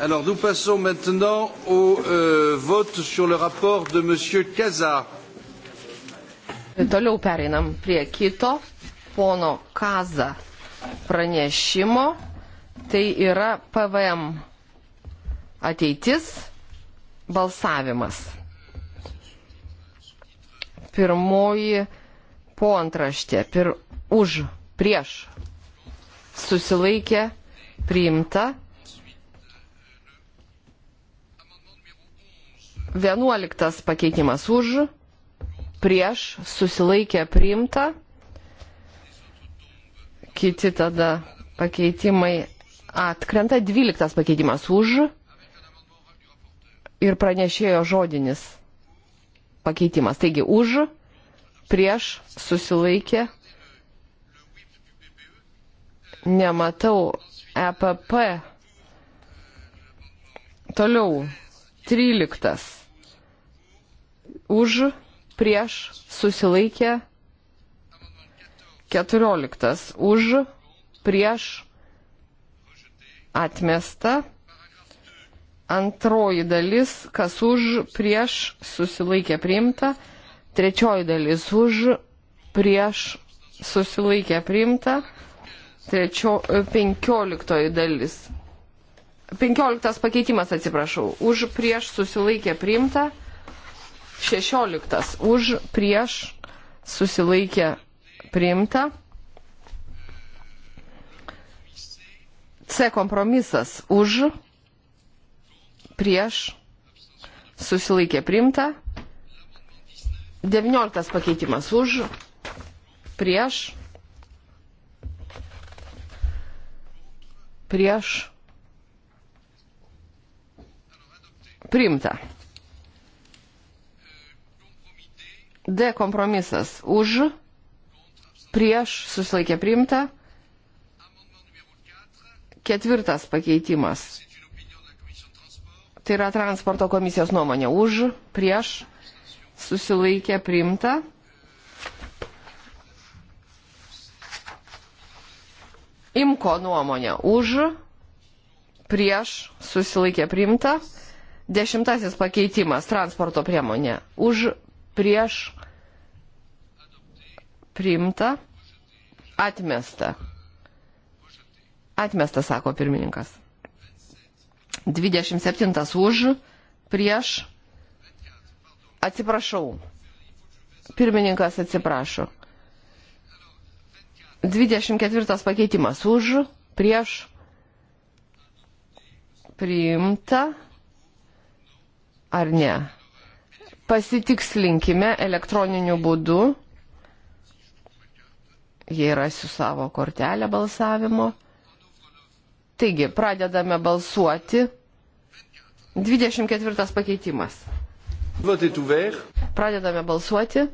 Speaker 4: Alors nous passons maintenant au euh, vote sur le rapport de monsieur Casa.
Speaker 2: Toliau pereinam prie kito pono Kaza pranešimo. Tai yra PVM ateitis balsavimas. Pirmoji po antraštė. Pir, už, prieš. Susilaikė, priimta. 11 pakeitimas už, prieš, susilaikė priimta. Kiti tada pakeitimai atkrenta. Dvyliktas pakeitimas už ir pranešėjo žodinis pakeitimas. Taigi už, prieš, susilaikė. Nematau EPP. Toliau. Tryliktas. Už prieš susilaikė 14 už, prieš atmesta. Antroji dalis, kas už, prieš susilaikė priimta. Trečioji dalis už, prieš susilaikė priimta. Trečio, e, penkioliktoji dalis. Penkioliktas pakeitimas, atsiprašau. Už, prieš susilaikė priimta. 16 už prieš susilaikė priimta. C kompromisas už prieš susilaikė priimta. 19 pakeitimas už prieš prieš priimta. D kompromisas už, prieš susilaikė priimta. Ketvirtas pakeitimas. Tai yra transporto komisijos nuomonė už, prieš susilaikė priimta. Imko nuomonė už, prieš susilaikė priimta. Dešimtasis pakeitimas transporto priemonė už, prieš priimta, atmesta. Atmesta, sako pirmininkas. 27 už, prieš, atsiprašau. Pirmininkas atsiprašo. 24 pakeitimas už, prieš, priimta ar ne? pasitikslinkime elektroniniu būdu. Jei rasiu savo kortelę balsavimo. Taigi, pradedame balsuoti. 24 pakeitimas. Pradedame balsuoti.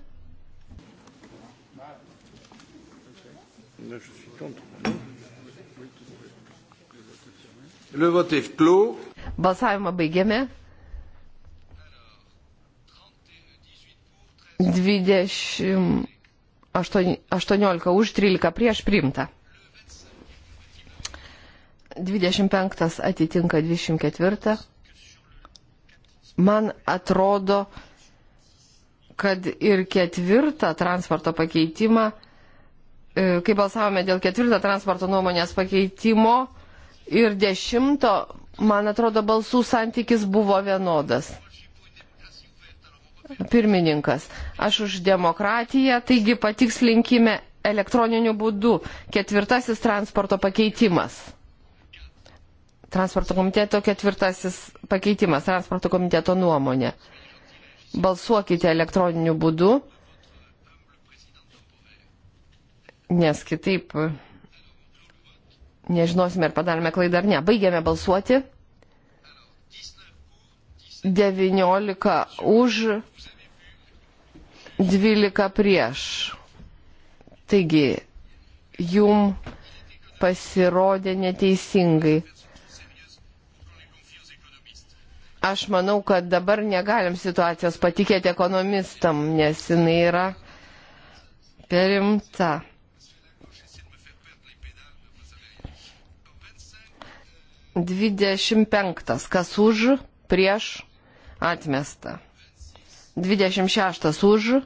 Speaker 2: Balsavimą baigėme. 20, 18 už 13 prieš primta. 25 atitinka 24. Man atrodo, kad ir ketvirtą transporto pakeitimą, e, kai balsavome dėl ketvirtą transporto nuomonės pakeitimo ir dešimto, man atrodo, balsų santykis buvo vienodas. Pirmininkas, aš už demokratiją, taigi patikslinkime elektroniniu būdu. Ketvirtasis transporto pakeitimas. Transporto komiteto ketvirtasis pakeitimas, transporto komiteto nuomonė. Balsuokite elektroniniu būdu, nes kitaip nežinosime, ar padarėme klaidą ar ne. Baigėme balsuoti. 19 už, 12 prieš. Taigi, jum pasirodė neteisingai. Aš manau, kad dabar negalim situacijos patikėti ekonomistam, nes jinai yra perimta. Dvidešimt penktas. Kas už, prieš? atmesta. 26 už,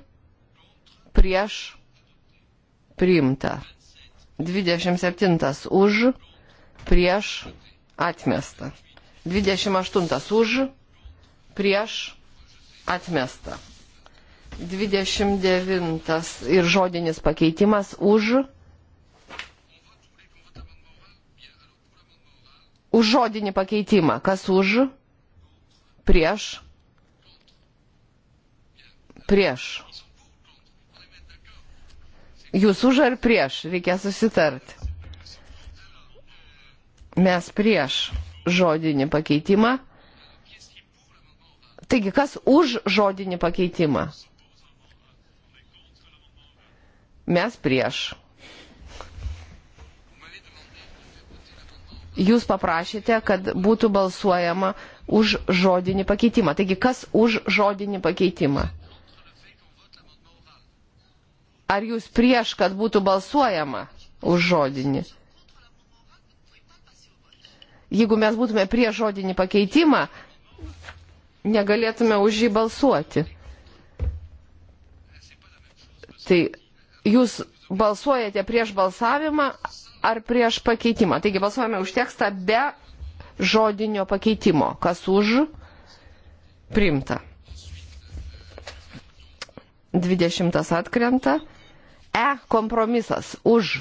Speaker 2: prieš, priimta. 27 už, prieš, atmesta. 28 už, prieš, atmesta. 29 ir žodinis pakeitimas už. Už žodinį pakeitimą. Kas už? Prieš prieš? Jūs už ar prieš? Reikia susitarti. Mes prieš žodinį pakeitimą. Taigi, kas už žodinį pakeitimą? Mes prieš. Jūs paprašėte, kad būtų balsuojama už žodinį pakeitimą. Taigi, kas už žodinį pakeitimą? Ar jūs prieš, kad būtų balsuojama už žodinį? Jeigu mes būtume prie žodinį pakeitimą, negalėtume už jį balsuoti. Tai jūs balsuojate prieš balsavimą ar prieš pakeitimą. Taigi balsuojame už tekstą be žodinio pakeitimo. Kas už? Primta. 20 atkrenta. E kompromisas už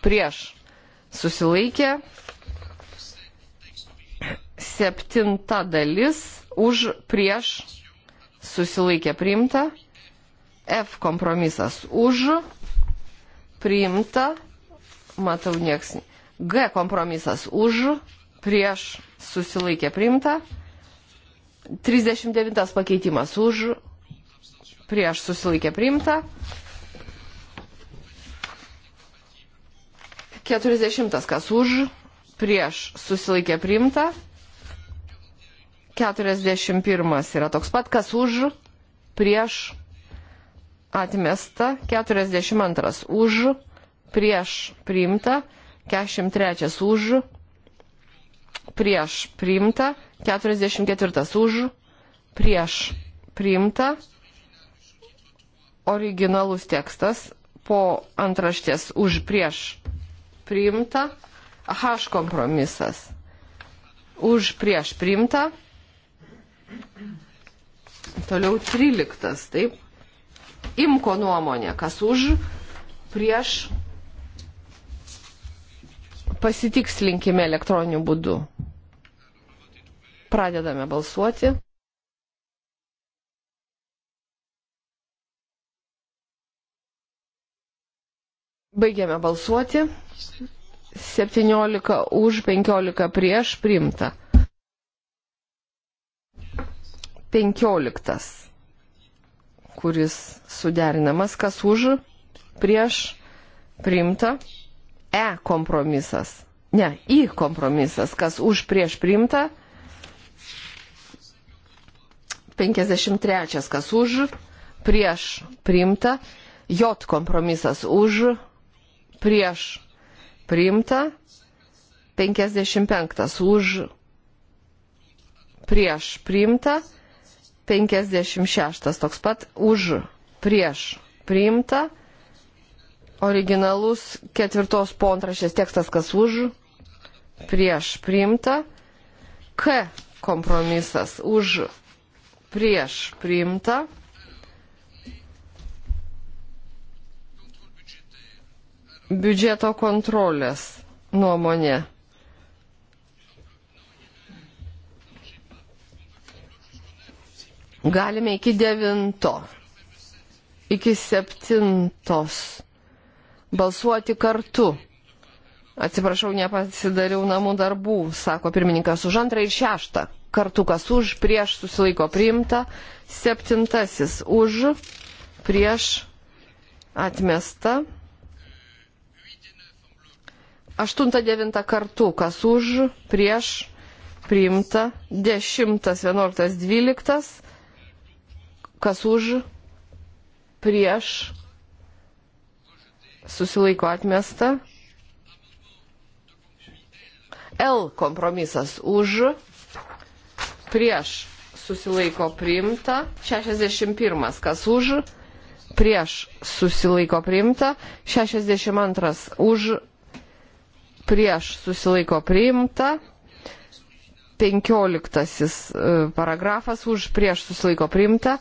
Speaker 2: prieš susilaikė. Septinta dalis už prieš susilaikė priimta. F kompromisas už priimta. Matau nieks. G kompromisas už prieš susilaikė priimta. 39 pakeitimas už prieš susilaikė priimta. 40 kas už, prieš susilaikė priimta. 41 yra toks pat, kas už, prieš atmesta. 42 už, prieš priimta. 43 už, prieš priimta. 44 už, prieš priimta. Originalus tekstas po antraštės už prieš priimta. H kompromisas. Už prieš priimta. Toliau 13. Taip. Imko nuomonė, kas už prieš pasitikslinkime elektroniniu būdu. Pradedame balsuoti. Baigėme balsuoti. 17 už, 15 prieš, priimta. 15, kuris suderinamas, kas už, prieš, priimta. E kompromisas. Ne, I kompromisas, kas už, prieš, priimta. 53, kas už, prieš, priimta. J kompromisas už, prieš prieš priimta, 55 už prieš priimta, 56 toks pat už prieš priimta, originalus ketvirtos pontrašės tekstas kas už prieš priimta, K kompromisas už prieš priimta. biudžeto kontrolės nuomonė. Galime iki devinto, iki septintos balsuoti kartu. Atsiprašau, nepasidariau namų darbų, sako pirmininkas už antrą ir šeštą. Kartu kas už, prieš susilaiko priimta. Septintasis už, prieš atmesta. 8-9 kartų, kas už, prieš, priimta. 10-11-12, kas už, prieš, susilaiko atmesta. L kompromisas už, prieš, susilaiko priimta. 61, kas už, prieš, susilaiko priimta. 62, už, prieš susilaiko priimta. 15 e, paragrafas už prieš susilaiko priimta.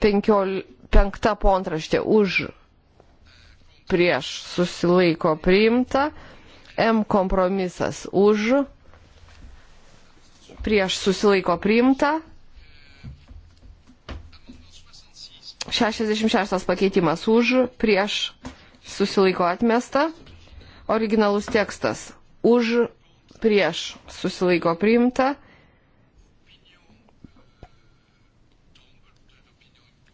Speaker 2: 5 po antraštė už prieš susilaiko priimta. M kompromisas už prieš susilaiko priimta. 66 pakeitimas už prieš susilaiko atmesta. Originalus tekstas. Už, prieš susilaiko priimta.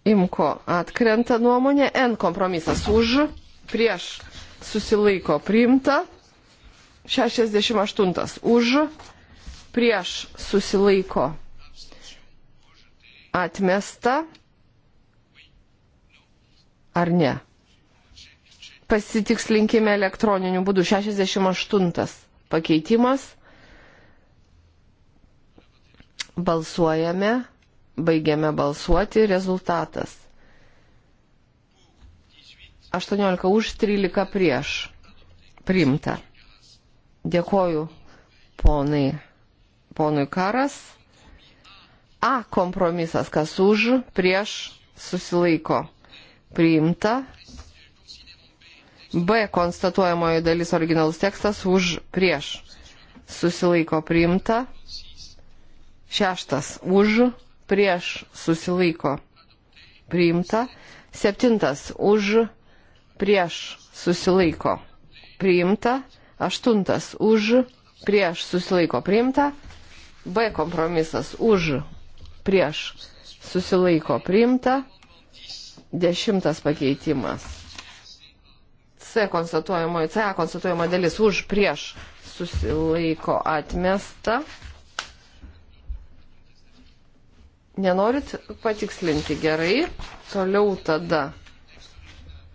Speaker 2: Imko atkrenta nuomonė. N kompromisas už, prieš susilaiko priimta. 68 už, prieš susilaiko atmesta. Ar ne? pasitikslinkime elektroniniu būdu. 68 pakeitimas. Balsuojame, baigiame balsuoti, rezultatas. 18 už, 13 prieš. Primta. Dėkoju ponai, ponui Karas. A kompromisas, kas už, prieš, susilaiko. Priimta. B konstatuojamoji dalis originalus tekstas už prieš susilaiko priimta. Šeštas už prieš susilaiko priimta. Septintas už prieš susilaiko priimta. Aštuntas už prieš susilaiko priimta. B kompromisas už prieš susilaiko priimta. Dešimtas pakeitimas C konstatuojamoji, C konstatuojama dalis už prieš susilaiko atmesta. Nenorit patikslinti gerai. Toliau tada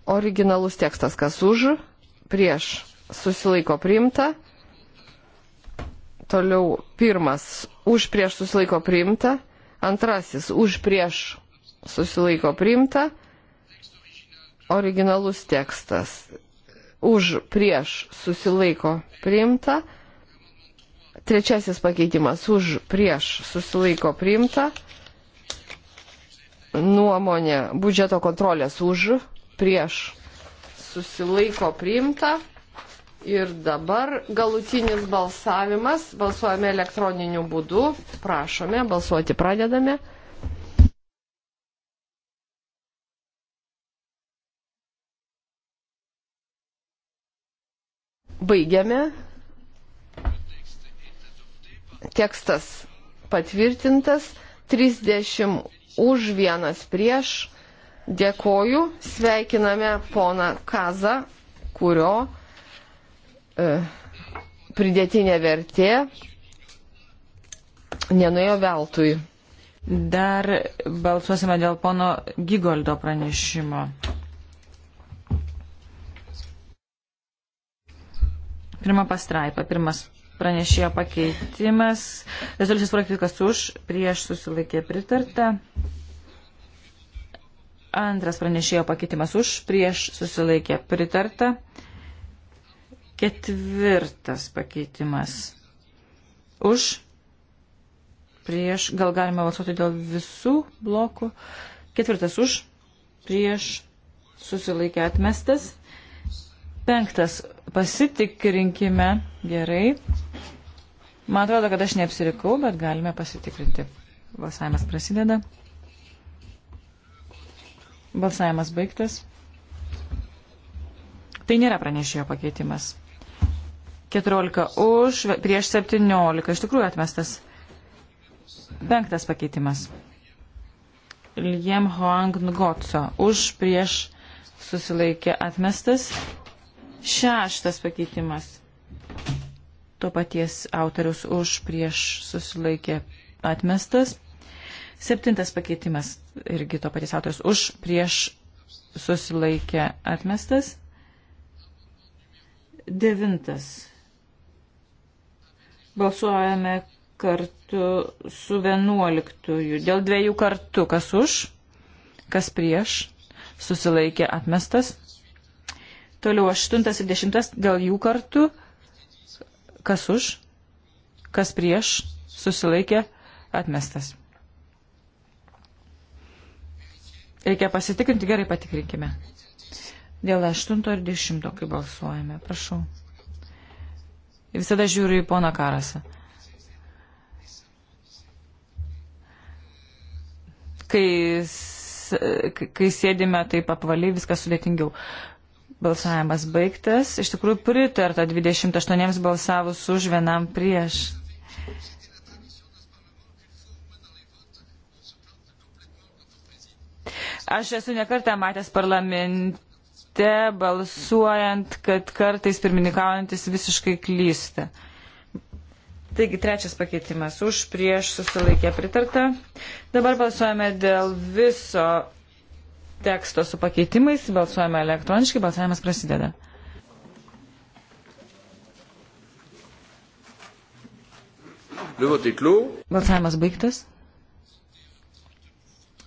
Speaker 2: originalus tekstas, kas už, prieš susilaiko priimta. Toliau pirmas už prieš susilaiko priimta. Antrasis už prieš susilaiko priimta originalus tekstas už prieš susilaiko priimta. Trečiasis pakeitimas už prieš susilaiko priimta. Nuomonė budžeto kontrolės už prieš susilaiko priimta. Ir dabar galutinis balsavimas. Balsuojame elektroniniu būdu. Prašome, balsuoti pradedame. Baigiame. Tekstas patvirtintas. 30 už vienas prieš. Dėkoju. Sveikiname poną Kazą, kurio e, pridėtinė vertė
Speaker 1: nenuėjo veltui. Dar balsuosime dėl pono Gigoldo pranešimo. Pirma pastraipa, pirmas pranešėjo pakeitimas. Rezoliucijos projektas už, prieš susilaikė pritarta. Antras pranešėjo pakeitimas už, prieš susilaikė pritarta. Ketvirtas pakeitimas už, prieš, gal galime balsuoti dėl visų blokų. Ketvirtas už, prieš, susilaikė atmestas. Penktas pasitikrinkime gerai. Man atrodo, kad aš neapsirikau, bet galime pasitikrinti. Balsavimas prasideda. Balsavimas baigtas. Tai nėra pranešėjo pakeitimas. 14 už, prieš 17. Iš tikrųjų atmestas. Penktas pakeitimas. Liem Hoang Ngotso. Už, prieš susilaikė atmestas. Šeštas pakeitimas. To paties autorius už prieš susilaikė atmestas. Septintas pakeitimas irgi to paties autorius už prieš susilaikė atmestas. Devintas. Balsuojame kartu su vienuoliktųjų. Dėl dviejų kartų. Kas už, kas prieš, susilaikė atmestas. Toliau 8 ir 10 dėl jų kartų. Kas už, kas prieš, susilaikė, atmestas. Reikia pasitikrinti, gerai patikrinkime. Dėl 8 ir 10, kai balsuojame, prašau. Visada žiūriu į poną Karasą. Kai, kai sėdime taip apvaliai, viskas sudėtingiau. Balsavimas baigtas. Iš tikrųjų pritarta 28 balsavus už vienam prieš. Aš esu nekartą matęs parlamente balsuojant, kad kartais pirmininkaujantis visiškai klysta. Taigi trečias pakeitimas už prieš susilaikė pritarta. Dabar balsuojame dėl viso teksto su pakeitimais, balsuojame elektroniškai, balsavimas prasideda. Balsavimas baigtas.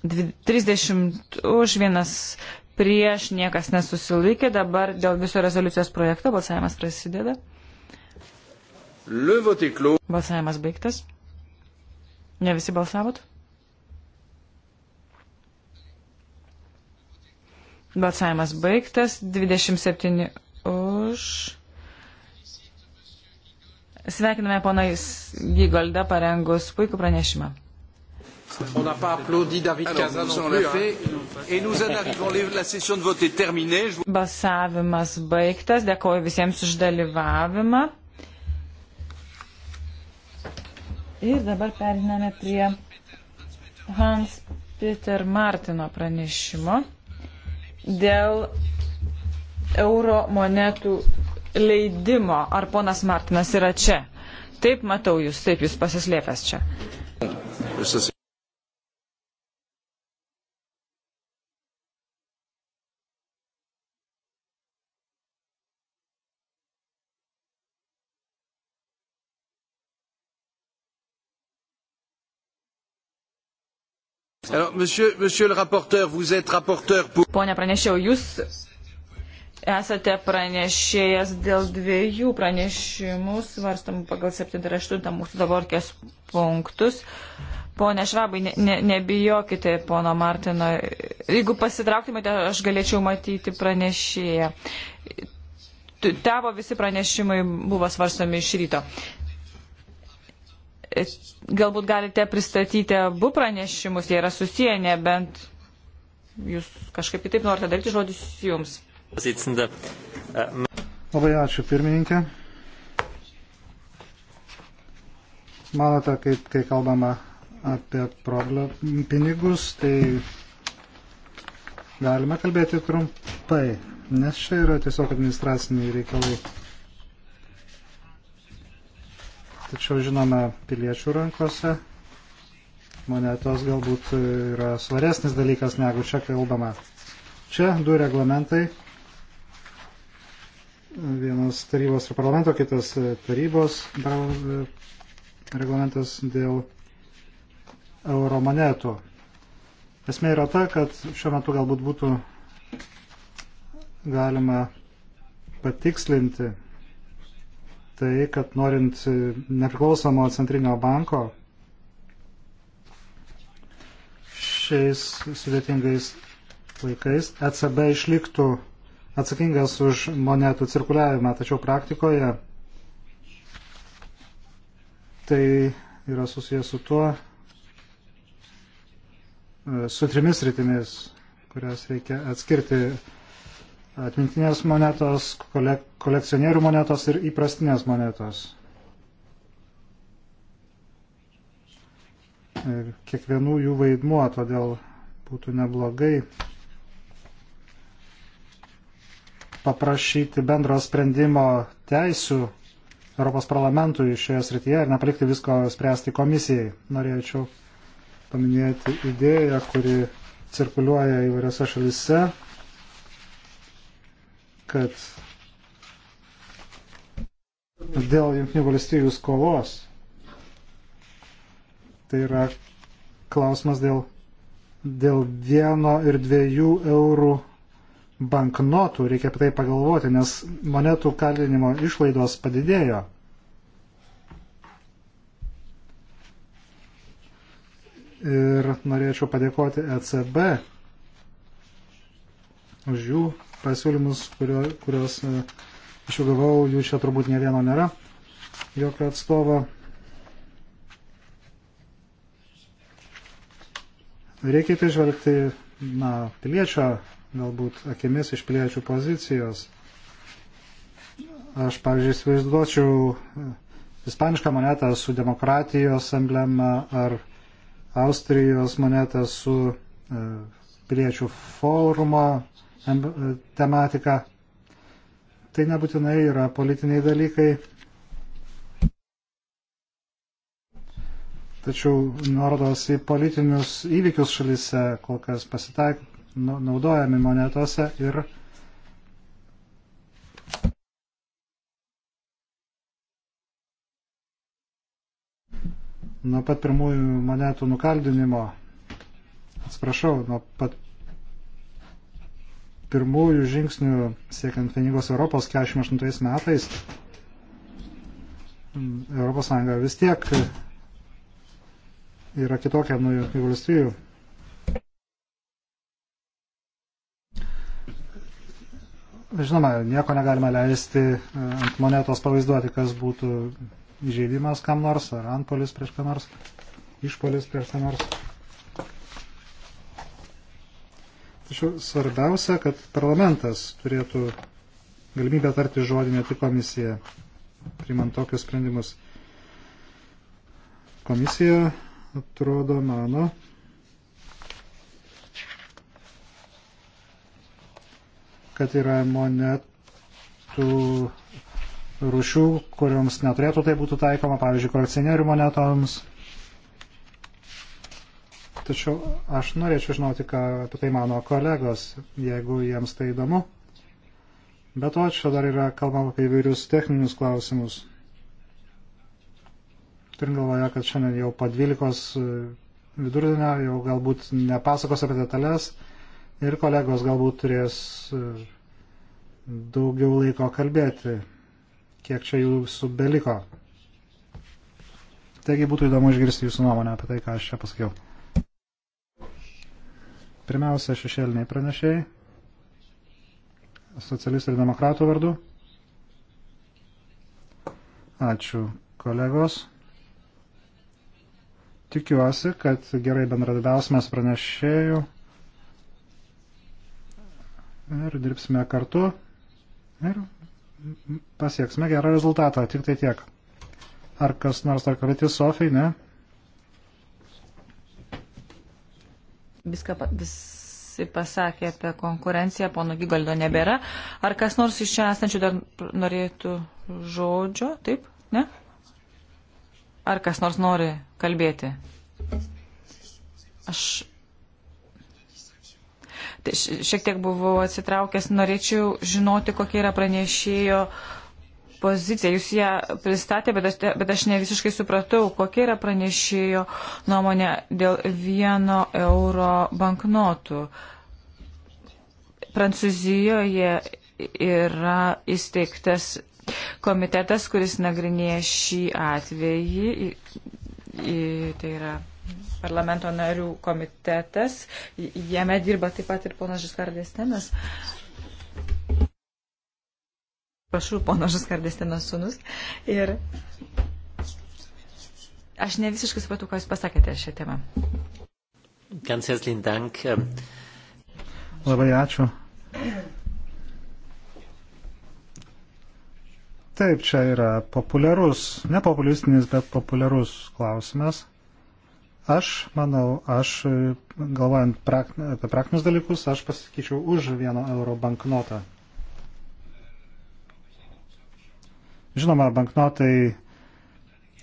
Speaker 1: 30 už vienas prieš niekas nesusilaikė, dabar dėl viso rezoliucijos projekto balsavimas prasideda.
Speaker 4: Balsavimas
Speaker 1: baigtas. Ne visi balsavot? Balsavimas baigtas. 27 už. Sveikiname ponais Gygolda parengus puikų pranešimą.
Speaker 4: On n'a pas applaudi David Casa non plus. Fait, et nous en arrivons, la session de vote est terminée. Je...
Speaker 1: Balsavimas baigtas, dėkoju visiems už dalyvavimą. Ir dabar periname prie Hans Peter Martino pranešimo dėl euro monetų leidimo. Ar ponas Martinas yra čia? Taip, matau jūs, taip jūs pasislėpęs čia.
Speaker 4: Alors, monsieur, monsieur le rapporteur, vous êtes rapporteur pour...
Speaker 1: Pone pranešiau, jūs esate pranešėjas dėl dviejų pranešimų svarstamų pagal 7 ir 8 mūsų daborkės punktus. Pone Švabai, ne, ne, nebijokite pono Martino. Jeigu pasitrauktumėte, aš galėčiau matyti pranešėją. Tavo visi pranešimai buvo svarstami iš ryto. Galbūt galite pristatyti abu pranešimus, jie yra susiję, nebent jūs kažkaip kitaip norite daryti žodis jums.
Speaker 3: Labai ačiū pirmininkė. Manote, kai, kai kalbama apie problem, pinigus, tai galime kalbėti trumpai, nes čia yra tiesiog administraciniai reikalai tačiau žinome piliečių rankose. Monetos galbūt yra svaresnis dalykas negu čia kalbama. Čia du reglamentai. Vienas tarybos ir parlamento, kitas tarybos reglamentas dėl euro monetų. Esmė yra ta, kad šiuo metu galbūt būtų galima patikslinti tai, kad norint nepriklausomo centrinio banko šiais sudėtingais laikais ECB išliktų atsakingas už monetų cirkuliavimą, tačiau praktikoje tai yra susijęs su tuo, e, su trimis rytimis, kurias reikia atskirti atmintinės monetos, kolek, kolekcionierių monetos ir įprastinės monetos. Ir kiekvienų jų vaidmuo, todėl būtų neblogai paprašyti bendro sprendimo teisų Europos parlamentui šioje srityje ir nepalikti visko spręsti komisijai. Norėčiau paminėti idėją, kuri cirkuliuoja įvairiose šalise kad dėl Junktinių valstybių skolos, tai yra klausimas dėl, dėl vieno ir dviejų eurų banknotų, reikia apie tai pagalvoti, nes monetų kalinimo išlaidos padidėjo. Ir norėčiau padėkoti ECB už jų pasiūlymus, kurio, kurios e, iš jų gavau, jų čia turbūt ne vieno nėra, jokio atstovo. Reikia tai žvelgti, na, piliečio, galbūt akimis iš piliečių pozicijos. Aš, pavyzdžiui, įsivaizduočiau e, ispanišką monetą su demokratijos emblema ar Austrijos monetą su e, piliečių forumo tematika. Tai nebūtinai yra politiniai dalykai. Tačiau nuorodos į politinius įvykius šalyse kol kas pasitaik nu, naudojami monetose ir nuo pat pirmųjų monetų nukaldinimo, atsiprašau, nuo pat pirmųjų žingsnių siekiant vieningos Europos 48 metais ES vis tiek yra kitokia nuo Junktinių valstybių. Žinoma, nieko negalima leisti e, ant monetos pavaizduoti, kas būtų įžeidimas kam nors ar antpolis prieš ką nors, išpolis prieš ką nors. Tačiau svarbiausia, kad parlamentas turėtų galimybę tarti žodį, ne tik komisija, primant tokius sprendimus. Komisija, atrodo, mano, kad yra monetų rušių, kurioms neturėtų tai būtų taikoma, pavyzdžiui, kolekcionierių monetoms. Tačiau aš norėčiau žinoti, ką apie tai mano kolegos, jeigu jiems tai įdomu. Be to, čia dar yra kalbama apie įvairius techninius klausimus. Turint galvoje, kad šiandien jau po 12 e, vidurdienio jau galbūt nepasakos apie detalės ir kolegos galbūt turės e, daugiau laiko kalbėti, kiek čia jų subeliko. Taigi būtų įdomu išgirsti jūsų nuomonę apie tai, ką aš čia pasakiau. Pirmiausia, šešėliniai pranešėjai, socialistų ir demokratų vardu. Ačiū, kolegos. Tikiuosi, kad gerai bendradabiausime su pranešėju ir dirbsime kartu ir pasieksime gerą rezultatą, tik tai tiek. Ar kas nors dar kvietis Sofijai, ne?
Speaker 1: viską, visi pasakė apie konkurenciją, pono Gigaldo nebėra. Ar kas nors iš čia esančių dar norėtų žodžio? Taip? Ne? Ar kas nors nori kalbėti? Aš šiek tiek buvau atsitraukęs, norėčiau žinoti, kokia yra pranešėjo uh, poziciją. Jūs ją pristatė, bet aš, bet aš ne visiškai supratau, kokia yra pranešėjo nuomonė dėl vieno euro banknotų. Prancūzijoje yra įsteigtas komitetas, kuris nagrinėja šį atvejį. Tai yra parlamento narių komitetas. Jame dirba taip pat ir ponas Žiskardės Tenas prašau, ponažas kardės tenas sunus. Ir aš ne visiškai supratau, ką jūs pasakėte šią temą.
Speaker 3: Ganz herzlichen Dank. Ähm, Labai ačiū. Taip, čia yra populiarus, ne populistinis, bet populiarus klausimas. Aš manau, aš galvojant prak, apie praktinius dalykus, aš pasakyčiau už vieno euro banknotą. Žinoma, banknotai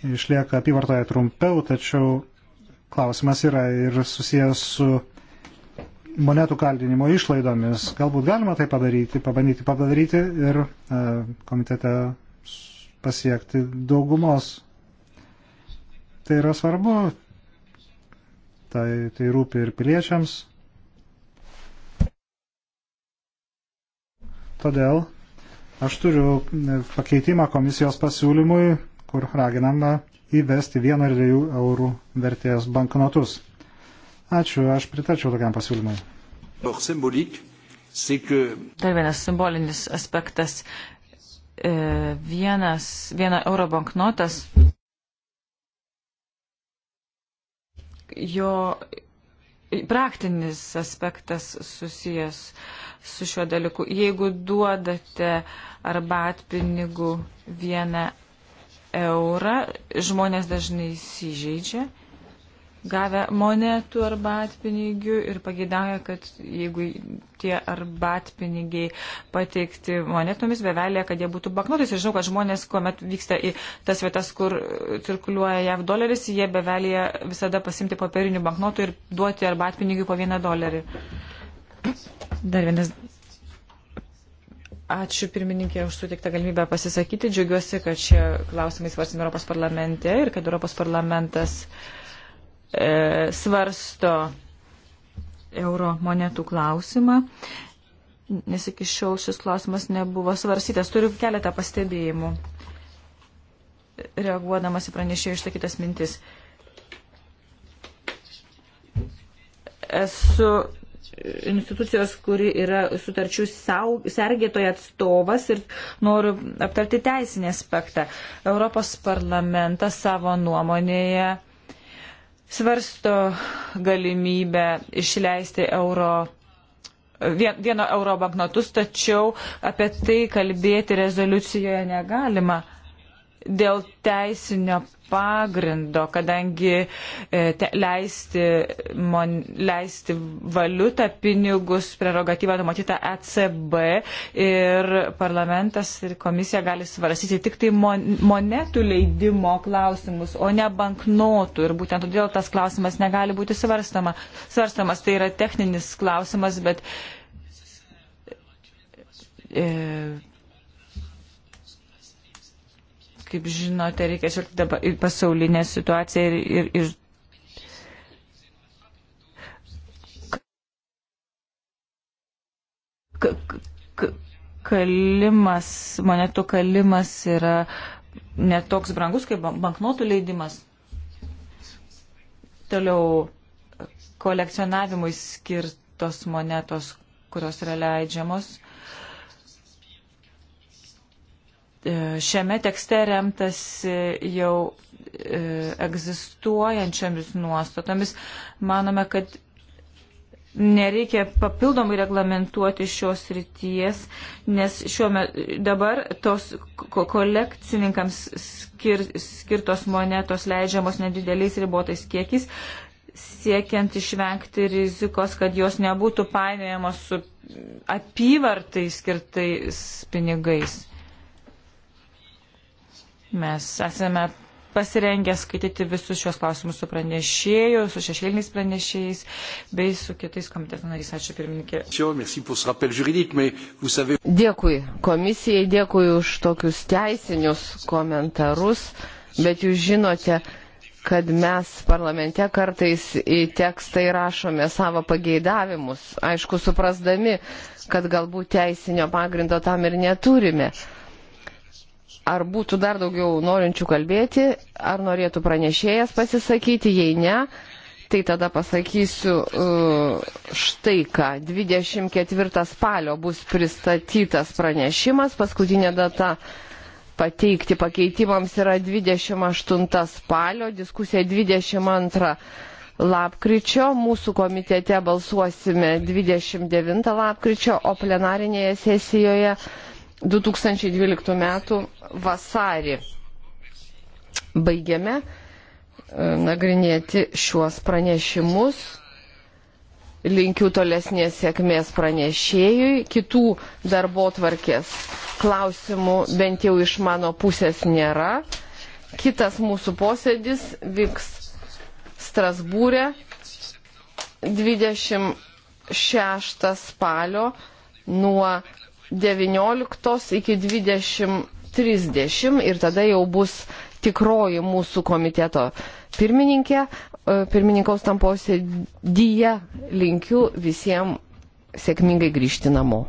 Speaker 3: išlieka apyvartoje trumpiau, tačiau klausimas yra ir susijęs su monetų kaldinimo išlaidomis. Galbūt galima tai padaryti, pabandyti padaryti ir e, komitete pasiekti daugumos. Tai yra svarbu, tai, tai rūpi ir piliečiams. Todėl Aš turiu e, pakeitimą komisijos pasiūlymui, kur raginama įvesti 1 ir 2 eurų vertės banknotus. Ačiū, aš pritarčiau tokiam pasiūlymui.
Speaker 1: Dar vienas simbolinis aspektas. E, vienas, vieno euro banknotas, jo praktinis aspektas susijęs su šiuo dalyku. Jeigu duodate arbatpinigų vieną eurą, žmonės dažnai įsižeidžia gavę monetų arbatpinigių ir pageidauja, kad jeigu tie arbatpinigiai pateikti monetomis, bevelė, kad jie būtų banknotais. Ir žinau, kad žmonės, kuomet vyksta į tas vietas, kur cirkuliuoja JAV doleris, jie bevelė visada pasimti popierinių banknotų ir duoti arbatpinigių po vieną dolerį. Dar vienas. Ačiū pirmininkė už sutiktą galimybę pasisakyti. Džiaugiuosi, kad šie klausimai svarstami Europos parlamente ir kad Europos parlamentas uh, e, svarsto euro monetų klausimą, nes iki šiol šis klausimas nebuvo svarstytas. Turiu keletą pastebėjimų, reaguodamas į pranešėjų išsakytas mintis. Esu institucijos, kuri yra sutarčių sergėtoje atstovas ir noriu aptarti teisinį aspektą. Europos parlamentas savo nuomonėje svarsto galimybę išleisti euro, vieno euro banknotus, tačiau apie tai kalbėti rezoliucijoje negalima dėl teisinio pagrindo, kadangi e, te, leisti, mon, leisti valiutą, pinigus, prerogatyvą numatytą ECB ir parlamentas ir komisija gali svarstyti tik tai mon, monetų leidimo klausimus, o ne banknotų. Ir būtent todėl tas klausimas negali būti svarstama, svarstamas. Tai yra techninis klausimas, bet. E, kaip žinote, reikia žvelgti dabar į pasaulinę situaciją ir, ir, ir kalimas, monetų kalimas yra netoks brangus kaip banknotų leidimas. Toliau kolekcionavimui skirtos monetos, kurios yra leidžiamos. E, šiame tekste remtasi jau e, egzistuojančiamis nuostatomis. Manome, kad nereikia papildomai reglamentuoti šios ryties, nes šiuo metu dabar tos kolekcininkams skir, skirtos monetos leidžiamos nedideliais ribotais kiekiais, siekiant išvengti rizikos, kad jos nebūtų painėjamos su apyvartai skirtais pinigais. Mes esame pasirengę skaityti visus šios klausimus su pranešėju, su šešėliniais pranešėjais bei su kitais komiteto nariais. Ačiū
Speaker 4: pirmininkė. Dėkui
Speaker 1: komisijai, dėkui už
Speaker 2: tokius teisinius komentarus, bet jūs žinote, kad mes parlamente kartais į tekstą įrašome savo pageidavimus, aišku, suprasdami, kad galbūt teisinio pagrindo tam ir neturime. Ar būtų dar daugiau norinčių kalbėti, ar norėtų pranešėjas pasisakyti, jei ne, tai tada pasakysiu uh, štai ką. 24 spalio bus pristatytas pranešimas, paskutinė data pateikti pakeitimams yra 28 spalio, diskusija 22 lapkričio, mūsų komitete balsuosime 29 lapkričio, o plenarinėje sesijoje 2012 m. vasarį. Baigiame e, nagrinėti šiuos pranešimus. Linkiu tolesnės sėkmės pranešėjui. Kitų darbo tvarkės klausimų bent jau iš mano pusės nėra. Kitas mūsų posėdis vyks Strasbūrė 26 spalio nuo 19 iki 20.30 ir tada jau bus tikroji mūsų komiteto pirmininkė. E, pirmininkaus tam posėdyje linkiu visiems sėkmingai grįžti namo.